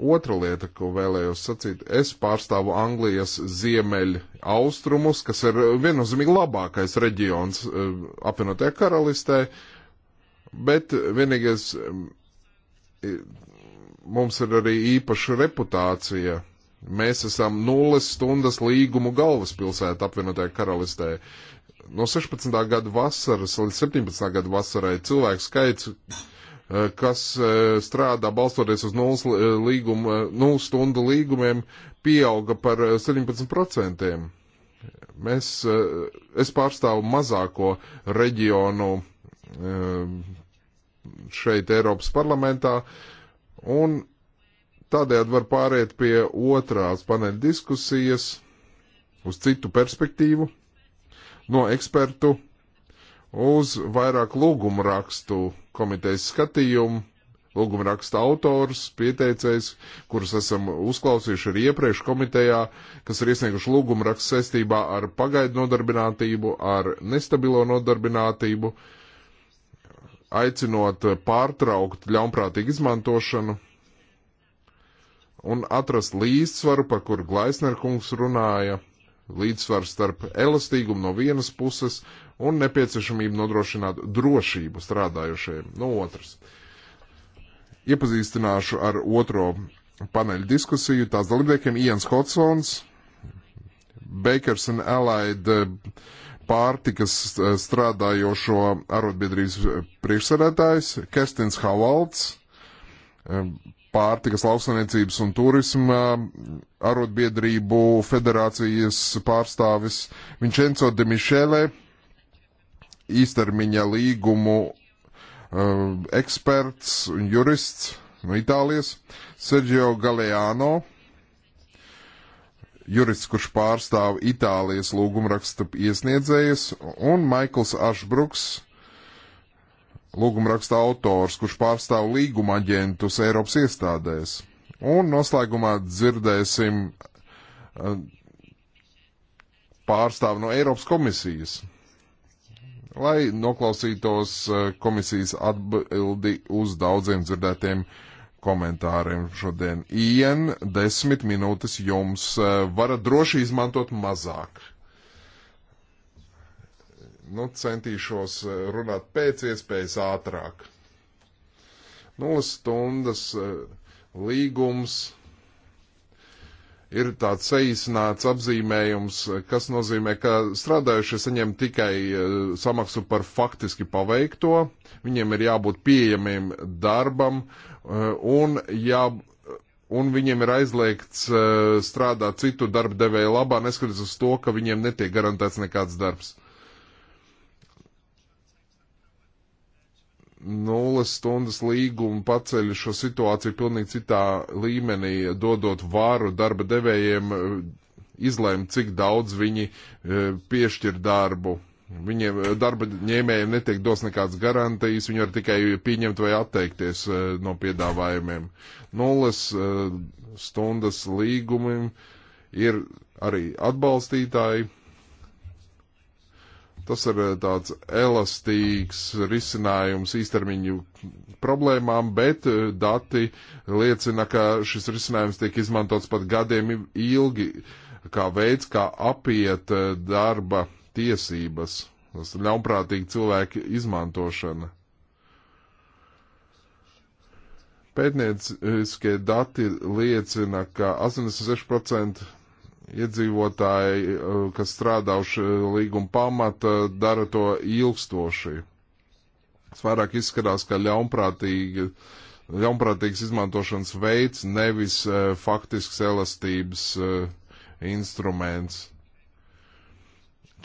S3: Otra lieta, ko vēlējos sacīt, es pārstāvu Anglijas ziemeļu austrumus, kas ir viennozīmīgi labākais reģions eh, apvienotajā karalistē, bet vienīgais mums ir arī īpaša reputācija Mēs esam nulles stundas līgumu galvaspilsēta apvienotajā karalistē. No 16. gada vasaras līdz 17. gada vasarai cilvēku skaits, eh, kas eh, strādā balstoties uz nulles, eh, līgumu, nulles stundu līgumiem, pieauga par 17%. Mēs, es pārstāvu mazāko reģionu šeit Eiropas parlamentā, un Tādējādi var pāriet pie otrās paneļa diskusijas uz citu perspektīvu no ekspertu uz vairāk lūgumu rakstu komitejas skatījumu. Lūguma raksta autors, pieteicējs, kurus esam uzklausījuši arī iepriekš komitejā, kas ir iesnieguši lūguma rakstu saistībā ar pagaidu nodarbinātību, ar nestabilo nodarbinātību, aicinot pārtraukt ļaunprātīgu izmantošanu un atrast līdzsvaru, par kur Glaisner kungs runāja, līdzsvaru starp elastīgumu no vienas puses un nepieciešamību nodrošināt drošību strādājošajiem no otras. Iepazīstināšu ar otro paneļu diskusiju. Tās dalībniekiem Ians Hotsons, Bakers and Allied pārtikas strādājošo arotbiedrības priekšsarētājs, Kerstins Havalts, pārtikas lauksaniecības un turisma arotbiedrību federācijas pārstāvis Vincenzo de Michele, īstermiņa līgumu uh, eksperts un jurists no Itālijas, Sergio Galeano, jurists, kurš pārstāv Itālijas lūgumraksta iesniedzējas, un Maikls Ašbruks, lūgumraksta autors, kurš pārstāv līguma aģentus Eiropas iestādēs. Un noslēgumā dzirdēsim eh, pārstāvu no Eiropas komisijas, lai noklausītos eh, komisijas atbildi uz daudziem dzirdētiem komentāriem šodien. Ien, desmit minūtes jums eh, varat droši izmantot mazāk. Nu, centīšos eh, runāt pēc iespējas ātrāk. Nulles stundas eh, līgums ir tāds saīsināts apzīmējums, eh, kas nozīmē, ka strādājušie saņem tikai samaksu par faktiski paveikto, viņiem ir jābūt pieejamiem darbam un, jā, un viņiem ir aizliegts strādāt citu darba devēju labā, neskatoties uz to, ka viņiem netiek garantēts nekāds darbs. nulles stundas līgumu paceļ šo situāciju pilnīgi citā līmenī, dodot varu darba devējiem eh, izlēmt, cik daudz viņi eh, piešķir darbu. Viņiem eh, darba ņēmējiem netiek dos nekāds garantijas, viņi var tikai pieņemt vai atteikties no piedāvājumiem. Nulles stundas līgumiem ir arī atbalstītāji, Tas ir eh, tāds elastīgs risinājums īstermiņu problēmām, bet eh, dati liecina, ka šis risinājums tiek izmantots pat gadiem ilgi kā veids, kā apiet eh, darba tiesības. Tas ir ļaunprātīgi cilvēki izmantošana. Pētnieciskie dati liecina, ka 86% iedzīvotāji, eh, kas strādā uz līguma pamata, dara to ilgstoši. Tas vairāk izskatās, ka ļaunprātīgi, ļaunprātīgs izmantošanas veids, nevis eh, faktisks elastības eh, instruments.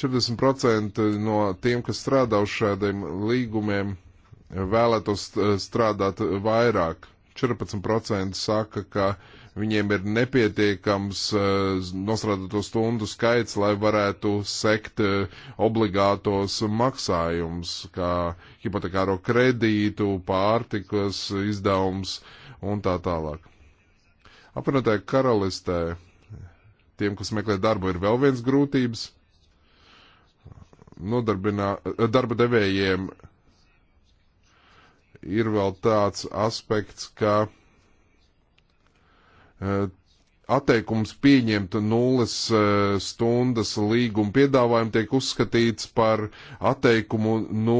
S3: 40% no tiem, kas strādā uz šādiem līgumiem, vēlētos strādāt vairāk. 14% saka, ka uh, Viņiem ir nepietiekams uh, nostrādāto stundu skaits, lai varētu sekt uh, obligātos maksājumus, kā hipotekāro kredītu, pārtikas izdevums un tā tālāk. Apvienotāju karalistē tiem, kas meklē darbu, ir vēl viens grūtības. Nodarbinā, eh, darba devējiem ir vēl tāds aspekts, ka Atteikums pieņemt nulles e, stundas līguma piedāvājumu tiek uzskatīts par atteikumu no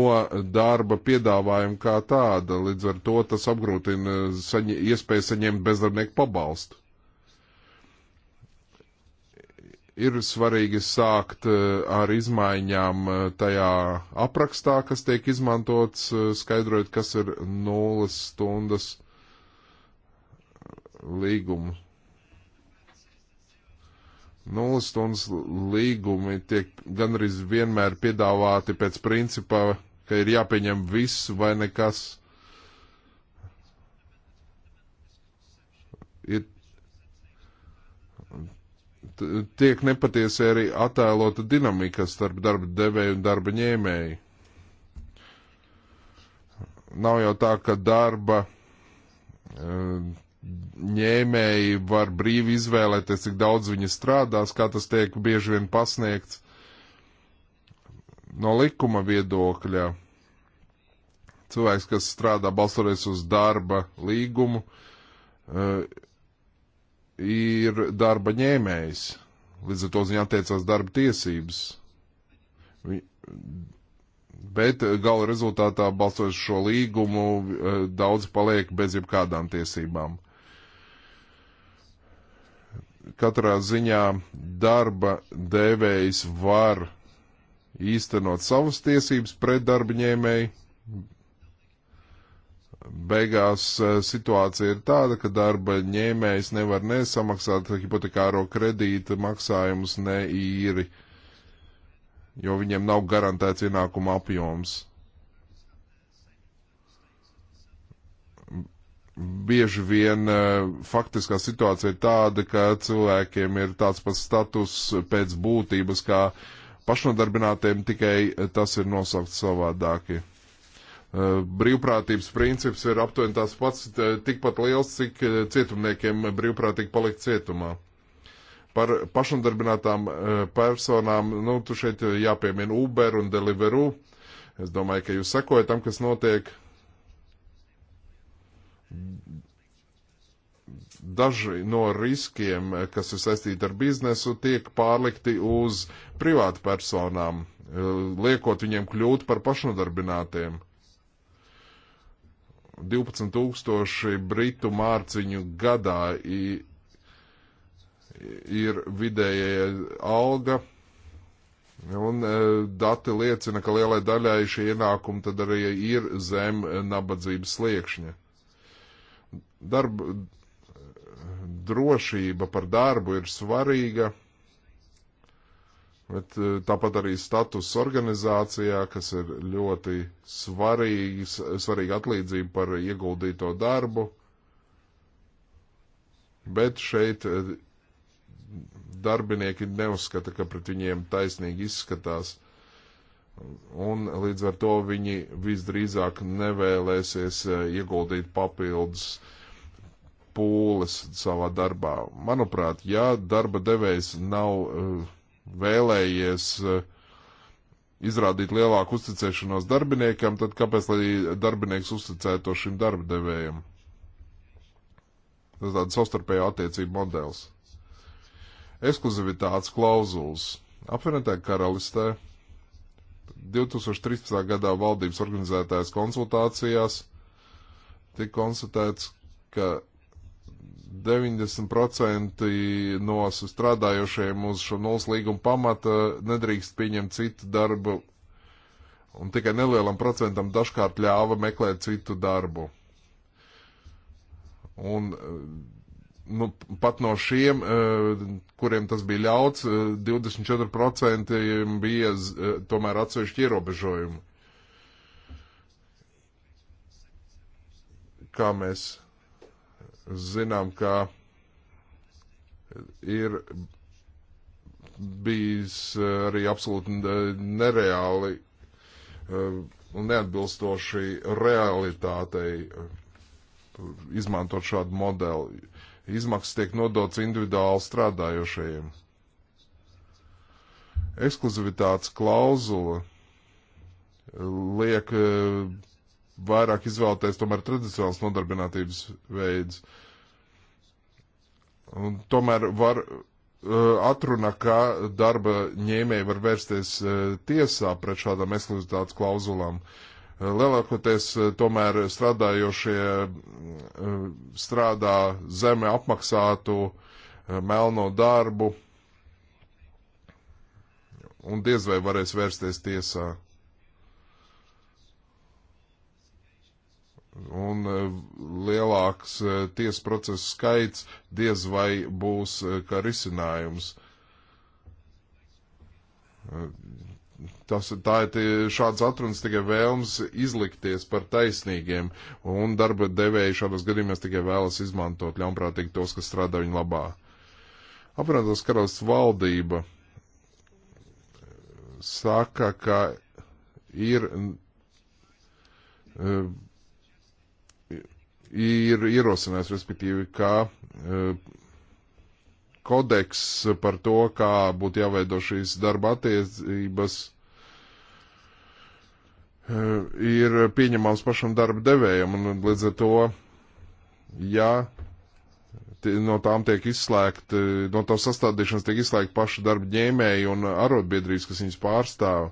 S3: darba piedāvājumu kā tāda. Līdz ar to tas apgrūtina saņi, iespēju saņemt bezdarbnieku pabalstu. ir svarīgi sākt e, ar izmaiņām e, tajā aprakstā, kas tiek izmantots, skaidrojot, kas ir nulles stundas līgumu. Nulles stundas līgumi tiek gandrīz vienmēr piedāvāti pēc principa, ka ir jāpieņem viss vai nekas. Ir tiek nepatiesi arī attēlota dinamika starp darba devēju un darba ņēmēju. Nav jau tā, ka darba eh, ņēmēji var brīvi izvēlēties, cik daudz viņi strādās, kā tas tiek bieži vien pasniegts no likuma viedokļa. Cilvēks, kas strādā balstoties uz darba līgumu, eh, ir darba ņēmējs. Līdz ar to viņa attiecās darba tiesības. Bet gala rezultātā, balstoties šo līgumu, eh, daudz paliek bez jebkādām tiesībām katrā ziņā darba devējs var īstenot savas tiesības pret darba ņēmēju. Beigās eh, situācija ir tāda, ka darba ņēmējs nevar nesamaksāt hipotekāro kredīta maksājumus ne īri, jo viņiem nav garantēts ienākuma apjoms. bieži vien e, faktiskā situācija ir tāda, ka cilvēkiem ir tāds pats status pēc būtības kā pašnodarbinātiem, tikai tas ir nosaukts savādākie. Brīvprātības princips ir aptuveni tās pats, e, tikpat liels, cik e, cietumniekiem brīvprātīgi palikt cietumā. Par pašnodarbinātām personām, nu, tu šeit jāpiemina Uber un Deliveroo. Es domāju, ka jūs sekojat tam, kas notiek. Uh, daži no riskiem, kas ir saistīti ar biznesu, tiek pārlikti uz privātu personām, liekot viņiem kļūt par pašnodarbinātiem. 12 tūkstoši britu mārciņu gadā ir vidējā alga, un e, dati liecina, ka lielai daļai šie ienākumi tad arī ir zem nabadzības sliekšņa darba drošība par darbu ir svarīga, bet e, tāpat arī status organizācijā, kas ir ļoti svarīgi, svarīga atlīdzība par ieguldīto darbu. Bet šeit e, darbinieki neuzskata, ka pret viņiem taisnīgi izskatās un līdz ar to viņi visdrīzāk nevēlēsies eh, ieguldīt papildus pūles savā darbā. Manuprāt, ja darba devējs nav eh, vēlējies eh, izrādīt lielāku uzticēšanos darbiniekam, tad kāpēc lai darbinieks uzticēto šim darba devējam? Tas tāds savstarpējo attiecību modelis. Ekskluzivitātes klauzulas. Apvienotā karalistē 2013. gadā valdības organizētājās konsultācijās tika konstatēts, ka 90% no strādājošiem uz šo nulles līguma pamata nedrīkst pieņemt citu darbu, un tikai nelielam procentam dažkārt ļāva meklēt citu darbu. Un nu, pat no šiem, eh, kuriem tas bija ļauts, 24% eh, bija eh, tomēr atsevišķi ierobežojumi. Kā mēs zinām, ka ir bijis arī absolūti nereāli un neatbilstoši realitātei izmantot šādu modeli izmaksas tiek nodots individuāli strādājošajiem. Ekskluzivitātes klauzula liek eh, vairāk izvēlēties tomēr tradicionāls nodarbinātības veids. Un tomēr var eh, atruna, ka darba ņēmēji var vērsties eh, tiesā pret šādām ekskluzivitātes klauzulām. Uh, Lielākoties eh, tomēr strādājošie eh, strādā zeme apmaksātu eh, melno darbu un diez vai varēs vērsties tiesā. un lielāks tiesas procesu skaits diez vai būs kā risinājums. Tas, tā ir tie, šāds atrunas tikai vēlms izlikties par taisnīgiem, un darba devēji šādos gadījumos tikai vēlas izmantot ļaunprātīgi tos, kas strādā viņu labā. Apvienotās karalists valdība saka, ka ir, e, ir ierosinājis, respektīvi, ka e, kodeks par to, kā būtu jāveido šīs darba attiecības Eh, ir pieņemams pašam darba devējam, un līdz ar to, ja no tām tiek izslēgta, eh, no tās sastādīšanas tiek izslēgta paša darba ņēmēja un arotbiedrības, kas viņas pārstāv,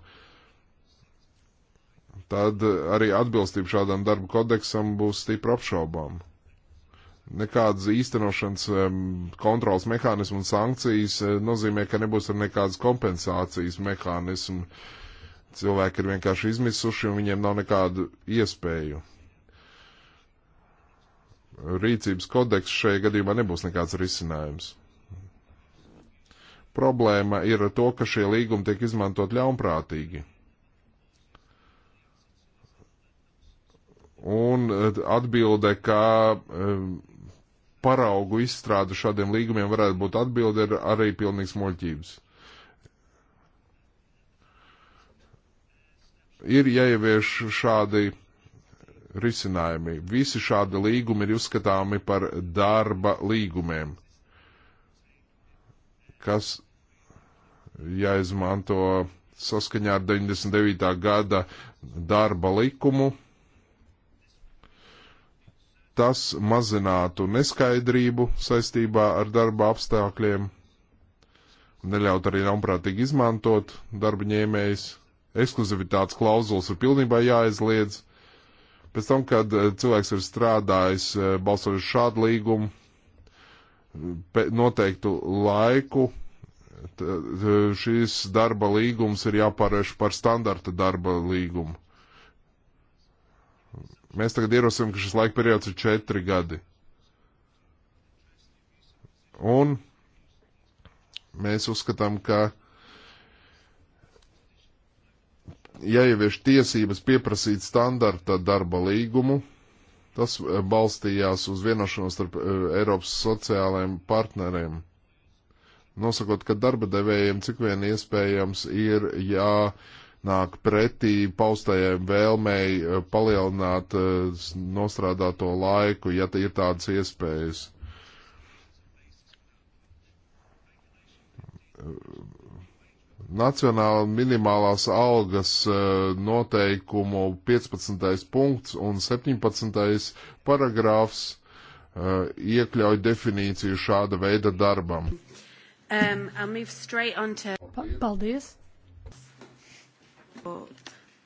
S3: tad arī atbilstība šādam darba kodeksam būs stipri apšaubām. Nekādas īstenošanas kontrols mehānismu un sankcijas eh, nozīmē, ka nebūs ar nekādas kompensācijas mehānismu. Uh, Cilvēki ir vienkārši izmisuši un viņiem nav nekādu iespēju. Rīcības kodeks šajā gadījumā nebūs nekāds risinājums. Problēma ir ar to, ka šie līgumi tiek izmantot ļaunprātīgi. Un eh, atbilde, ka um, paraugu izstrādu šādiem līgumiem varētu būt atbilde, ir arī pilnīgs muļķības. ir jāievieš šādi risinājumi. Visi šādi līgumi ir uzskatāmi par darba līgumiem, kas jāizmanto saskaņā ar 99. gada darba likumu. Tas mazinātu neskaidrību saistībā ar darba apstākļiem, neļaut arī ļaunprātīgi izmantot darba ņēmējs ekskluzivitātes klauzulas ir pilnībā jāizliedz. Pēc tam, kad eh, cilvēks ir strādājis, eh, balsojot šādu līgumu, noteiktu laiku, šīs darba līgums ir jāpārvērš par standarta darba līgumu. Mēs tagad ierosim, ka šis laika periods ir četri gadi. Un mēs uzskatām, ka jāievieš tiesības pieprasīt standarta darba līgumu. Tas eh, balstījās uz vienošanos starp eh, Eiropas sociālajiem partneriem. Nosakot, ka darba devējiem cik vien iespējams ir jānāk pretī paustajiem vēlmei eh, palielināt nostrādāto laiku, ja ir tādas iespējas Nacionāla minimālās algas e, noteikumu 15. punkts un 17. paragrāfs e, iekļauj definīciju šāda veida darbam.
S2: Um, to... Paldies!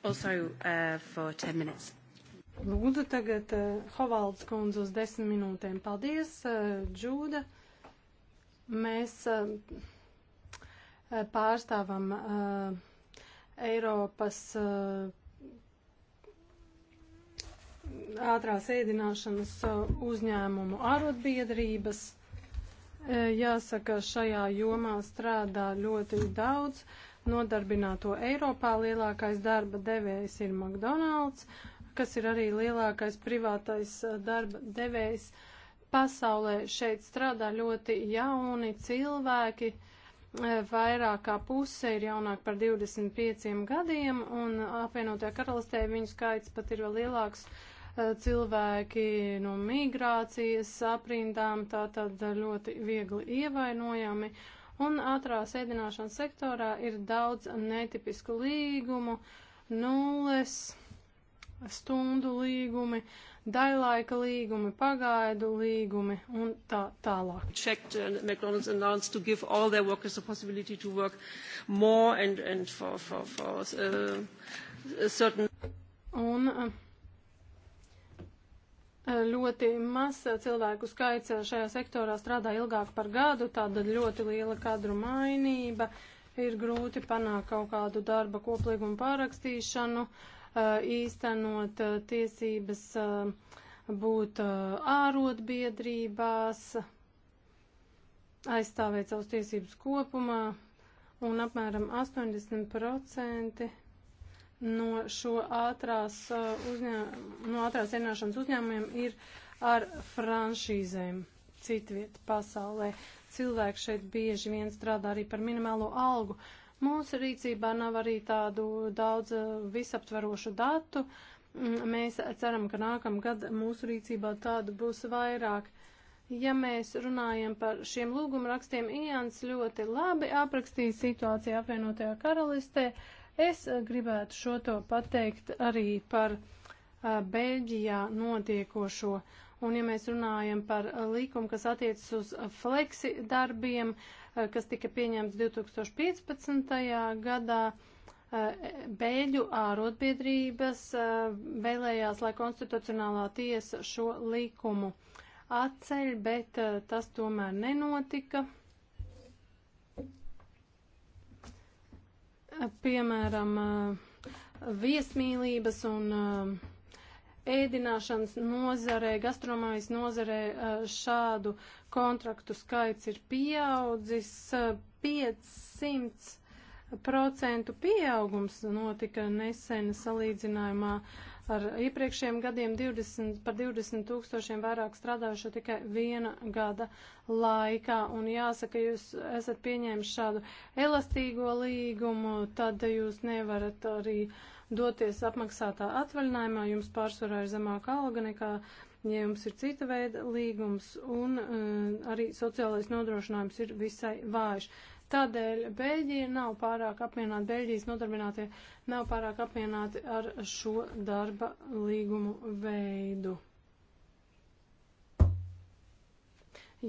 S2: Also, uh, Lūdzu tagad uh, Hovalds kundze uz desmit minūtēm. Paldies, uh, Džūda. Mēs. Uh, Eh, pārstāvam uh, Eiropas uh, ātrās ēdināšanas uzņēmumu arotbiedrības. Jāsaka, šajā jomā strādā ļoti daudz nodarbināto Eiropā. Lielākais darba devējs ir McDonald's, kas ir arī lielākais privātais darba devējs pasaulē. Šeit strādā ļoti jauni cilvēki. Uh, vairāk kā puse ir jaunāk par 25 gadiem, un apvienotajā karalistē viņu skaits pat ir vēl lielāks eh, cilvēki no migrācijas aprindām, tātad ļoti viegli ievainojami. Un ātrā sēdināšanas sektorā ir daudz netipisku līgumu, nulles stundu līgumi, dailaika līgumi, pagaidu līgumi un tā tālāk. Checked, and uh, McDonald's announced to give all their workers the possibility to work more and, and for, for, for uh, certain. Un, uh, Ļoti maz cilvēku skaits šajā sektorā strādā ilgāk par gadu, tāda ļoti liela kadru mainība, ir grūti panākt kaut kādu darba koplīgumu pārakstīšanu. Uh, īstenot tiesības būt ārotbiedrībās, aizstāvēt savas tiesības kopumā, un apmēram 80% no šo ātrās, uzņēm, no ātrās ienāšanas uzņēmumiem ir ar franšīzēm citviet pasaulē. Cilvēki šeit bieži vien strādā arī par minimālo algu. Uh, Mūsu rīcībā nav arī tādu daudz eh, visaptverošu datu. Mm, mēs ceram, ka nākamgad mūsu rīcībā tādu būs vairāk. Ja mēs runājam par šiem lūgumrakstiem, Ians ļoti labi aprakstīja situāciju apvienotajā karalistē. Es eh, gribētu šo to pateikt arī par a, eh, Beļģijā notiekošo. Un ja mēs runājam par likumu, kas attiecas uz fleksi darbiem, Eh, kas tika pieņemts 2015. gadā. Eh, Bēļu ārotbiedrības eh, vēlējās, lai konstitucionālā tiesa šo likumu atceļ, bet tas tomēr nenotika. Piemēram, viesmīlības un ēdināšanas nozarē, gastronomijas nozarē šādu kontraktu skaits ir pieaudzis 500 procentu pieaugums notika nesen salīdzinājumā ar iepriekšējiem gadiem 20, par 20 tūkstošiem vairāk strādājušo tikai viena gada laikā. Un jāsaka, jūs esat pieņēmis šādu elastīgo līgumu, tad jūs nevarat arī doties apmaksātā atvaļinājumā, jums pārsvarā ir zemāka alga nekā uh, ja jums ir cita veida līgums, un uh, arī sociālais nodrošinājums ir visai vājš. Tādēļ Beļģija nav pārāk apmierināta, Beļģijas nodarbinātie nav pārāk apmierināti ar šo darba līgumu veidu.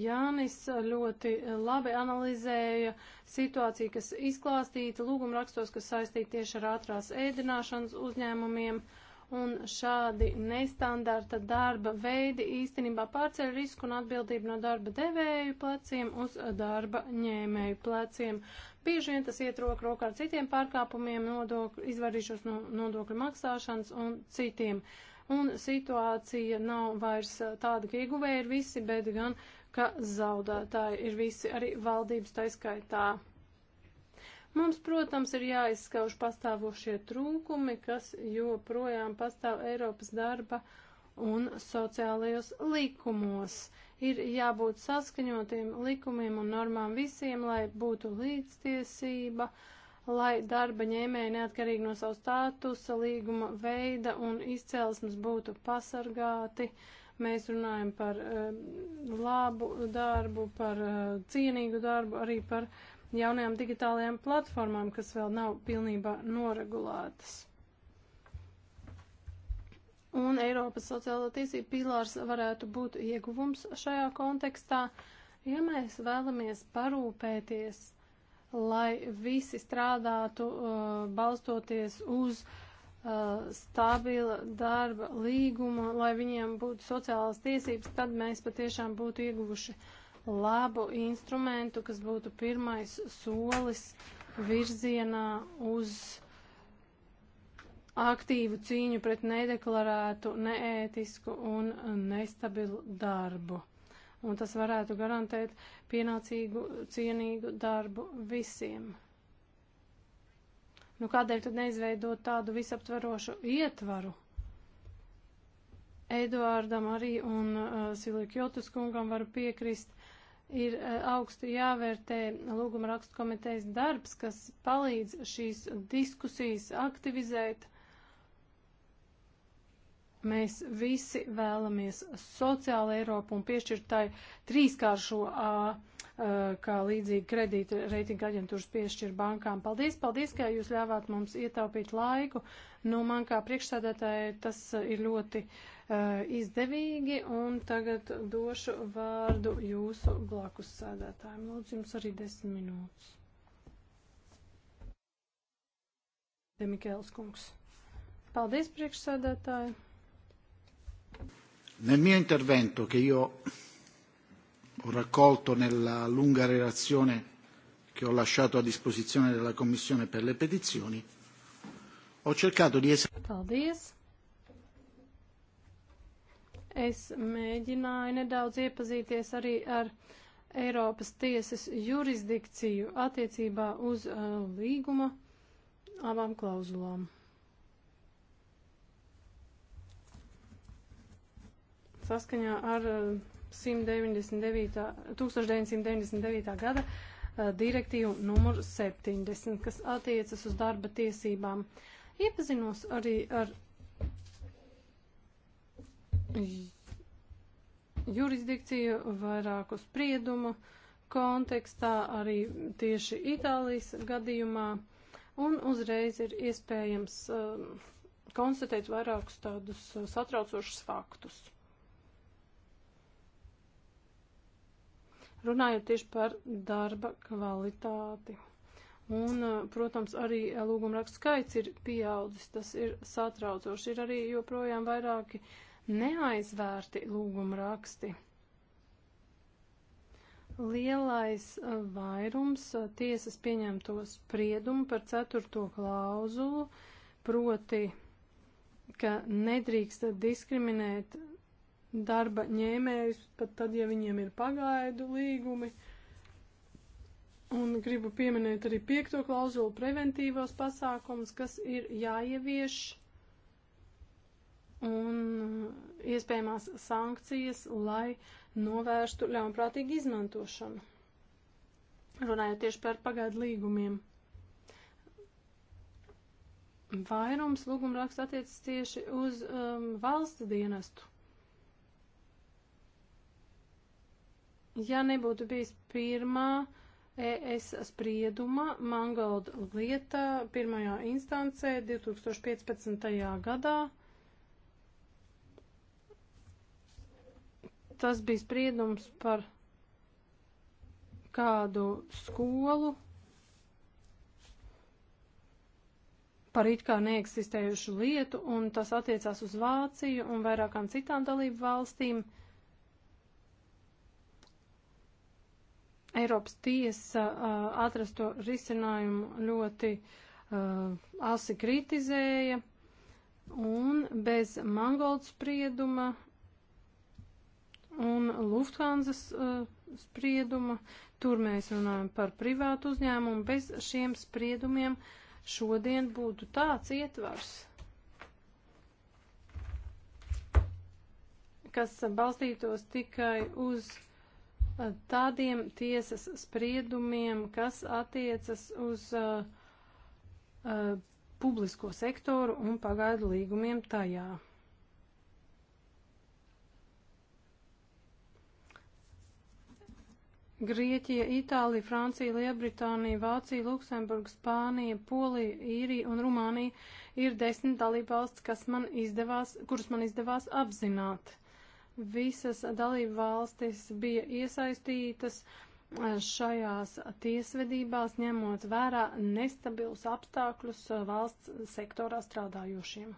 S2: Jānis ļoti labi analizēja situāciju, kas izklāstīta lūgumrakstos, kas saistīta tieši ar ātrās ēdināšanas uzņēmumiem. Uh, un šādi nestandarta darba veidi īstenībā pārceļ risku un atbildību no darba devēju pleciem uz darba ņēmēju pleciem. Bieži vien tas iet roku rokā ar citiem pārkāpumiem, nodokļu, izvarīšos no nodokļu maksāšanas un citiem. Un situācija nav vairs tāda, ka ieguvēji ir visi, bet gan, ka zaudētāji ir visi arī valdības taiskaitā. Mums, protams, ir jāizskauž pastāvošie trūkumi, kas joprojām pastāv Eiropas darba un sociālajos likumos. Ir jābūt saskaņotiem likumiem un normām visiem, lai būtu līdztiesība, lai darba ņēmēji neatkarīgi no savu statusa, līguma veida un izcelsmes būtu pasargāti, mēs runājam par uh, labu darbu, par uh, cienīgu darbu, arī par jaunajām digitālajām platformām, kas vēl nav pilnībā noregulētas. Un Eiropas sociālā tiesība pīlārs varētu būt ieguvums šajā kontekstā, ja mēs vēlamies parūpēties, lai visi strādātu uh, balstoties uz uh, stabila darba līguma, lai viņiem būtu sociālās tiesības, tad mēs patiešām būtu ieguvuši uh, labu instrumentu, kas būtu pirmais solis virzienā uz aktīvu cīņu pret nedeklarētu, neētisku un nestabilu darbu. Un tas varētu garantēt pienācīgu, cienīgu darbu visiem. Nu, kādēļ tad neizveidot tādu visaptverošu ietvaru? Eduārdam arī un uh, Silikjotus kungam varu piekrist. Uh, ir eh, augsti jāvērtē lūguma rakstu komitejas darbs, kas palīdz šīs diskusijas aktivizēt. Mēs visi vēlamies sociālu Eiropu un piešķirt tai trīskāršo A, eh, kā līdzīgi kredīta reitinga aģentūras piešķir bankām. Paldies, paldies, ka jūs ļāvāt mums ietaupīt laiku. Nu, man kā priekšsēdētāji tas ir ļoti uh, Eh, izdevīgi, un tagad došu vārdu jūsu blakus sēdētājiem. Lūdzu, jums arī desmit minūtes. Demikēls kungs. Paldies, priekšsēdētāji. Nel mio intervento, che io
S1: ho raccolto nella lunga relazione che ho lasciato a disposizione della Commissione per le petizioni, ho cercato di
S2: esaminare es mēģināju nedaudz iepazīties arī ar Eiropas tiesas jurisdikciju attiecībā uz uh, līguma abām klauzulām. Saskaņā ar uh, 199, 1999. gada uh, direktīvu numur 70, kas attiecas uz darba tiesībām. Iepazinos arī ar jurisdikciju, vairāku spriedumu kontekstā, arī tieši Itālijas gadījumā, un uzreiz ir iespējams um, konstatēt vairākus tādus uh, satraucošus faktus. Runājot tieši par darba kvalitāti. Un, uh, protams, arī lūgumrakstu skaits ir pieaudzis, tas ir satraucoši. Ir arī joprojām vairāki uh, neaizvērti lūguma raksti. Lielais uh, vairums uh, tiesas pieņemto spriedumu par ceturto klauzulu, proti, ka nedrīkst diskriminēt darba ņēmējus, pat tad, ja viņiem ir pagaidu līgumi. Un gribu pieminēt arī piekto klauzulu preventīvos pasākums, kas ir jāievieš un iespējamās sankcijas, lai novērstu ļaunprātīgu izmantošanu. Runājot tieši par pagaidu līgumiem. Vairums lūguma raksta attiecas tieši uz um, valsts dienestu. Ja nebūtu bijis pirmā ES sprieduma Mangold lietā pirmajā instancē 2015. gadā, tas bija spriedums par kādu skolu, par it kā neeksistējušu lietu, un tas attiecās uz Vāciju un vairākām citām dalību valstīm. Eiropas tiesa uh, atrasto risinājumu ļoti uh, asi kritizēja, un bez Mangolds sprieduma un Lufthanzas uh, sprieduma. Tur mēs runājam par privātu uzņēmumu. Bez šiem spriedumiem šodien būtu tāds ietvars, kas balstītos tikai uz uh, tādiem tiesas spriedumiem, kas attiecas uz uh, uh publisko sektoru un pagaidu līgumiem tajā. Grieķija, Itālija, Francija, Lielbritānija, Vācija, Luksemburga, Spānija, Polija, Īrija un Rumānija ir desmit dalībvalsts, kas man izdevās, kuras man izdevās apzināt. Visas dalībvalstis bija iesaistītas eh, šajās tiesvedībās, ņemot vērā nestabilus apstākļus eh, valsts sektorā strādājošiem.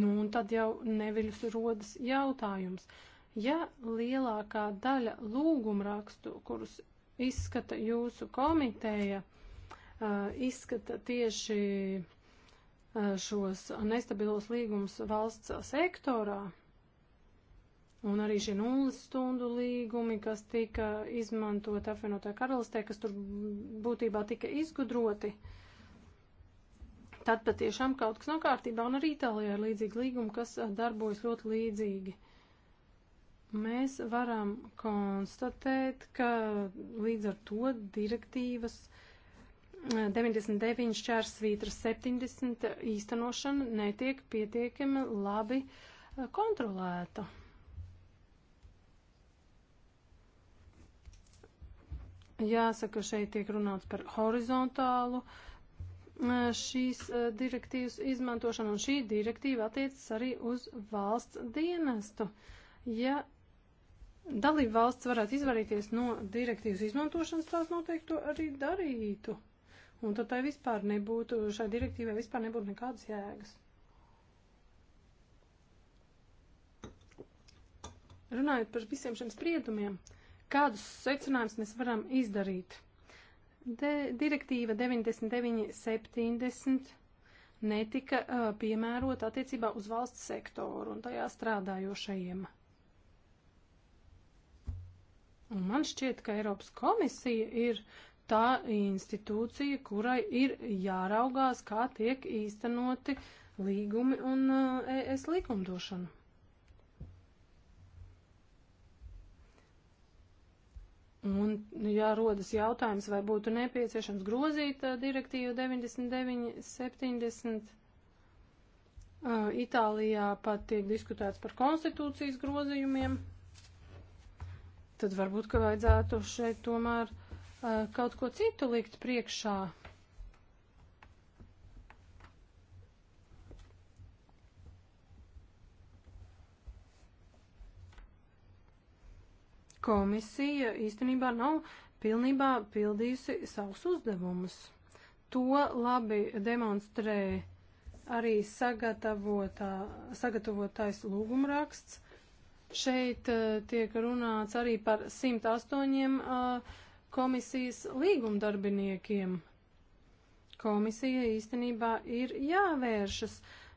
S2: Nu, un tad jau neviļus rodas jautājums Ja lielākā daļa lūgumrakstu, kurus izskata jūsu komiteja, izskata tieši šos nestabilos līgumus valsts sektorā, un arī šie nulles stundu līgumi, kas tika izmantoti apvienotā karalistē, kas tur būtībā tika izgudroti, tad patiešām kaut kas nav kārtībā, un arī Itālijā ir līdzīgi līgumi, kas darbojas ļoti līdzīgi. Mēs varam konstatēt, ka līdz ar to direktīvas 99 šķērsvītras 70 īstenošana netiek pietiekami labi eh, kontrolēta. Jāsaka, šeit tiek runāts par horizontālu eh, šīs eh, direktīvas izmantošanu, un šī direktīva attiecas arī uz valsts dienestu. Ja dalība valsts varētu izvarīties no direktīvas izmantošanas, tās noteikti to arī darītu. Un tad tai vispār nebūtu, šai direktīvai vispār nebūtu nekādas jēgas. Runājot par visiem šiem spriedumiem, kādus secinājumus mēs varam izdarīt? De, direktīva 9970 netika uh, piemērota attiecībā uz valsts sektoru un tajā strādājošajiem. Uh, Un man šķiet, ka Eiropas komisija ir tā institūcija, kurai ir jāraugās, kā tiek īstenoti līgumi un uh, ES likumdošana. Un, ja rodas jautājums, vai būtu nepieciešams grozīt uh, direktīvu 9970, uh, Itālijā pat tiek diskutēts par konstitūcijas grozījumiem tad varbūt, ka vajadzētu šeit tomēr uh, kaut ko citu likt priekšā. Komisija īstenībā nav pilnībā pildījusi savus uzdevumus. To labi demonstrē arī sagatavotā, sagatavotais lūgumraksts, Šeit eh, tiek runāts arī par 108 eh, komisijas līgumdarbiniekiem. Komisija īstenībā ir jāvēršas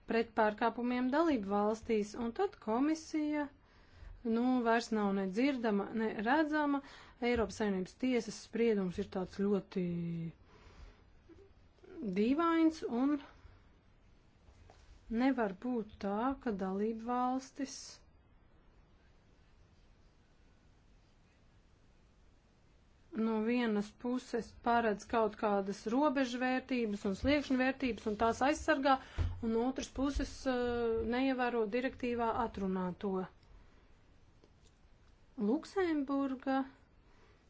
S2: pret pārkāpumiem dalību valstīs, un tad komisija nu, vairs nav ne dzirdama, ne redzama. Eiropas Savienības tiesas spriedums ir tāds ļoti dīvains, un nevar būt tā, ka dalību valstis no vienas puses paredz kaut kādas robežvērtības un sliekšņvērtības un tās aizsargā, un no otras puses uh, neievēro direktīvā atrunāto. Luksemburga,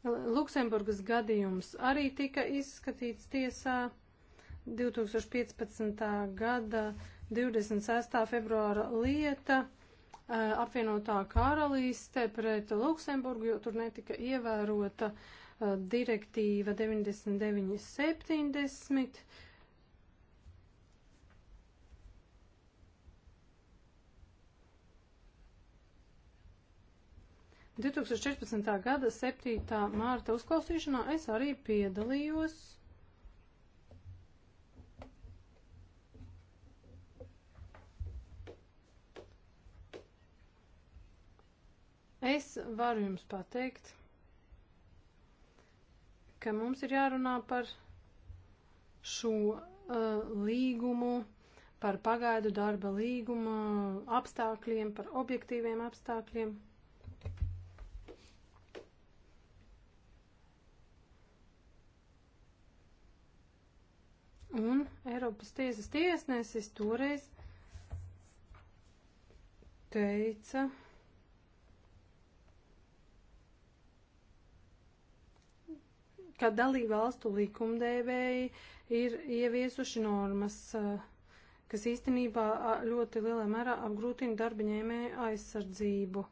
S2: Luksemburgas gadījums arī tika izskatīts tiesā 2015. gada 26. februāra lieta eh, apvienotā karalīste pret Luksemburgu, jo tur netika ievērota uh, Uh, direktīva 9970. gada 7. mārta uzklausīšanā es arī piedalījos. Es varu jums pateikt, ka mums ir jārunā par šo uh, līgumu, par pagaidu darba līguma apstākļiem, par objektīviem apstākļiem. Un Eiropas tiesas tiesnesis toreiz teica, ka dalība valstu likumdevēji ir ieviesuši normas, eh, kas īstenībā ļoti lielā mērā apgrūtina darbaņēmēju aizsardzību.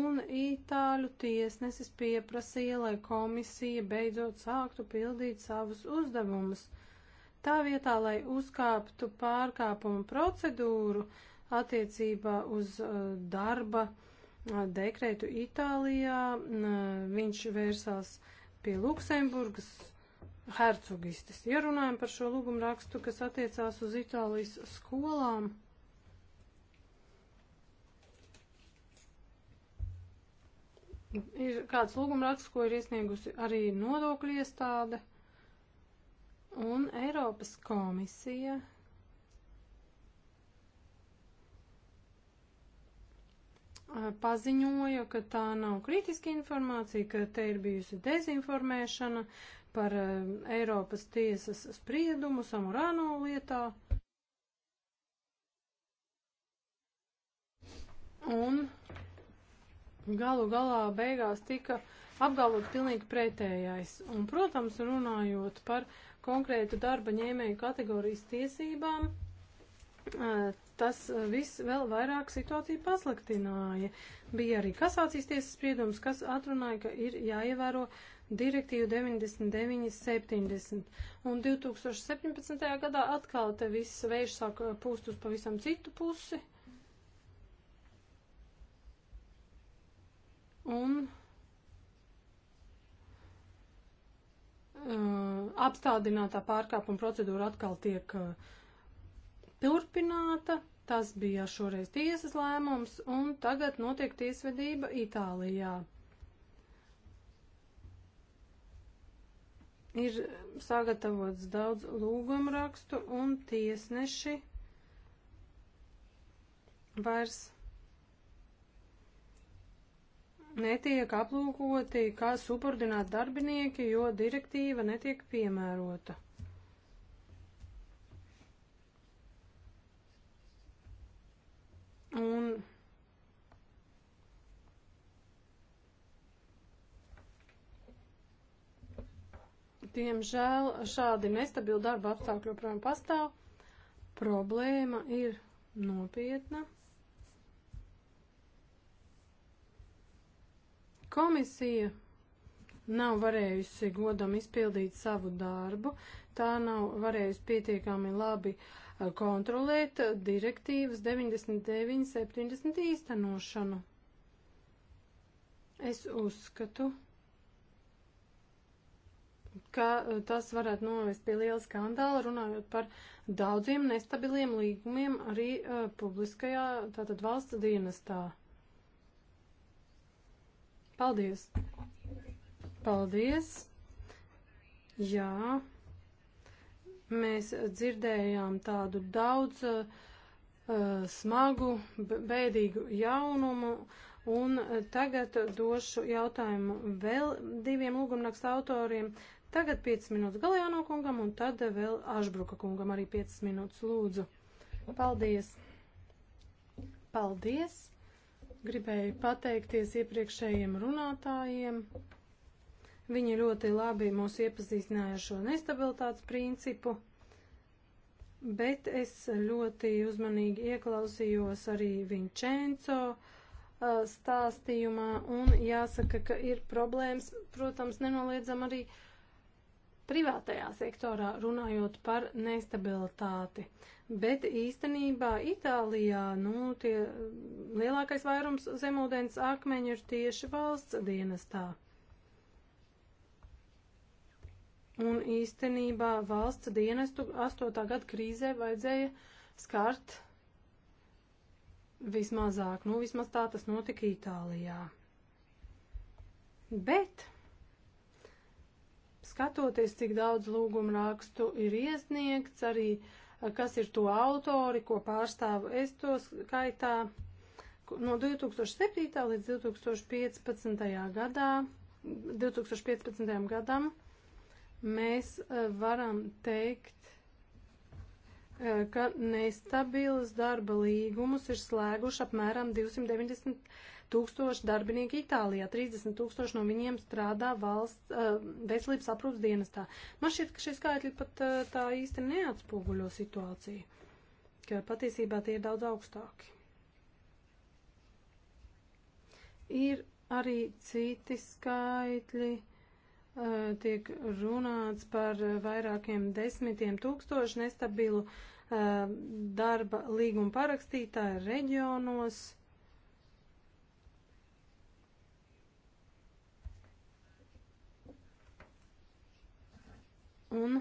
S2: Un itāļu tiesnesis pieprasīja, lai komisija beidzot sāktu pildīt savus uzdevumus. Tā vietā, lai uzkāptu pārkāpumu procedūru attiecībā uz eh, darba eh, dekrētu Itālijā, viņš vērsās uh, pie Luksemburgas hercogistes. Ierunājam par šo lūgumu rakstu, kas attiecās uz Itālijas skolām. Ir kāds lūgumraksts, ko ir iesniegusi arī nodokļu iestāde un Eiropas komisija Eh, paziņoja, ka tā nav kritiska informācija, ka te ir bijusi dezinformēšana par eh, Eiropas tiesas spriedumu Samurāno lietā. Un galu galā beigās tika apgalvot pilnīgi pretējais. Un, protams, runājot par konkrētu darba ņēmēju kategorijas tiesībām, eh, tas eh, viss vēl vairāk situāciju pasliktināja. Bija arī kasācijas tiesas spriedums, kas atrunāja, ka ir jāievēro direktīvu 9970. Un 2017. gadā atkal te viss vējš sāk eh, pūst uz pavisam citu pusi. Un Uh, apstādinātā pārkāpuma procedūra atkal tiek uh, turpināta. Tas bija šoreiz tiesas lēmums, un tagad notiek tiesvedība Itālijā. Ir sagatavots daudz lūgumu rakstu, un tiesneši vairs netiek aplūkoti kā subordināti darbinieki, jo direktīva netiek piemērota. Un diemžēl šādi nestabili darba apstākļi joprojām pastāv. Problēma ir nopietna. Komisija nav varējusi godam izpildīt savu darbu, tā nav varējusi pietiekami labi uh, kontrolēt direktīvas 99.70 īstenošanu. Es uzskatu, ka eh, tas varētu novest pie liela skandāla, runājot par daudziem nestabiliem līgumiem arī uh, publiskajā, tātad valsts dienestā. Paldies! Paldies! Jā, Mēs dzirdējām tādu daudz uh, smagu, bēdīgu jaunumu, un eh, tagad došu jautājumu vēl diviem lūgumnakstu autoriem. Tagad 5 minūtes Galjāno kungam, un tad vēl Ašbruka kungam arī 5 minūtes lūdzu. Paldies! Paldies! Gribēju pateikties iepriekšējiem runātājiem. Viņi ļoti labi mūs iepazīstināja ar šo nestabilitātes principu, bet es ļoti uzmanīgi ieklausījos arī Vincenzo uh, stāstījumā, un jāsaka, ka ir problēmas, protams, nenoliedzam arī privātajā sektorā runājot par nestabilitāti. Bet īstenībā Itālijā, nu, tie lielākais vairums zemūdens akmeņu ir tieši valsts dienestā. Un īstenībā valsts dienestu 8. gada krīzē vajadzēja skart vismazāk. Nu, vismaz tā tas notika Itālijā. Bet, skatoties, cik daudz lūgumu rakstu ir iesniegts, arī kas ir to autori, ko pārstāvu es to skaitā, no 2007. līdz 2015. gadā, 2015. gadam, mēs eh, varam teikt, eh, ka nestabilas darba līgumus ir slēguši apmēram 290 tūkstoši darbinieku Itālijā, 30 tūkstoši no viņiem strādā valsts uh, veselības aprūpas dienestā. Man šķiet, ka šie skaitļi pat uh, tā īsti neatspoguļo situāciju, ka patiesībā tie ir daudz augstāki. Ir arī citi skaitļi. Eh, tiek runāts par vairākiem desmitiem tūkstošu nestabilu eh, darba līguma parakstītāju reģionos. Un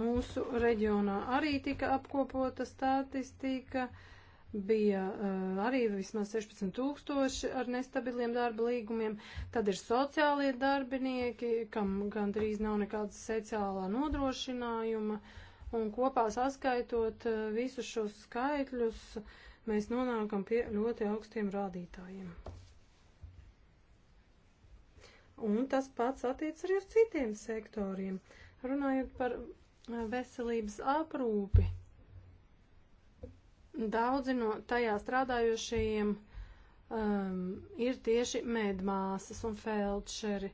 S2: mūsu reģionā arī tika apkopota statistika. Uh, bija uh, arī vismaz 16 tūkstoši ar nestabiliem darba līgumiem. Tad ir sociālie darbinieki, kam gandrīz nav nekāda sociālā nodrošinājuma. Un kopā saskaitot uh, visus šos skaitļus, mēs nonākam pie ļoti augstiem rādītājiem. Un tas pats attiec arī uz citiem sektoriem. Runājot par eh, veselības aprūpi Daudzi no tajā strādājošajiem um, ir tieši medmāsas un feldšeri.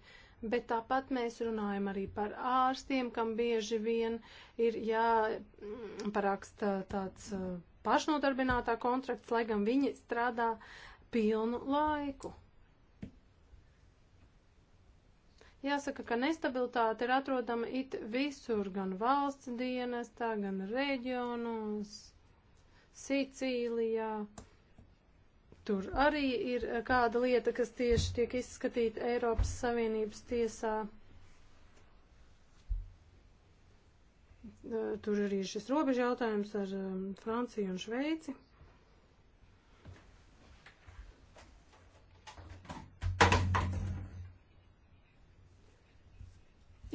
S2: Bet tāpat mēs runājam arī par ārstiem, kam bieži vien ir jāparaksta mm, tāds uh, pašnodarbinātā kontrakts, lai gan viņi strādā pilnu laiku. Jāsaka, ka nestabilitāte ir atrodama it visur, gan valsts dienestā, gan reģionos. Sīcīlijā. Tur arī ir kāda lieta, kas tieši tiek izskatīta Eiropas Savienības tiesā. Eh, tur arī ir šis robeža jautājums ar um, Franciju un Šveici.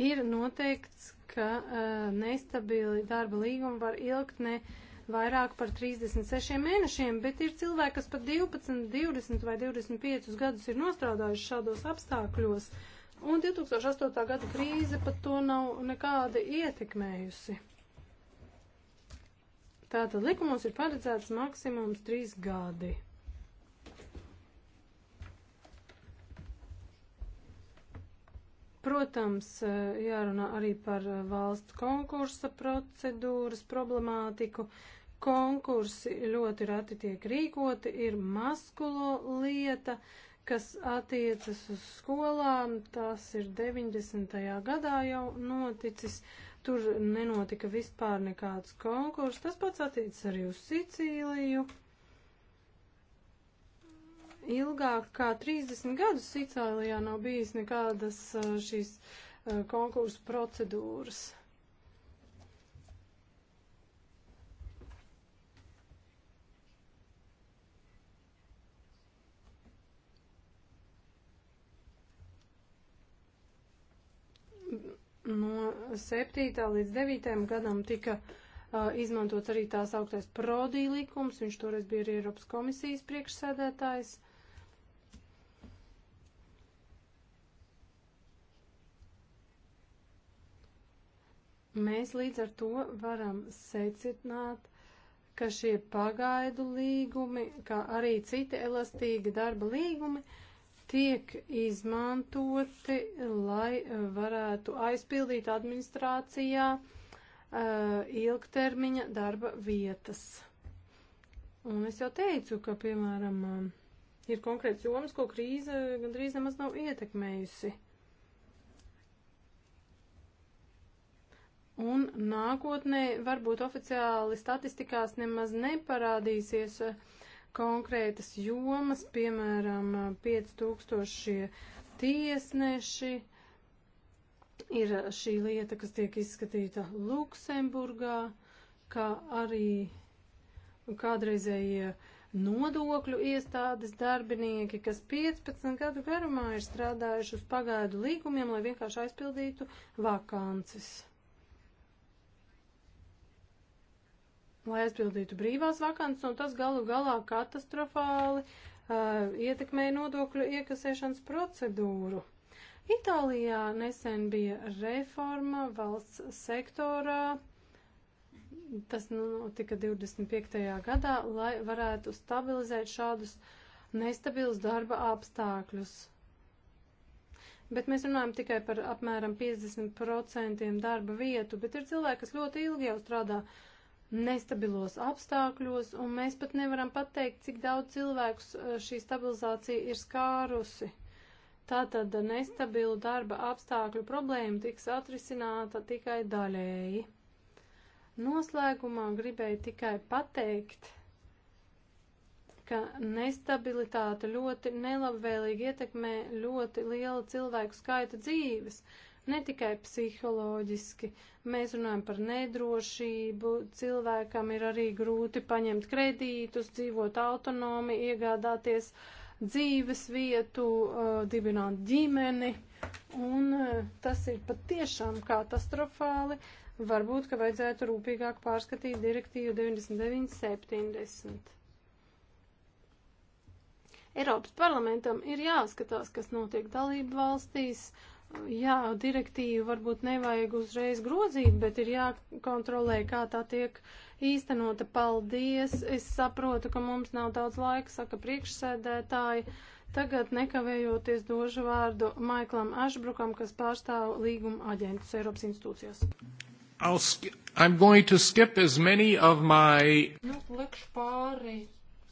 S2: Ir noteikts, ka uh, nestabili darba līgumi var ilgt ne uh, vairāk par 36 mēnešiem, bet ir cilvēki, kas pat 12, 20 vai 25 gadus ir nostrādājuši šādos apstākļos, un 2008. gada krīze pat to nav nekādi ietekmējusi. Tātad likumos ir paredzēts maksimums 3 gadi. Protams, eh, jārunā arī par eh, valsts konkursa procedūras problemātiku. Konkursi ļoti reti tiek rīkoti, ir maskulo lieta, kas attiecas uz skolām, tas ir 90. gadā jau noticis, tur nenotika vispār nekāds konkurs, tas pats attiecas arī uz Sicīliju ilgāk kā 30 gadus Itālijā nav bijis nekādas uh, šīs uh, konkursu procedūras. No 7. līdz 9. gadam tika uh, izmantots arī tās augtais prodī likums, viņš toreiz bija arī Eiropas komisijas priekšsēdētājs. Uh, Mēs līdz ar to varam secināt, ka šie pagaidu līgumi, kā arī citi elastīgi darba līgumi, tiek izmantoti, lai varētu aizpildīt administrācijā uh, ilgtermiņa darba vietas. Un es jau teicu, ka, piemēram, eh, ir konkrēts joms, ko krīze gandrīz nemaz nav ietekmējusi. Un nākotnē varbūt oficiāli statistikās nemaz neparādīsies eh, konkrētas jomas, piemēram, 5000 eh, tiesneši. Ir šī lieta, kas tiek izskatīta Luksemburgā, kā arī kādreizējie nodokļu iestādes darbinieki, kas 15 gadu garumā ir strādājuši uz pagaidu līgumiem, lai vienkārši aizpildītu vakances. lai aizpildītu brīvās vakances, un tas galu galā katastrofāli uh, ietekmēja nodokļu iekasēšanas procedūru. Itālijā nesen bija reforma valsts sektorā. Tas notika nu, 25. gadā, lai varētu stabilizēt šādus nestabilus darba apstākļus. Bet mēs runājam tikai par apmēram 50% darba vietu, bet ir cilvēki, kas ļoti ilgi jau strādā uh, nestabilos apstākļos, un mēs pat nevaram pateikt, cik daudz cilvēkus eh, šī stabilizācija ir skārusi. Tātad nestabilu darba apstākļu problēma tiks atrisināta tikai daļēji. Noslēgumā gribēju tikai pateikt, ka nestabilitāte ļoti nelabvēlīgi ietekmē ļoti liela cilvēku skaita dzīves. Uh, ne tikai psiholoģiski. Mēs runājam par nedrošību, cilvēkam ir arī grūti paņemt kredītus, dzīvot autonomi, iegādāties dzīves vietu, uh, dibināt ģimeni, un uh, tas ir patiešām katastrofāli. Varbūt, ka vajadzētu rūpīgāk pārskatīt direktīvu 9970. Eiropas parlamentam ir jāskatās, kas notiek dalību valstīs, uh, jā, direktīvu varbūt nevajag uzreiz grozīt, bet ir jākontrolē, kā tā tiek īstenota. Paldies! Es saprotu, ka mums nav daudz laika, saka priekšsēdētāji. Tagad nekavējoties došu vārdu Maiklam Ašbrukam, kas pārstāv līguma aģentus Eiropas institūcijās.
S3: I'm going to skip as many of my.
S2: Nu, likšu pāri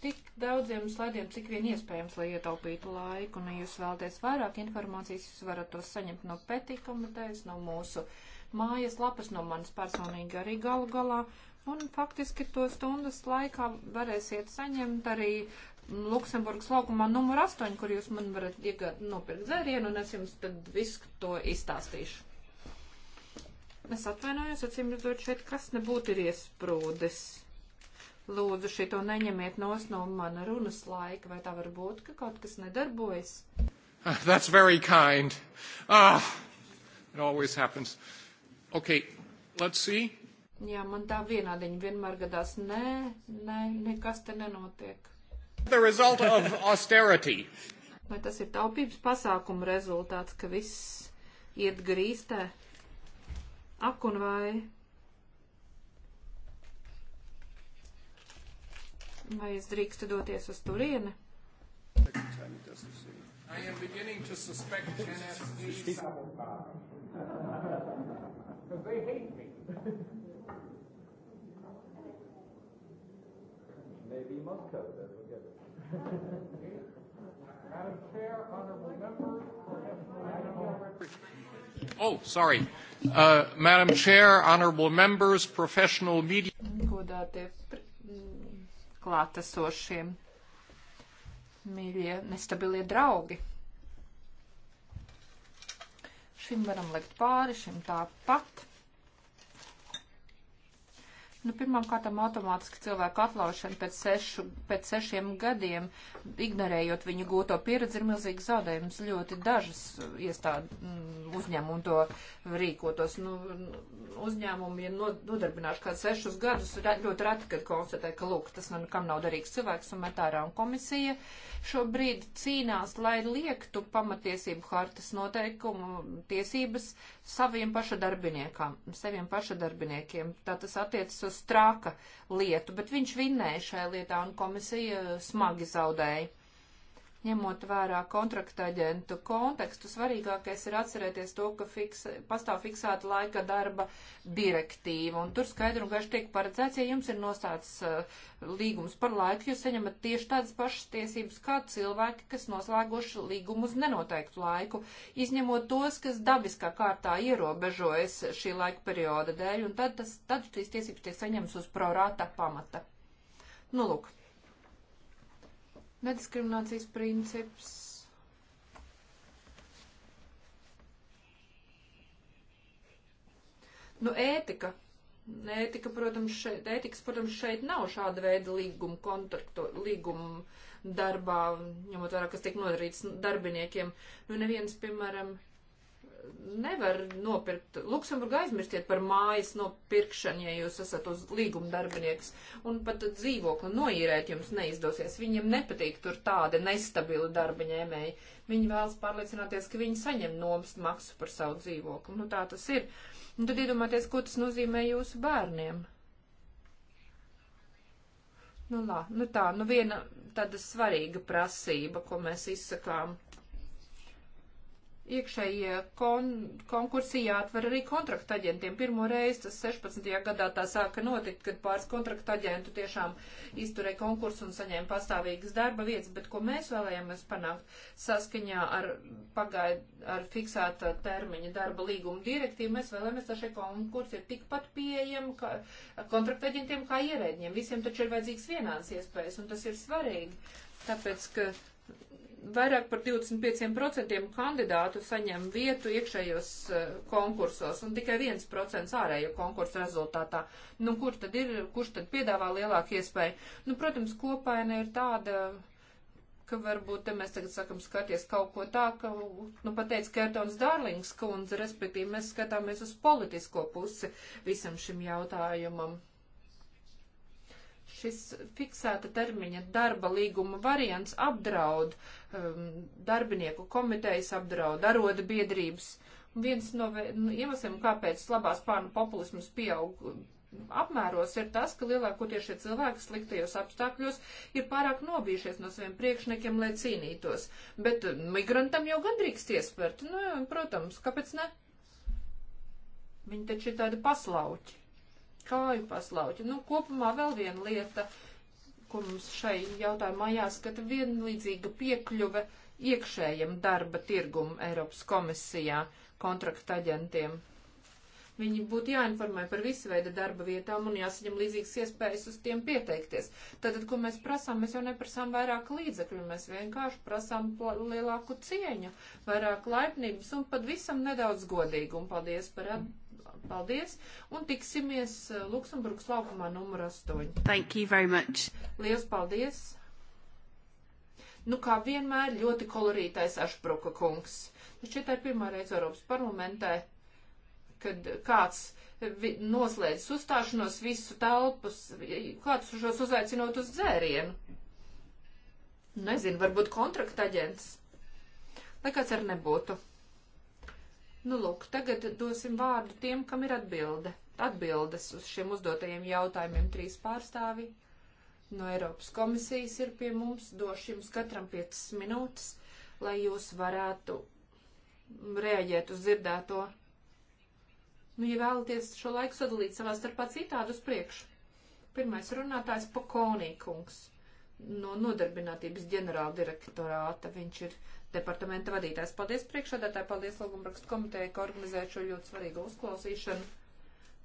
S2: tik
S1: daudziem slaidiem, cik vien iespējams, lai ietaupītu laiku. Un, nu, ja jūs vēlaties vairāk informācijas, jūs varat to saņemt no petikomitejas, no mūsu mājas lapas, no manas personīgi arī galu galā. Un faktiski to stundas laikā varēsiet saņemt arī Luksemburgas laukumā numur 8, kur jūs man varat iegāt, nopirkt dzērienu, un es jums tad visu to izstāstīšu. Es atvainojos, acīm redzot, šeit kas nebūtu ir iesprūdis. Lūdzu, šito neņemiet nos no mana runas laika, vai tā var būt, ka kaut kas nedarbojas?
S3: Uh, that's very kind. Ah, it always happens. Okay, let's see.
S1: Jā, man tā vienādiņa vienmēr gadās. Nē, nē, nekas te nenotiek. The result of austerity. Vai tas ir taupības pasākuma rezultāts, ka viss iet grīstē? Ak un vai? Vai es drīkstu doties uz turieni?
S3: I am beginning to suspect NSD sabotage. Because they hate me.
S2: Maybe Moscow does get it. Madam Chair, honorable members,
S3: Oh, sorry. Uh, Madam Chair, honorable members, professional media.
S1: Godātie klātesošiem. Mīļie, nestabilie draugi. Šim varam likt pāri, šim tāpat. Nu, Pirmkārt, automātiski cilvēku atlaušana pēc, sešu, pēc sešiem gadiem, ignorējot viņu gūto pieredzi, ir milzīgs zaudējums. Ļoti dažas uh, iestādi mm, uzņēmumu to rīkotos. Nu, nu uzņēmumi, ja nodarbināšu kādu sešus gadus, ļoti reti, kad konstatē, ka, lūk, tas man kam nav derīgs cilvēks un met ārā. Un komisija šobrīd cīnās, lai liektu pamatiesību hartas noteikumu tiesības saviem paša darbiniekam, saviem paša darbiniekiem. Tā tas attiecas uz straka lietu, bet viņš vinnēja šajā lietā un komisija smagi zaudēja. Ņemot vērā kontrakta aģentu kontekstu, svarīgākais ir atcerēties to, ka fiks, pastāv fiksēta laika darba direktīva, un tur skaidri un gaiši tiek paredzēts, ja jums ir nostāts uh, līgums par laiku, jūs saņemat tieši tādas pašas tiesības kā cilvēki, kas noslēguši līgumu uz nenoteiktu laiku, izņemot tos, kas dabiskā kārtā ierobežojas šī laika perioda dēļ, un tad, tas, tad šīs tiesības tiek saņemts uz prorāta pamata. Nu, lūk. Nediskriminācijas princips. Nu, ētika. Ētika, protams, šeit, ētikas, protams, šeit nav šāda veida līguma kontraktu, līguma darbā, ņemot vērā, kas tiek nodarīts darbiniekiem. Nu, neviens, piemēram, nevar nopirkt. Luksemburgā aizmirstiet par mājas nopirkšanu, ja jūs esat uz līguma darbinieks. Un pat dzīvokli noīrēt jums neizdosies. Viņiem nepatīk tur tādi nestabili darbaņēmēji. Viņi vēlas pārliecināties, ka viņi saņem nomas maksu par savu dzīvokli. Nu tā tas ir. Un tad iedomāties, ko tas nozīmē jūsu bērniem. Nu, lā, nu tā, nu viena tāda svarīga prasība, ko mēs izsakām Iekšējie kon konkursi jāatver arī kontrakta aģentiem. Pirmo reizi tas 16. gadā tā sāka notikt, kad pāris kontrakta aģentu tiešām izturēja konkursu un saņēma pastāvīgas darba vietas, bet ko mēs vēlējāmies panākt saskaņā ar pagaidu, ar fiksēta termiņa darba līguma direktīvu, mēs vēlējāmies, lai šie konkursi ir tikpat pieejami kontrakta aģentiem kā ierēdņiem. Visiem taču ir vajadzīgs vienāds iespējas, un tas ir svarīgi, tāpēc, ka vairāk par 25% kandidātu saņem vietu iekšējos eh, konkursos un tikai 1% ārējo konkursu rezultātā. Nu, kur tad ir, kurš tad piedāvā lielāku iespēju? Nu, protams, kopaina ir tāda, ka varbūt te mēs tagad sakam skaties kaut ko tā, ka, nu, pateic Kertons Dārlings kundze, respektīvi mēs skatāmies uz politisko pusi visam šim jautājumam. Šis fiksēta termiņa darba līguma variants apdraud um, darbinieku komitejas, apdraud aroda biedrības. Un viens no nu, iemesliem, kāpēc labās pārnu populismas pieaug um, apmēros, ir tas, ka lielākoties šie cilvēki sliktajos apstākļos ir pārāk nobijušies no saviem priekšniekiem, lai cīnītos. Bet um, migrantam jau gandrīkst iespērt. Nu, protams, kāpēc ne? Viņi taču ir tādi paslauķi kāju paslauķi. Nu, kopumā vēl viena lieta, ko mums šai jautājumā jāskata, vienlīdzīga piekļuve iekšējiem darba tirgumu Eiropas komisijā kontrakta aģentiem. Viņi būtu jāinformē par visu veidu darba vietām un jāsaņem līdzīgas iespējas uz tiem pieteikties. Tātad, ko mēs prasām, mēs jau neprasām vairāk līdzekļu, mēs vienkārši prasām lielāku cieņu, vairāk laipnības un pat visam nedaudz godīgu. Un paldies par at Paldies un tiksimies eh, Luksemburgas laukumā numur 8. Thank you very much. Lielas paldies. Nu, kā vienmēr, ļoti kolorītais Ašbruka kungs. Nu, šķiet, tā ir pirmā reize Eiropas parlamentē, kad kāds noslēdz uzstāšanos visu telpus, kāds šos uzaicinot uz dzērienu. Nezinu, varbūt kontraktaģents. Lai kāds ar nebūtu. Nu, lūk, tagad dosim vārdu tiem, kam ir atbilde. Atbildes uz šiem uzdotajiem jautājumiem trīs pārstāvi no Eiropas komisijas ir pie mums. Došu jums katram piecas minūtes, lai jūs varētu reaģēt uz dzirdēto. Nu, ja vēlaties šo laiku sadalīt savā starpā citādi uz priekšu. Pirmais runātājs Pakonī kungs no nodarbinātības ģenerāldirektorāta. Viņš ir departamenta vadītājs. Paldies priekšādātāji, paldies Lūgumrakstu komiteja, ka organizēja šo ļoti svarīgu uzklausīšanu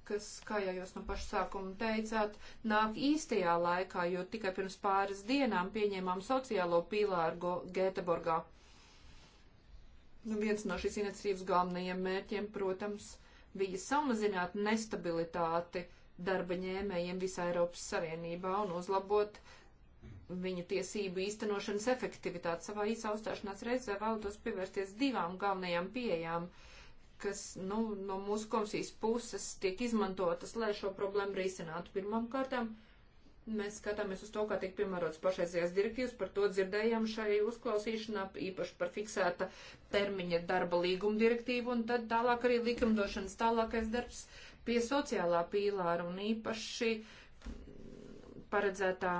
S1: kas, kā jau jūs no paša sākuma teicāt, nāk īstajā laikā, jo tikai pirms pāris dienām pieņēmām sociālo pīlāru Gēteborgā. Nu, viens no šīs iniciatīvas galvenajiem mērķiem, protams, bija samazināt nestabilitāti darba ņēmējiem visā Eiropas Savienībā un uzlabot uh, viņa tiesību īstenošanas efektivitāti. Savā īsā uzstāšanās reizē vēlētos pievērsties divām galvenajām pieejām, kas nu, no mūsu komisijas puses tiek izmantotas, lai šo problēmu risinātu. Pirmām kārtām mēs skatāmies uz to, kā tiek piemērots pašreizējās direktīvas, par to dzirdējām šai uzklausīšanā, īpaši par fiksēta termiņa darba līguma direktīvu, un tad tālāk arī likumdošanas tālākais darbs pie sociālā pīlāra un īpaši paredzētā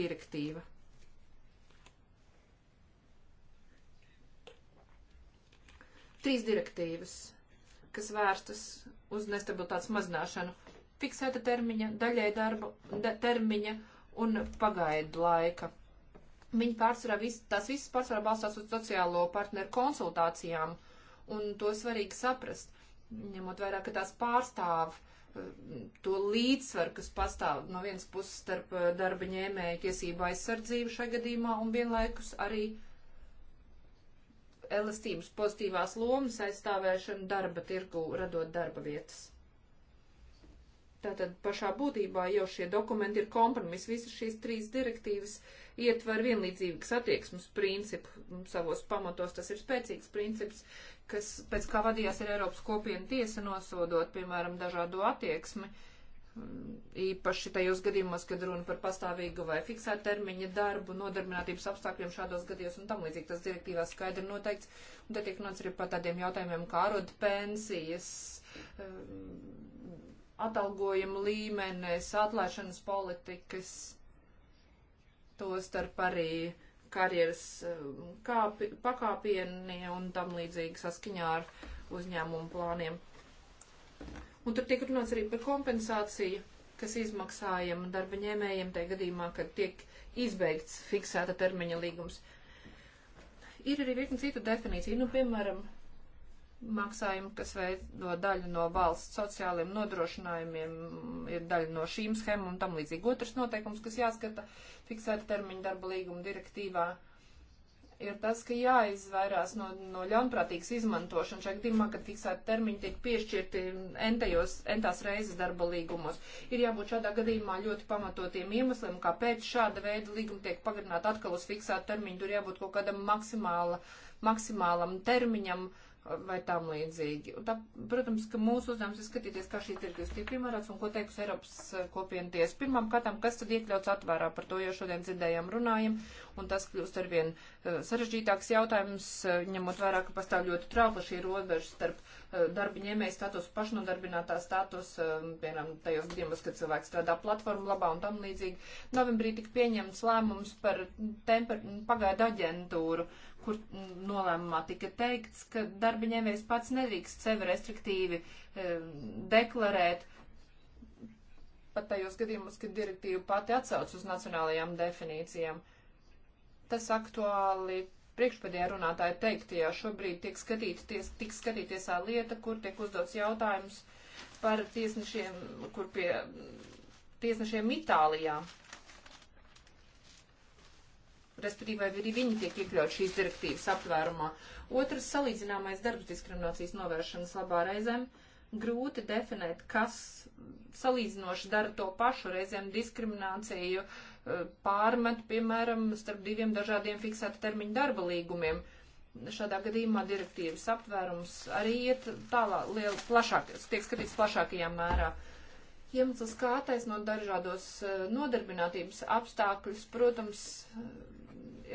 S1: direktīva. Trīs direktīvas, kas vērstas uz nestabilitātes mazināšanu. Fiksēta termiņa, daļai darba da, termiņa un pagaidu laika. Viņi pārsvarā, vis, tās visas pārsvarā balstās uz sociālo partneru konsultācijām, un to svarīgi saprast, ņemot vairāk, ka tās pārstāv uh, starp to līdzsvaru, kas pastāv no vienas puses starp eh, darba ņēmēju tiesību aizsardzību šajā gadījumā un vienlaikus arī elastības pozitīvās lomas aizstāvēšanu darba tirgu, radot darba vietas. Tātad pašā būtībā jau šie dokumenti ir kompromiss. Visas šīs trīs direktīvas ietver vienlīdzīgas attieksmes principu savos pamatos. Tas ir spēcīgs princips, kas pēc kā vadījās ir Eiropas kopiena tiesa nosodot, piemēram, dažādo attieksmi. Īpaši tajos gadījumos, kad runa par pastāvīgu vai fiksētu termiņa darbu, nodarbinātības apstākļiem šādos gadījos un tam līdzīgi tas direktīvā skaidri noteikts. Un te tiek nāc arī par tādiem jautājumiem kā arod pensijas, um, atalgojuma līmenis, atlaišanas politikas, to starp arī karjeras um, kāpi, pakāpieni un tam līdzīgi saskaņā ar uzņēmumu plāniem. Un tur tiek runāts arī par kompensāciju, kas izmaksājama darba ņēmējiem tajā gadījumā, kad tiek izbeigts fiksēta termiņa līgums. Ir arī virkni citu definīciju, nu, piemēram, maksājumi, kas veido daļu no valsts sociāliem nodrošinājumiem, ir daļa no šīm schēmām un tam līdzīgi. Otrs noteikums, kas jāskata fiksēta termiņa darba līguma direktīvā, ir tas, ka jāizvairās no, no ļaunprātīgas izmantošanas šajā gadījumā, kad fiksēta termiņa tiek piešķirti entajos, entās reizes darba līgumos. Ir jābūt šādā gadījumā ļoti pamatotiem iemesliem, kāpēc šāda veida līguma tiek pagarināta atkal uz fiksētu termiņu. Tur jābūt kaut kādam maksimāla, maksimālam termiņam, uh, vai tam līdzīgi. Un tā, protams, ka mūsu uzdevums ir skatīties, kā šī tirgus tiek piemērots un ko teiks Eiropas eh, kopienu tiesa. Pirmām kārtām, kas tad iekļauts atvērā, par to jau šodien dzirdējām runājam, un tas kļūst arvien eh, sarežģītāks jautājums, eh, ņemot vērā, ka pastāv ļoti traupa šī robeža starp darba ņēmēja status, pašnodarbinātā status, piemēram, tajos gadījumos, kad cilvēks strādā platformu labā un tam līdzīgi. Novembrī tika pieņemts lēmums par temper, pagaidu aģentūru. Uh, kur nolēmumā tika teikts, ka darbiņēmējs pats nedrīkst sevi restriktīvi e, deklarēt, pat tajos gadījumos, kad direktīva pati atsauc uz nacionālajām definīcijām. Tas aktuāli priekšpēdējā runātāja teiktajā šobrīd tiek skatīta ties, tiek skatītiesā lieta, kur tiek uzdots jautājums par tiesnešiem, kur pie tiesnešiem Itālijā respektīvi arī viņi tiek iekļaut šīs direktīvas aptvērumā. Otrs salīdzināmais darbs diskriminācijas novēršanas labā reizēm grūti definēt, kas salīdzinoši dara to pašu reizēm diskrimināciju e, pārmet, piemēram, starp diviem dažādiem fiksēta termiņa darba līgumiem. Šādā gadījumā direktīvas aptvērums arī iet tālāk, liel, plašāk, tiek skatīts plašākajā mērā. Iemesls kā attaisnot dažādos e, nodarbinātības apstākļus, protams,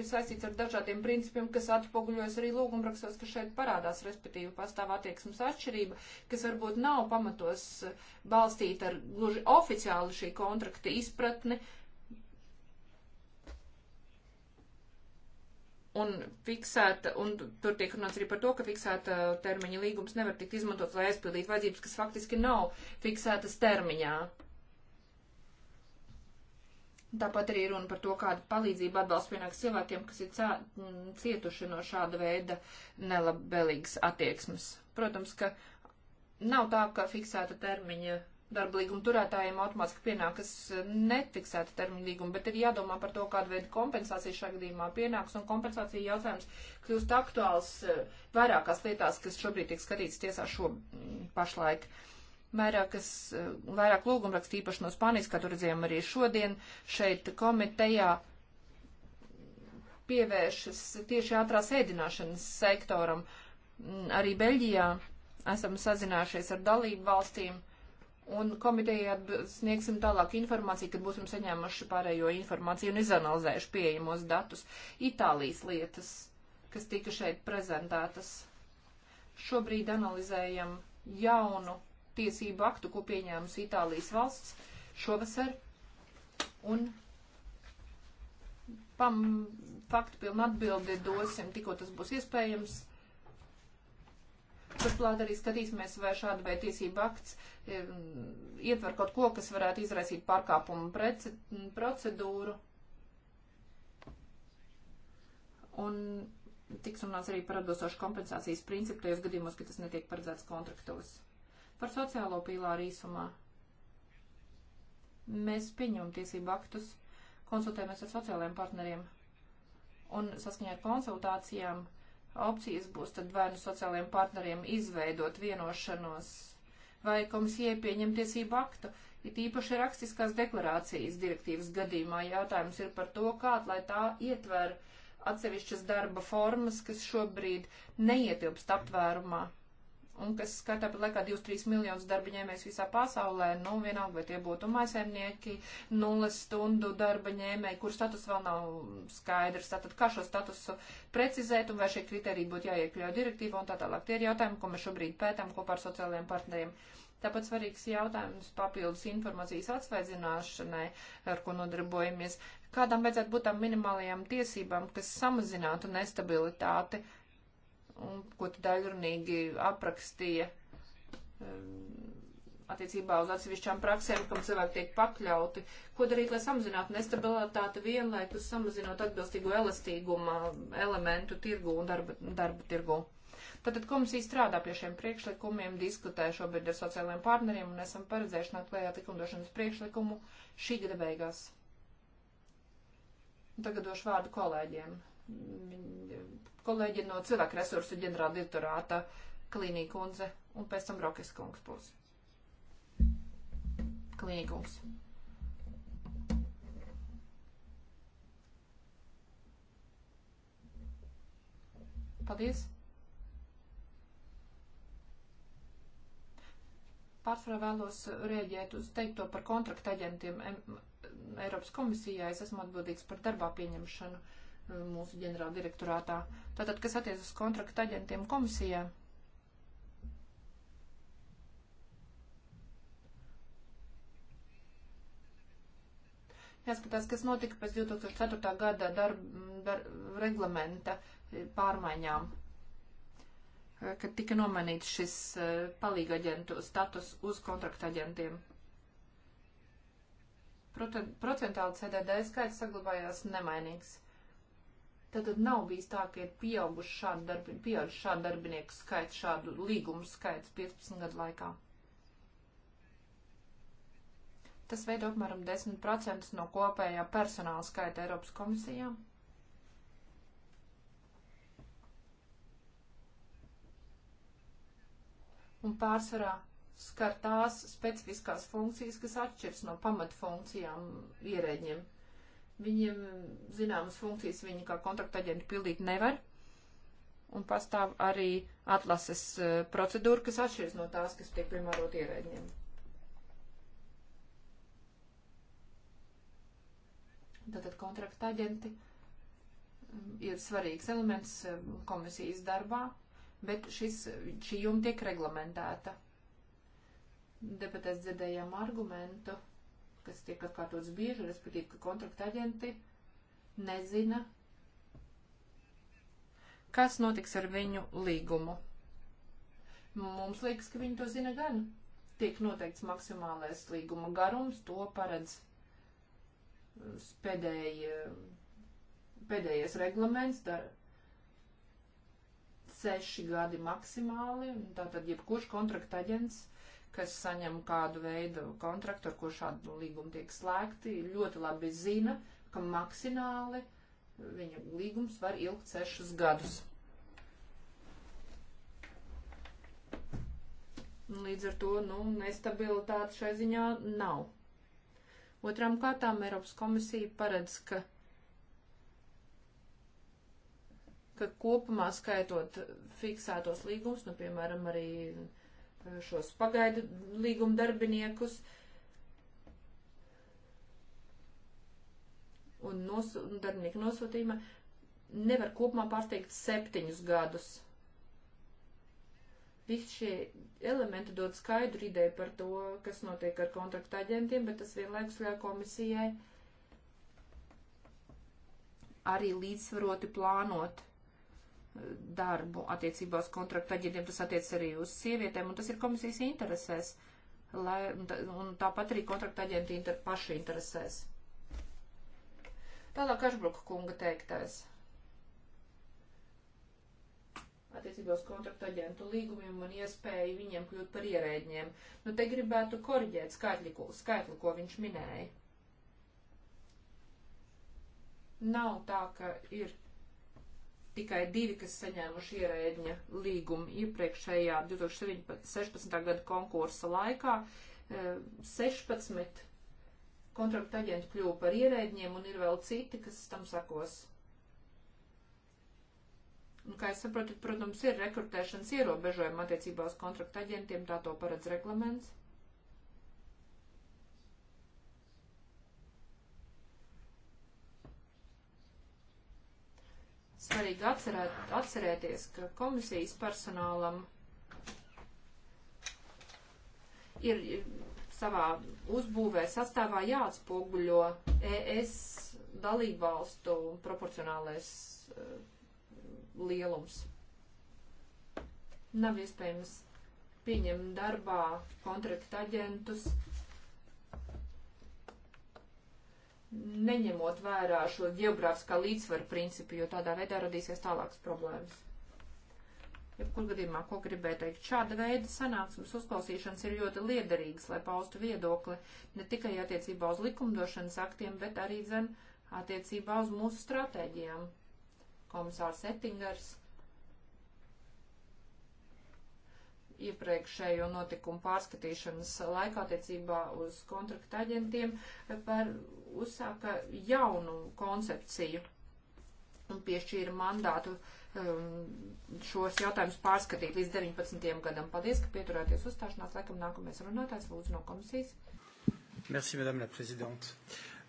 S1: ir saistīts ar dažādiem principiem, kas atspoguļojas arī lūgumrakstos, kas šeit parādās, respektīvi pastāv attieksmes atšķirība, kas varbūt nav pamatos eh, balstīta ar gluži oficiāli šī kontrakta izpratni. Un, fiksēta, un tur tiek runāts arī par to, ka fiksēta termiņa līgums nevar tikt izmantots, lai aizpildītu vajadzības, kas faktiski nav fiksētas termiņā. Tāpat arī runa par to, kāda palīdzība atbalsts pienāks cilvēkiem, kas ir cā, cietuši no šāda veida nelabvēlīgas attieksmes. Protams, ka nav tā, ka fiksēta termiņa darba līguma turētājiem automātiski pienākas nefiksēta termiņa līguma, bet ir jādomā par to, kāda veida kompensācija šā gadījumā pienāks, un kompensācija jautājums kļūst aktuāls eh, vairākās lietās, kas šobrīd tiek skatīts tiesā šo pašlaik. Uh, Vairākas, eh, vairāk lūgumrakstu īpaši no Spānijas, kā tur redzējām arī šodien, šeit komitejā pievēršas tieši ātrās ēdināšanas sektoram. Mm, arī Beļģijā esam sazinājušies ar dalību valstīm. Un komitejā sniegsim tālāk informāciju, kad būsim saņēmuši pārējo informāciju un izanalizējuši pieejamos datus. Itālijas lietas, kas tika šeit prezentētas. Šobrīd analizējam jaunu tiesību aktu, ko pieņēmusi Itālijas valsts šovasar. Un pam, faktu pilnu atbildi dosim, tikko tas būs iespējams. Turklāt arī skatīsimies, vai šāda vai tiesība akts ietver kaut ko, kas varētu izraisīt pārkāpumu preci, procedūru. Un tiks runāts arī par atbilstošu kompensācijas principu tajos gadījumos, ka tas netiek paredzēts kontraktos. Par sociālo pīlāru īsumā. Mēs pieņemam tiesību aktus, konsultējamies ar sociālajiem partneriem un saskaņā ar konsultācijām opcijas būs tad vai nu sociālajiem partneriem izveidot vienošanos vai komisijai pieņemt tiesību aktu. It īpaši rakstiskās deklarācijas direktīvas gadījumā jautājums ir par to, kā lai tā ietver atsevišķas darba formas, kas šobrīd neietilpst aptvērumā un kas skar tāpat laikā 2-3 miljonus darbaņēmējs visā pasaulē, nu vienalga, vai tie būtu maisaimnieki, nulles stundu darbaņēmēji, kur status vēl nav skaidrs, tātad kā šo statusu precizēt un vai šie kriteriji būtu jāiekļauj direktīvā un tā tālāk. Tie ir jautājumi, ko mēs šobrīd pētām kopā ar sociālajiem partneriem. Tāpat svarīgs jautājums papildus informācijas atsvaidzināšanai, ar ko nodarbojamies. Kādām vajadzētu būt tām minimālajām tiesībām, kas samazinātu nestabilitāti? Uh, un ko tad daļrunīgi aprakstīja um, attiecībā uz atsevišķām praksēm, kam cilvēki tiek pakļauti. Ko darīt, lai samazinātu nestabilitāti vienlaikus, samazinot atbilstīgo elastīguma elementu tirgu un darba, darba tirgu? Tātad komisija strādā pie šiem priekšlikumiem, diskutē šobrīd ar sociālajiem partneriem un esam paredzējuši nākt klējā likumdošanas priekšlikumu šī gada beigās. Tagad došu vārdu kolēģiem kolēģi no cilvēku resursu ģenerāla direktorāta Klīnīkundze un pēc tam Rokes kungs būs. Klīnīkungs. Paldies! Pārsvarā vēlos rēģēt uz teikto par kontraktaģentiem Eiropas komisijā. Es esmu atbildīgs par darbā pieņemšanu. Uh, mūsu ģenerāla direktorātā. Tātad, kas attiec uz kontrakta aģentiem komisijā? Jāskatās, kas notika pēc 2004. gada darba dar, reglamenta pārmaiņām, kad tika nomainīts šis eh, palīga aģentu status uz kontrakta aģentiem. Procentāli CDD skaits saglabājās nemainīgs. Tātad nav bijis tā, ka ir pieauguši šādu, darbi, pieauguši šādu darbinieku skaits, šādu līgumu skaits 15 gadu laikā. Tas veido apmēram 10% no kopējā personāla skaita Eiropas komisijā. Un pārsvarā skar tās specifiskās funkcijas, kas atšķirs no pamatfunkcijām ierēģiem. Viņiem zināmas funkcijas viņi kā kontaktaģenti pildīt nevar. Un pastāv arī atlases eh, procedūra, kas atšķiras no tās, kas tiek primārot ierēģiem. Tātad kontraktaģenti mm, ir svarīgs elements eh, komisijas darbā, bet šis, šī joma tiek reglamentēta. Deputēs dzirdējām argumentu kas tiek atkārtotas bieži, respektīvi, ka kontrakta aģenti nezina, kas notiks ar viņu līgumu. Mums liekas, ka viņi to zina gan. Tiek noteikts maksimālais līguma garums, to paredz pēdēji, pēdējais reglaments, tā seši gadi maksimāli, tātad jebkurš kontrakta aģents kas saņem kādu veidu kontraktu, ar ko šādu līgumu tiek slēgti, ļoti labi zina, ka maksimāli viņa līgums var ilgt sešus gadus. Līdz ar to nu, nestabilitāte šai ziņā nav. Otrām kārtām Eiropas komisija paredz, ka ka kopumā skaitot fiksētos līgumus, nu, piemēram, arī šos pagaidu līguma darbiniekus. Un, nos, un darbinieku nosūtījuma nevar kopumā pārsteigt septiņus gadus. Visi šie elementi dod skaidru ideju par to, kas notiek ar kontrakta aģentiem, bet tas vienlaikus ļauj komisijai arī līdzsvaroti plānot darbu attiecībā uz kontraktu aģentiem, tas attiec arī uz sievietēm, un tas ir komisijas interesēs, lai, un tāpat arī kontraktu aģenti inter, paši interesēs. Tālāk Ašbruka kunga teiktais. Attiecībā uz kontraktu aģentu līgumiem un iespēju viņiem kļūt par ierēģiem. Nu, te gribētu koriģēt skaitli, skaitli ko viņš minēja. Nav tā, ka ir tikai divi, kas saņēmuši ierēģņa līgumu iepriekšējā 2016. gada konkursa laikā. 16 e, kontrakta aģenti kļuva par ierēģiem un ir vēl citi, kas tam sakos. Un, nu, kā es saprotu, protams, ir rekrutēšanas ierobežojumi attiecībā uz kontrakta aģentiem, tā to paredz reglaments. svarīgi atcerēt, atcerēties, ka komisijas personālam ir savā uzbūvē sastāvā jāatspoguļo ES dalībvalstu proporcionālais uh, lielums. Nav iespējams pieņemt darbā kontrakta aģentus, uh, neņemot vērā šo geogrāfiskā līdzsvaru principu, jo tādā veidā radīsies tālākas problēmas. Jebkur gadījumā, ko gribēju teikt, šāda veida sanāksmes uzklausīšanas ir ļoti liederīgas, lai paustu viedokli ne tikai attiecībā uz likumdošanas aktiem, bet arī zem attiecībā uz mūsu stratēģijām. Komisārs Ettingers iepriekšējo notikumu pārskatīšanas laikā attiecībā uz kontrakta aģentiem par uzsāka jaunu koncepciju un piešķīra mandātu um, šos jautājumus pārskatīt līdz 19. gadam. Paldies, ka pieturēties uzstāšanās. Laikam nākamais runātājs lūdzu no komisijas.
S2: Merci, madame la présidente.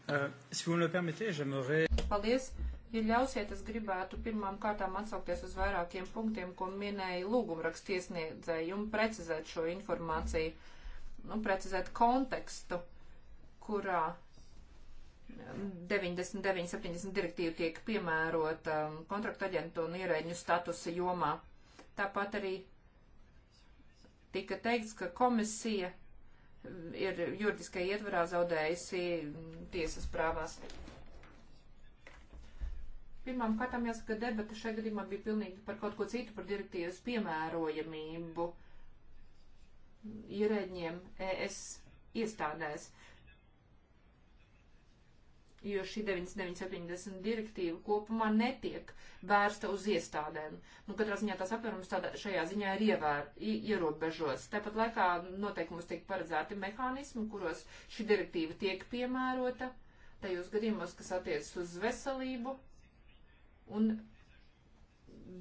S2: Uh, si vous me le permettez, j'aimerais...
S1: Paldies. Uh, Ja ļausiet, es gribētu pirmām kārtām atsaukties uz vairākiem punktiem, ko minēja lūgumraksts iesniedzēji un precizēt šo informāciju, nu, precizēt kontekstu, kurā 99-70 direktīva tiek piemērota kontraktu aģentu un ierēģu statusa jomā. Tāpat arī tika teikts, ka komisija ir juridiskai ietvarā zaudējusi tiesas prāvās. Pirmām kārtām jāsaka, debata šajā gadījumā bija pilnīgi par kaut ko citu, par direktīvas piemērojamību ierēģiem ES iestādēs. Jo šī 9970 direktīva kopumā netiek vērsta uz iestādēm. Nu, katrā ziņā tās aptvērums tādā, šajā ziņā ir ievēr, ierobežots. Tāpat laikā noteikumus tiek paredzēti mehānismi, kuros šī direktīva tiek piemērota tajos gadījumos, kas attiecas uz veselību un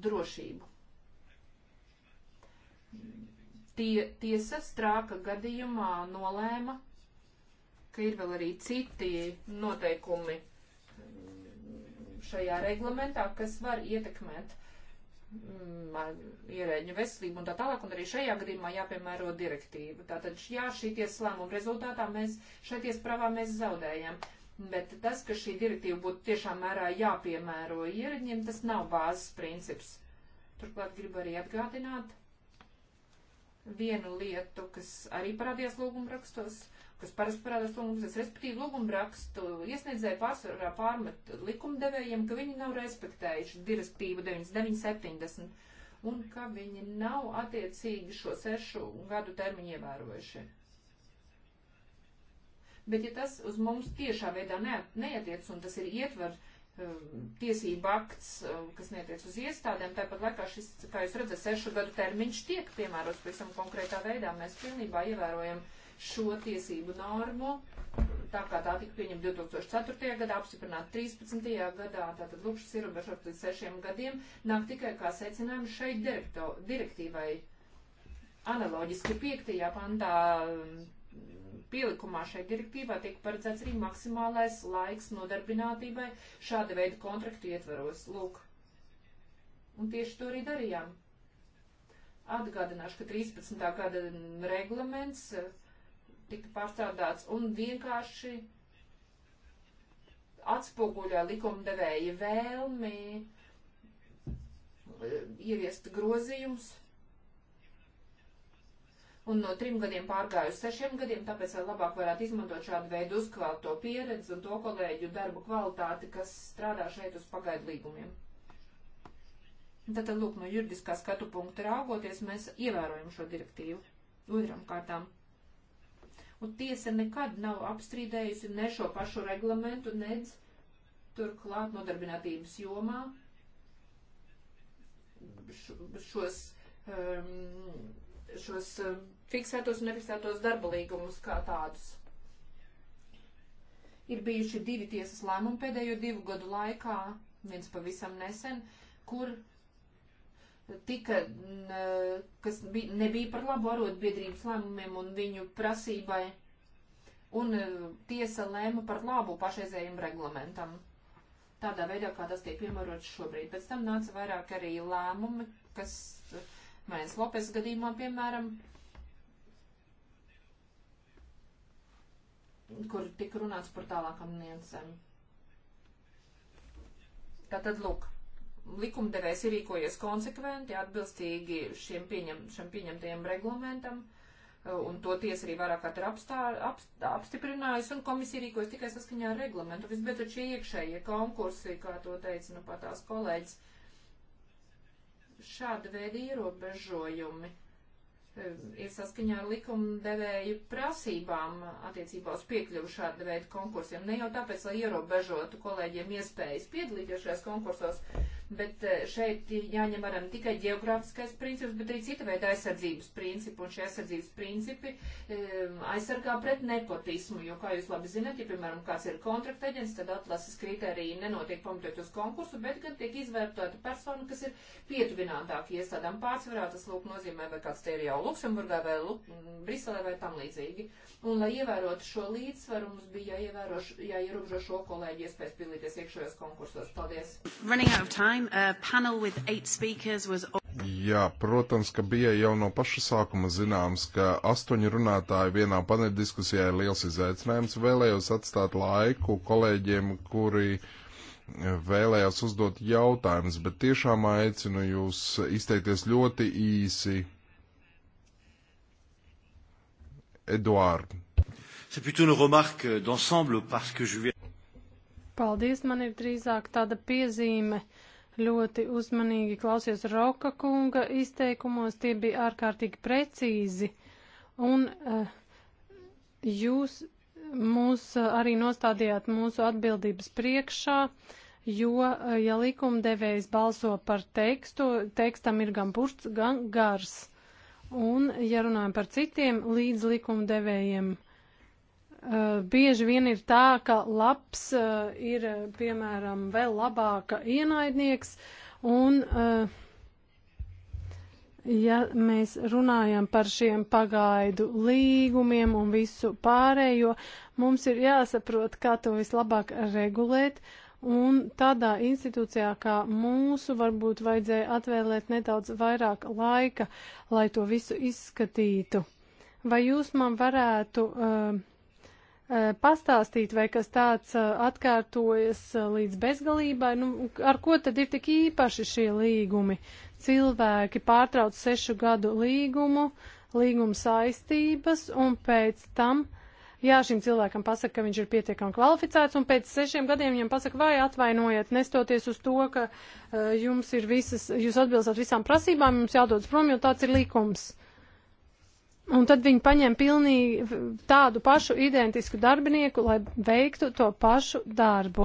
S1: drošību. Tie, tiesa strāka gadījumā nolēma, ka ir vēl arī citi noteikumi šajā reglamentā, kas var ietekmēt mm, ierēģu veselību un tā tālāk, un arī šajā gadījumā jāpiemēro direktīva. Tātad, jā, šī tiesas lēmuma rezultātā mēs šai tiesas pravā mēs zaudējam bet tas, ka šī direktīva būtu tiešām mērā jāpiemēro ieradņiem, tas nav bāzes princips. Turklāt gribu arī atgādināt vienu lietu, kas arī parādījās lūgumrakstos, kas parasti parādās lūgumrakstos, respektīvi lūgumrakstu iesniedzēja pārsvarā pārmet likumdevējiem, ka viņi nav respektējuši direktīvu 9970 un ka viņi nav attiecīgi šo sešu gadu termiņu ievērojuši. Bet ja tas uz mums tiešā veidā ne, neietiec, un tas ir ietver um, eh, tiesība akts, um, kas netiec uz iestādēm, tāpat laikā šis, kā jūs redzat, sešu gadu termiņš tiek piemērots pavisam konkrētā veidā. Mēs pilnībā ievērojam šo tiesību normu, tā kā tā tika pieņemta 2004. gadā, apstiprināta 13. gadā, tātad lūk, šis ierobežot līdz sešiem gadiem, nāk tikai kā secinājums šeit direkto, direktīvai. Analoģiski 5. pantā pielikumā šai direktīvā tiek paredzēts arī maksimālais laiks nodarbinātībai šāda veida kontraktu ietvaros. Lūk. Un tieši to arī darījām. Atgādināšu, ka 13. gada reglaments eh, tika pārstrādāts un vienkārši atspoguļoja likumdevēja vēlmi ieviest grozījumus un no trim gadiem pārgāju uz sešiem gadiem, tāpēc vēl labāk varētu izmantot šādu veidu uzkvēlto pieredzi un to kolēģu darbu kvalitāti, kas strādā šeit uz pagaidu līgumiem. Tātad, lūk, no juridiskā skatu punkta raugoties, mēs ievērojam šo direktīvu. Otram kārtām. Un tiesa nekad nav apstrīdējusi ne šo pašu reglamentu, nedz turklāt nodarbinātības jomā šos um, šos eh, fiksētos un nefiksētos darba līgumus kā tādus. Ir bijuši divi tiesas lēmumi pēdējo divu gadu laikā, viens pavisam nesen, kur tika, eh, kas bija, nebija par labu arotbiedrības lēmumiem un viņu prasībai, un eh, tiesa lēma par labu pašreizējiem reglamentam. Tādā veidā, kā tas tiek piemērots šobrīd. Pēc tam nāca vairāk arī lēmumi, kas uh, Mēnes Lopes gadījumā, piemēram, kur tika runāts par tālākam niansēm. Tātad, lūk, likumdevējs ir rīkojies konsekventi, atbilstīgi šiem, pieņem, šiem pieņemtajiem reglamentam, un to tiesa arī vairāk kārt ir apstā, apst, apstiprinājusi, un komisija rīkojas tikai saskaņā ar reglamentu. Visbeidzot, šie iekšējie konkursi, kā to teica nu pat tās kolēģis, uh, šāda veida ierobežojumi e, ir saskaņā ar likumdevēju prasībām attiecībā uz piekļuvu šāda veida konkursiem. Ne jau tāpēc, lai ierobežotu kolēģiem iespējas piedalīties šajās konkursos, bet eh, šeit jāņem varam tikai geogrāfiskais princips, bet arī cita veida aizsardzības principi, un šie aizsardzības principi eh, aizsargā pret nepotismu, jo, kā jūs labi zinat, ja, piemēram, kāds ir kontrakteģents, tad atlases kriteriji nenotiek pamatot uz konkursu, bet gan tiek izvērtēta persona, kas ir pietuvinātāk iestādām pārsvarā, tas lūk nozīmē, vai kāds te ir jau Luksemburgā vai Luk Briselē vai tam līdzīgi. Un, lai ievērotu šo līdzsvaru, mums bija jāievēro, jāierobežo šo kolēģi iespējas pilīties iekšējos konkursos. Paldies!
S2: Running out of time time. A panel with eight speakers was...
S3: Jā, protams, ka bija jau no paša sākuma zināms, ka astoņu runātāju vienā paneļa diskusijā ir liels izaicinājums. Vēlējos atstāt laiku kolēģiem, kuri eh, vēlējās uzdot jautājumus, bet tiešām aicinu jūs izteikties ļoti īsi. Eduard. C'est plutôt une remarque d'ensemble parce que je viens.
S2: Paldies, man ir drīzāk tāda piezīme. Uh, ļoti uzmanīgi klausies Roka kunga izteikumos, tie bija ārkārtīgi precīzi, un uh, jūs mūs eh, arī nostādījāt mūsu atbildības priekšā, jo, eh, ja likumdevējs balso par tekstu, tekstam ir gan burts, gan gars. Un, ja runājam par citiem līdz likumdevējiem, Eh, bieži vien ir tā, ka labs eh, ir, eh, piemēram, vēl labāka ienaidnieks, un, ja mēs runājam par šiem pagaidu līgumiem un visu pārējo, mums ir jāsaprot, kā to vislabāk regulēt, Un tādā institūcijā kā mūsu varbūt vajadzēja atvēlēt nedaudz vairāk laika, lai to visu izskatītu. Vai jūs man varētu uh, Eh, pastāstīt, vai kas tāds eh, atkārtojas eh, līdz bezgalībai, nu, ar ko tad ir tik īpaši šie līgumi? Cilvēki pārtrauc sešu gadu līgumu, līguma saistības, un pēc tam, jā, šim cilvēkam pasaka, ka viņš ir pietiekami kvalificēts, un pēc sešiem gadiem viņam pasaka, vai atvainojiet, nestoties uz to, ka uh, jums ir visas, jūs atbilstat visām prasībām, jums jādodas prom, jo tāds ir likums. Uh, Un tad viņi paņem pilnīgi tādu pašu identisku darbinieku, lai veiktu to pašu darbu.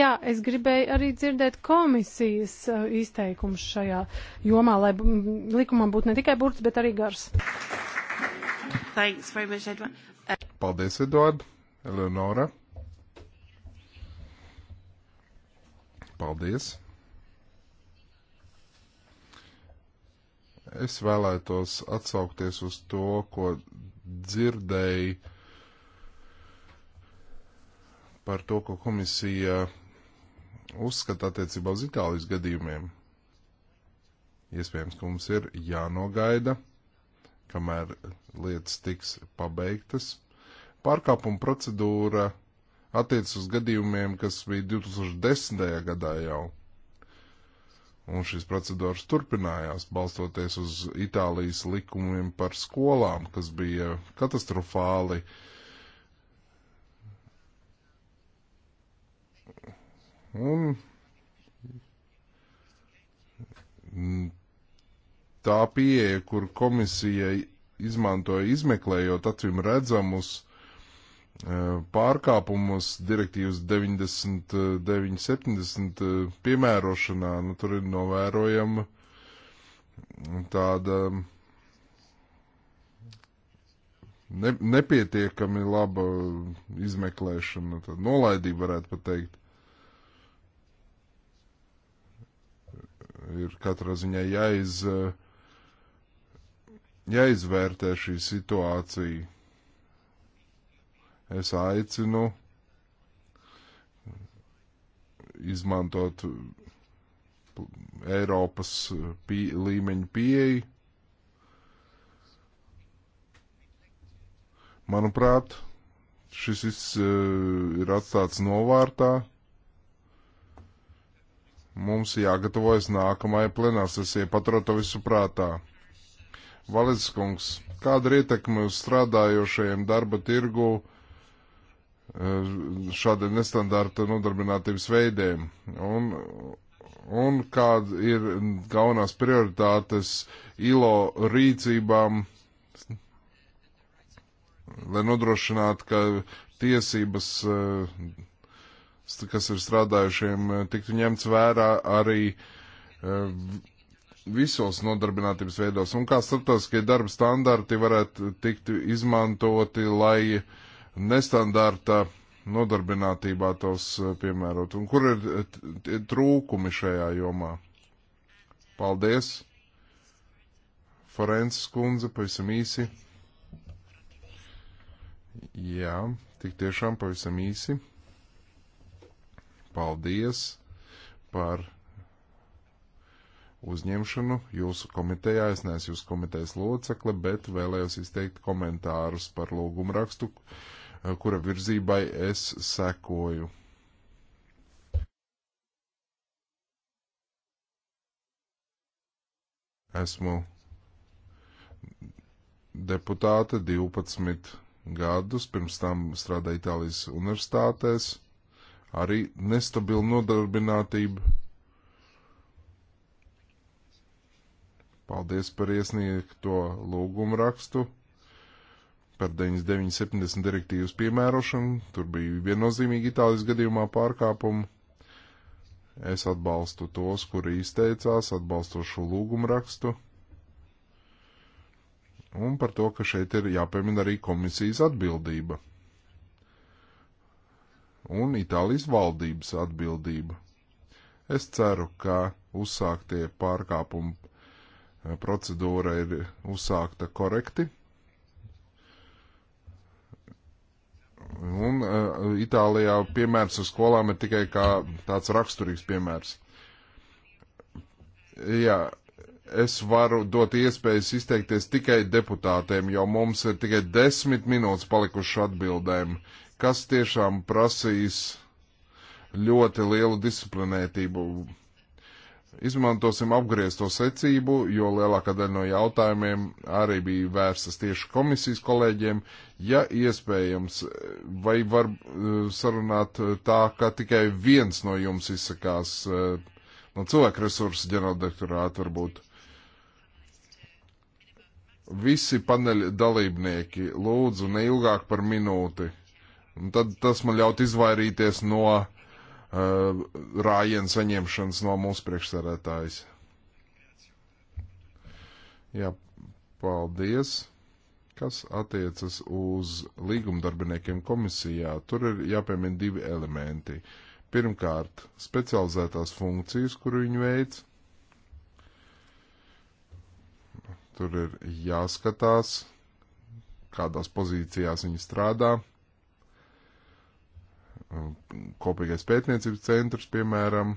S2: Jā, es gribēju arī dzirdēt komisijas eh, izteikumus šajā jomā, lai likumam būtu ne tikai burts, bet arī gars. Much, Edward. Uh,
S3: Paldies, Eduard. Eleonora. Paldies. Es vēlētos atsaukties uz to, ko dzirdēju par to, ko komisija uzskata attiecībā uz Itālijas gadījumiem. Iespējams, ka mums ir jānogaida, kamēr lietas tiks pabeigtas. Pārkāpuma procedūra attiec uz gadījumiem, kas bija 2010. gadā jau. Un šīs procedūras turpinājās, balstoties uz Itālijas likumiem par skolām, kas bija katastrofāli. Un tā pieeja, kur komisija izmantoja izmeklējot acīm redzamus Eh, pārkāpumus direktīvas 9970 eh, piemērošanā, nu, tur ir novērojama tāda ne, nepietiekami laba izmeklēšana, tad nolaidība varētu pat teikt. Ir katrā ziņā jāiz, eh, jāizvērtē šī situācija Es aicinu izmantot Eiropas pie, līmeņa pieeju. Manuprāt, šis viss eh, ir atstāts novārtā. Mums jāgatavojas nākamajai plenārsesijai, paturot to visu prātā. Valets kungs, kāda ir ietekme uz strādājošajiem darba tirgu? Eh, šādiem nestandarta nodarbinātības veidiem un, un kāda ir galvenās prioritātes ILO rīcībām, lai nodrošinātu, ka tiesības, eh, kas ir strādājušiem, eh, tiktu ņemts vērā arī visos nodarbinātības veidos un kā starptautiskie darba standarti varētu tikt izmantoti, lai uh, nestandarta nodarbinātībā tos eh, piemērot. Un kur ir eh, trūkumi šajā jomā? Paldies! Forenses kundze, pavisam īsi. Jā, tik tiešām pavisam īsi. Paldies par uzņemšanu jūsu komitejā. Es neesmu jūsu komitejas locekle, bet vēlējos izteikt komentārus par lūgumu rakstu, uh, Eh, kura virzībai es sekoju. Esmu deputāte 12 gadus, pirms tam strādāja Itālijas universitātēs, arī nestabila nodarbinātība. Paldies par iesniegto lūgumu rakstu par 9970 direktīvas piemērošanu. Tur bija viennozīmīgi Itālijas gadījumā pārkāpumu. Es atbalstu tos, kuri izteicās, atbalstošu lūgumu rakstu. Un par to, ka šeit ir jāpiemina arī komisijas atbildība. Un Itālijas valdības atbildība. Es ceru, ka uzsāktie pārkāpumi procedūra ir uzsākta korekti Un uh, Itālijā piemērs ar skolām ir tikai kā tāds raksturīgs piemērs. Jā, es varu dot iespējas izteikties tikai deputātiem, jo mums ir tikai desmit minūtes palikušas atbildēm, kas tiešām prasīs ļoti lielu disciplinētību Izmantosim apgriezto secību, jo lielākā daļa no jautājumiem arī bija vērstas tieši komisijas kolēģiem. Ja iespējams, vai var eh, sarunāt eh, tā, ka tikai viens no jums izsakās eh, no cilvēku resursu ģenerāldirektorāta varbūt? Visi paneļa dalībnieki lūdzu neilgāk par minūti. Un tad tas man ļaut izvairīties no Uh, rājienu saņemšanas no mūsu priekšsarētājas. Jā, paldies. Kas attiecas uz līgumdarbiniekiem komisijā, tur ir jāpiemina divi elementi. Pirmkārt, specializētās funkcijas, kuru viņi veic. Tur ir jāskatās, kādās pozīcijās viņi strādā. Um, kopīgais pētniecības centrs, piemēram.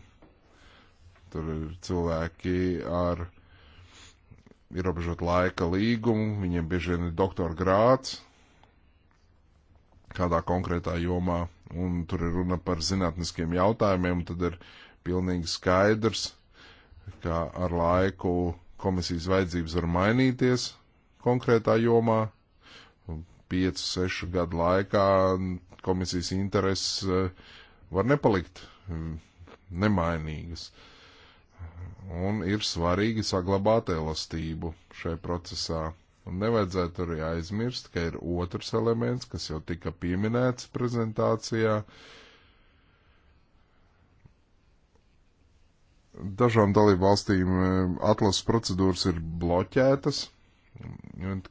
S3: Tur ir cilvēki ar ierobežot laika līgumu, viņiem bieži vien ir doktora grāts kādā konkrētā jomā, un tur ir runa par zinātniskiem jautājumiem, un tad ir pilnīgi skaidrs, ka ar laiku komisijas vajadzības var mainīties konkrētā jomā, 5-6 gadu laikā komisijas intereses eh, var nepalikt mm, nemainīgas. Un ir svarīgi saglabāt elastību šai procesā. Un nevajadzētu arī aizmirst, ka ir otrs elements, kas jau tika pieminēts prezentācijā. Dažām dalību valstīm eh, atlases procedūras ir bloķētas.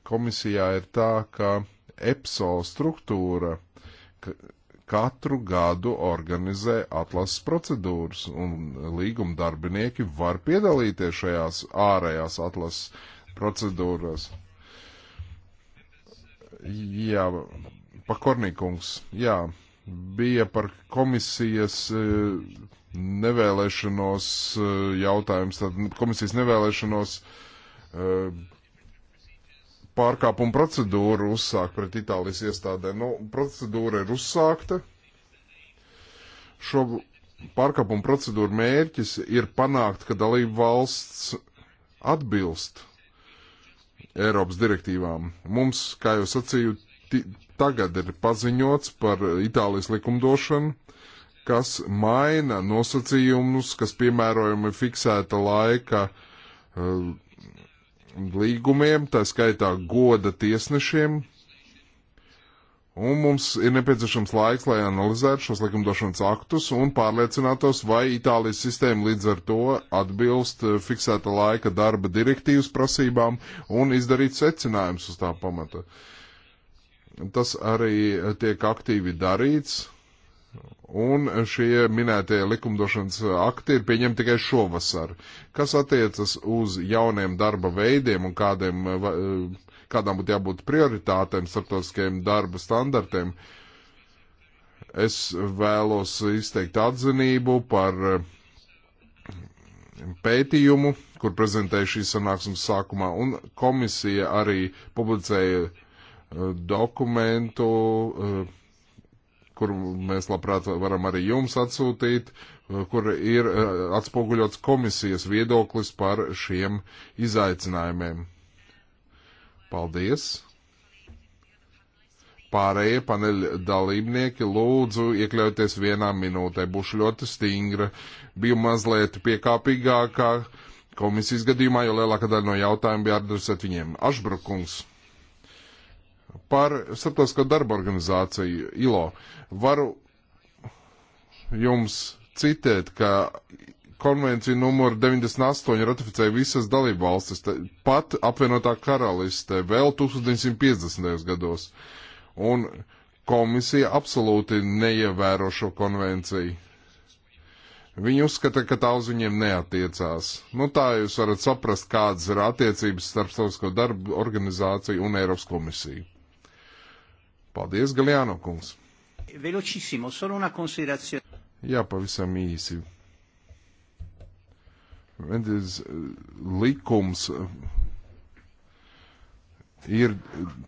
S3: Komisijā ir tā, ka EPSO struktūra katru gadu organizē atlases procedūras, un līguma darbinieki var piedalīties šajās ārējās atlases procedūras. Jā, pakornīkums, jā, bija par komisijas eh, nevēlēšanos eh, jautājums, tad komisijas nevēlēšanos uh, pārkāpuma procedūru uzsākt pret Itālijas iestādēm. Nu, procedūra ir uzsākta. Šo pārkāpuma procedūru mērķis ir panākt, ka dalība valsts atbilst Eiropas direktīvām. Mums, kā jau sacīju, tagad ir paziņots par Itālijas likumdošanu, kas maina nosacījumus, kas piemērojami fiksēta laika uh, līgumiem, tā skaitā goda tiesnešiem, un mums ir nepieciešams laiks, lai analizētu šos likumdošanas aktus un pārliecinātos, vai Itālijas sistēma līdz ar to atbilst eh, fiksēta laika darba direktīvas prasībām un izdarīt secinājumus uz tā pamata. Tas arī eh, tiek aktīvi darīts Un šie minētie likumdošanas akti ir pieņemti tikai šovasar. Kas attiecas uz jauniem darba veidiem un kādiem, eh, eh, kādām būtu jābūt prioritātēm starptautiskajiem darba standartiem, es vēlos izteikt atzinību par eh, pētījumu, kur prezentēja šīs sanāksmes sākumā, un komisija arī publicēja dokumentu kur mēs labprāt varam arī jums atsūtīt, eh, kur ir eh, atspoguļots komisijas viedoklis par šiem izaicinājumiem. Paldies! Pārējie paneļa dalībnieki lūdzu iekļauties vienā minūtē. Būšu ļoti stingra. Biju mazliet piekāpīgākā komisijas gadījumā, jo lielākā daļa no jautājumu bija adresēt viņiem. Ašbrukungs par Starptautisko darba organizāciju ILO. Varu jums citēt, ka konvenciju numuru 98 ratificēja visas dalību valstis, pat apvienotā karaliste vēl 1950. gados. Un komisija absolūti neievēro šo konvenciju. Viņi uzskata, ka tā uz viņiem neatiecās. Nu tā jūs varat saprast, kādas ir attiecības starp Starptautisko darbu organizāciju un Eiropas komisiju. Paldies, Galjāno kungs! Velocissimo, solo una considerazione. Jā, pavisam īsi. Mendes eh, likums eh, ir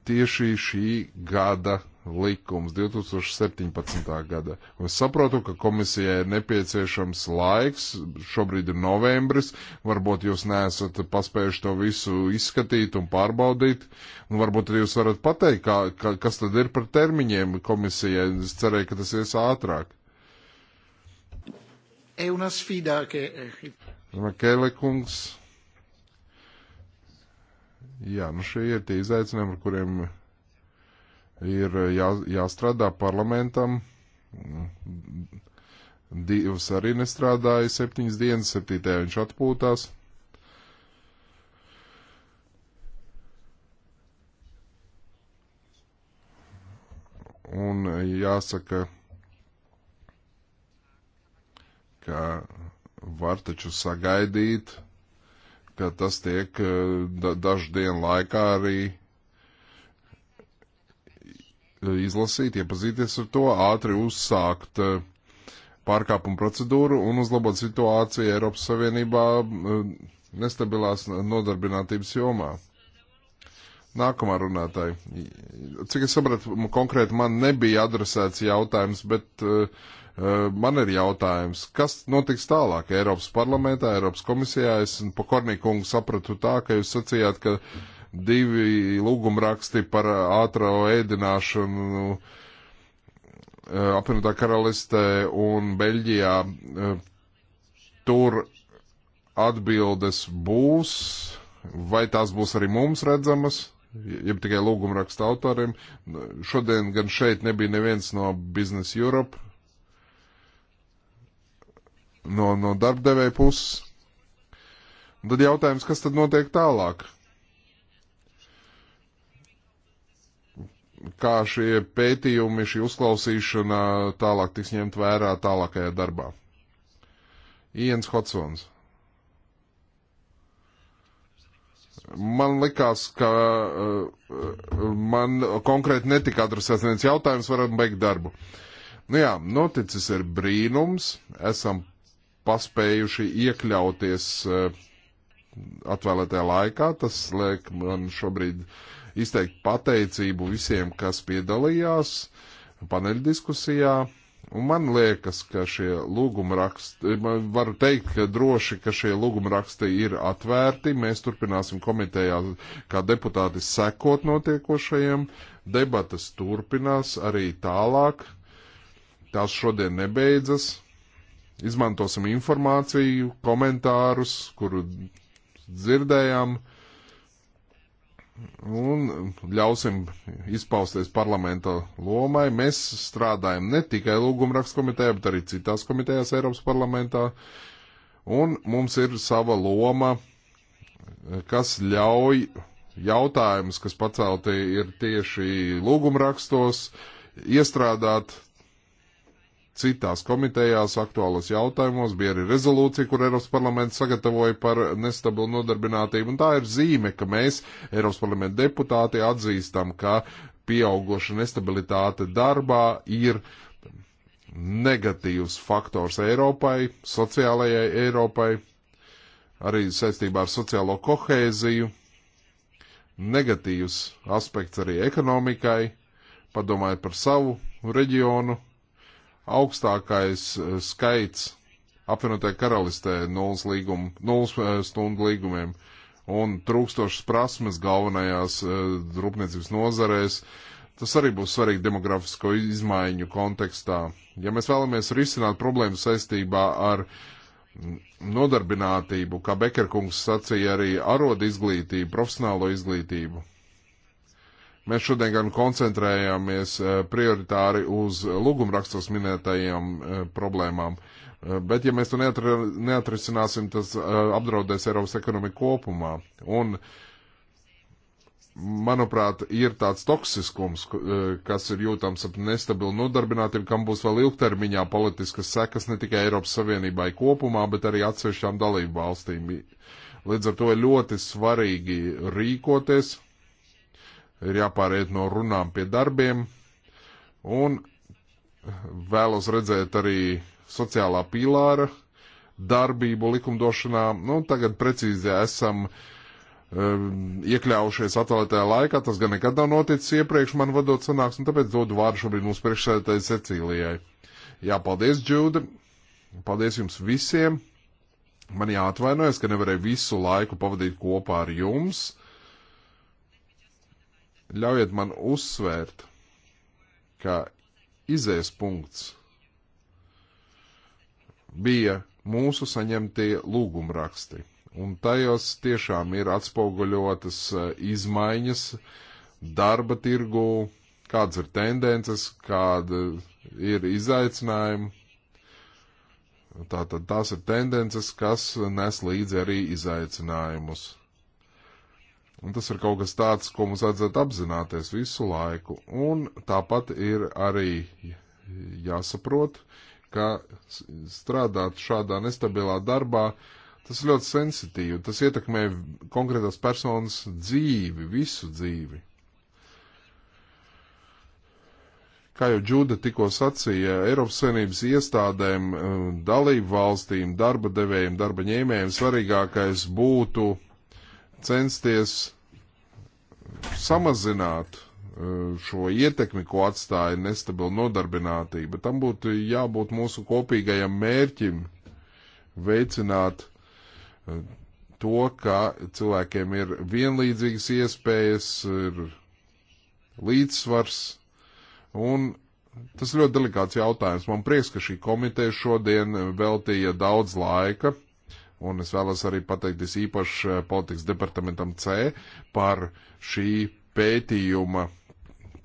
S3: tieši šī gada likums, 2017. gada. Un es saprotu, ka komisijai ir nepieciešams laiks, šobrīd ir novembris, varbūt jūs neesat paspējuši to visu izskatīt un pārbaudīt, un varbūt arī jūs varat pateikt, kā, ka, kas tad ir par termiņiem komisijai. Es cerēju, ka tas ies ātrāk.
S1: E una sfida, ka... Eh,
S3: Makele kungs Jā, nu šie ir tie izaicinājumi, ar kuriem ir jā, jāstrādā parlamentam. Divas arī nestrādāja septiņas dienas, septītajā viņš atpūtās. Un jāsaka, ka var taču sagaidīt ka tas tiek eh, dažu dienu laikā arī eh, izlasīt, iepazīties ar to, ātri uzsākt eh, pārkāpumu procedūru un uzlabot situāciju Eiropas Savienībā nestabilās nodarbinātības jomā. Nākamā runātāja. Cik es sapratu, konkrēti man nebija adresēts jautājums, bet uh, Eh, man ir jautājums, kas notiks tālāk Eiropas parlamentā, Eiropas komisijā? Es pa Kornīkungu sapratu tā, ka jūs sacījāt, ka divi lūgumraksti par ātrā ēdināšanu eh, apvienotā karalistē un Beļģijā. Eh, tur atbildes būs, vai tās būs arī mums redzamas, jeb tikai lūgumraksta autoriem. Šodien gan šeit nebija neviens no Business Europe no, no darbdevēja puses. Un tad jautājums, kas tad notiek tālāk? Kā šie pētījumi, šī uzklausīšana tālāk tiks ņemt vērā tālākajā darbā? Iens Hotsons. Man likās, ka uh, uh man konkrēti netika atrasēts viens jautājums, varam beigt darbu. Nu jā, noticis ir brīnums, esam paspējuši iekļauties eh, atvēlētajā laikā. Tas liek man šobrīd izteikt pateicību visiem, kas piedalījās paneļdiskusijā. Un man liekas, ka šie lūgumraksti, eh, varu teikt, ka droši, ka šie lūgumraksti ir atvērti. Mēs turpināsim komitejā kā deputāti sekot notiekošajiem. Debatas turpinās arī tālāk. Tās šodien nebeidzas. Izmantosim informāciju, komentārus, kuru dzirdējām, un ļausim izpausties parlamenta lomai. Mēs strādājam ne tikai lūgumrakstu komitejā, bet arī citās komitejās Eiropas parlamentā, un mums ir sava loma, kas ļauj jautājumus, kas pacelti ir tieši lūgumrakstos, iestrādāt citās komitejās aktuālos jautājumos, bija arī rezolūcija, kur Eiropas parlaments sagatavoja par nestabilu nodarbinātību, un tā ir zīme, ka mēs, Eiropas parlamenta deputāti, atzīstam, ka pieaugoša nestabilitāte darbā ir negatīvs faktors Eiropai, sociālajai Eiropai, arī saistībā ar sociālo kohēziju, negatīvs aspekts arī ekonomikai, padomājiet par savu reģionu, augstākais eh, skaits apvienotajā karalistē nulles, līgum, nulles eh, stundu līgumiem un trūkstošas prasmes galvenajās eh, rūpniecības nozarēs. Tas arī būs svarīgi demografisko izmaiņu kontekstā. Ja mēs vēlamies risināt problēmu saistībā ar nodarbinātību, kā Bekerkungs sacīja, arī arodu izglītību, profesionālo izglītību, Mēs šodien gan koncentrējāmies eh, prioritāri uz lūgumrakstos minētajām eh, problēmām, eh, bet ja mēs to neatri, neatrisināsim, tas apdraudēs Eiropas ekonomiku kopumā. Un, manuprāt, ir tāds toksiskums, kas ir jūtams ap nestabilu nodarbinātību, kam būs vēl ilgtermiņā politiskas sekas ne tikai Eiropas Savienībai kopumā, bet arī atsevišķām dalību valstīm. Līdz ar to ir ļoti svarīgi rīkoties, ir jāpāriet no runām pie darbiem, un vēlos redzēt arī sociālā pīlāra darbību likumdošanā. Nu, tagad precīzi esam um, iekļaujušies atvēlētajā laikā, tas gan nekad nav noticis iepriekš man vadot sanāks, un tāpēc dodu vārdu šobrīd mūsu priekšsēdētāji Cecīlijai. Jā, paldies, Džūda! Paldies jums visiem! Man jāatvainojas, ka nevarēju visu laiku pavadīt kopā ar jums. Ļaujiet man uzsvērt, ka izējas punkts bija mūsu saņemtie lūgumraksti. Un tajos tiešām ir atspoguļotas e, izmaiņas darba tirgū, kādas ir tendences, kāda ir izaicinājumi. Tātad tās ir tendences, kas nes līdzi arī izaicinājumus. Un tas ir kaut kas tāds, ko mums vajadzētu apzināties visu laiku. Un tāpat ir arī jāsaprot, ka strādāt šādā nestabilā darbā, tas ir ļoti sensitīvi. Tas ietekmē konkrētās personas dzīvi, visu dzīvi. kā jau Džuda tikko sacīja, Eiropas Savienības iestādēm, eh, dalību valstīm, darba devējiem, darba ņēmējiem svarīgākais būtu censties samazināt eh, šo ietekmi, ko atstāja nestabila nodarbinātība. Tam būtu jābūt mūsu kopīgajam mērķim veicināt eh, to, ka cilvēkiem ir vienlīdzīgas iespējas, ir līdzsvars, un tas ir ļoti delikāts jautājums. Man prieks, ka šī komiteja šodien veltīja daudz laika Un es vēlos arī pateikties īpaši eh, politikas departamentam C par šī pētījuma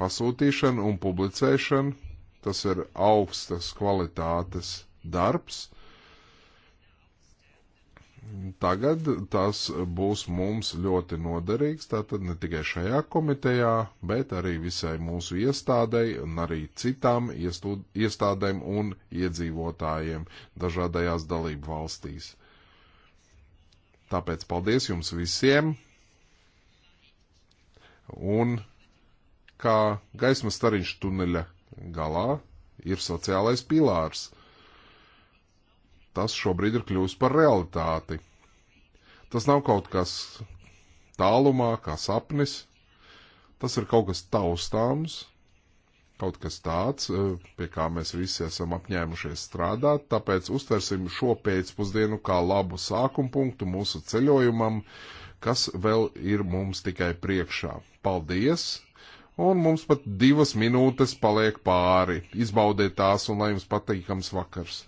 S3: pasūtīšanu un publicēšanu. Tas ir augstas kvalitātes darbs. Tagad tas būs mums ļoti noderīgs, tātad ne tikai šajā komitejā, bet arī visai mūsu iestādei un arī citām iestādēm un iedzīvotājiem dažādajās dalību valstīs. Tāpēc paldies jums visiem. Un kā gaismas stariņš tuneļa galā ir sociālais pilārs. Tas šobrīd ir kļūst par realitāti. Tas nav kaut kas tālumā, kā sapnis. Tas ir kaut kas taustāms, kaut kas tāds, eh, pie kā mēs visi esam apņēmušies strādāt, tāpēc uztversim šo pēcpusdienu kā labu sākumu punktu mūsu ceļojumam, kas vēl ir mums tikai priekšā. Paldies! Un mums pat divas minūtes paliek pāri. Izbaudiet tās un lai jums patīkams vakars!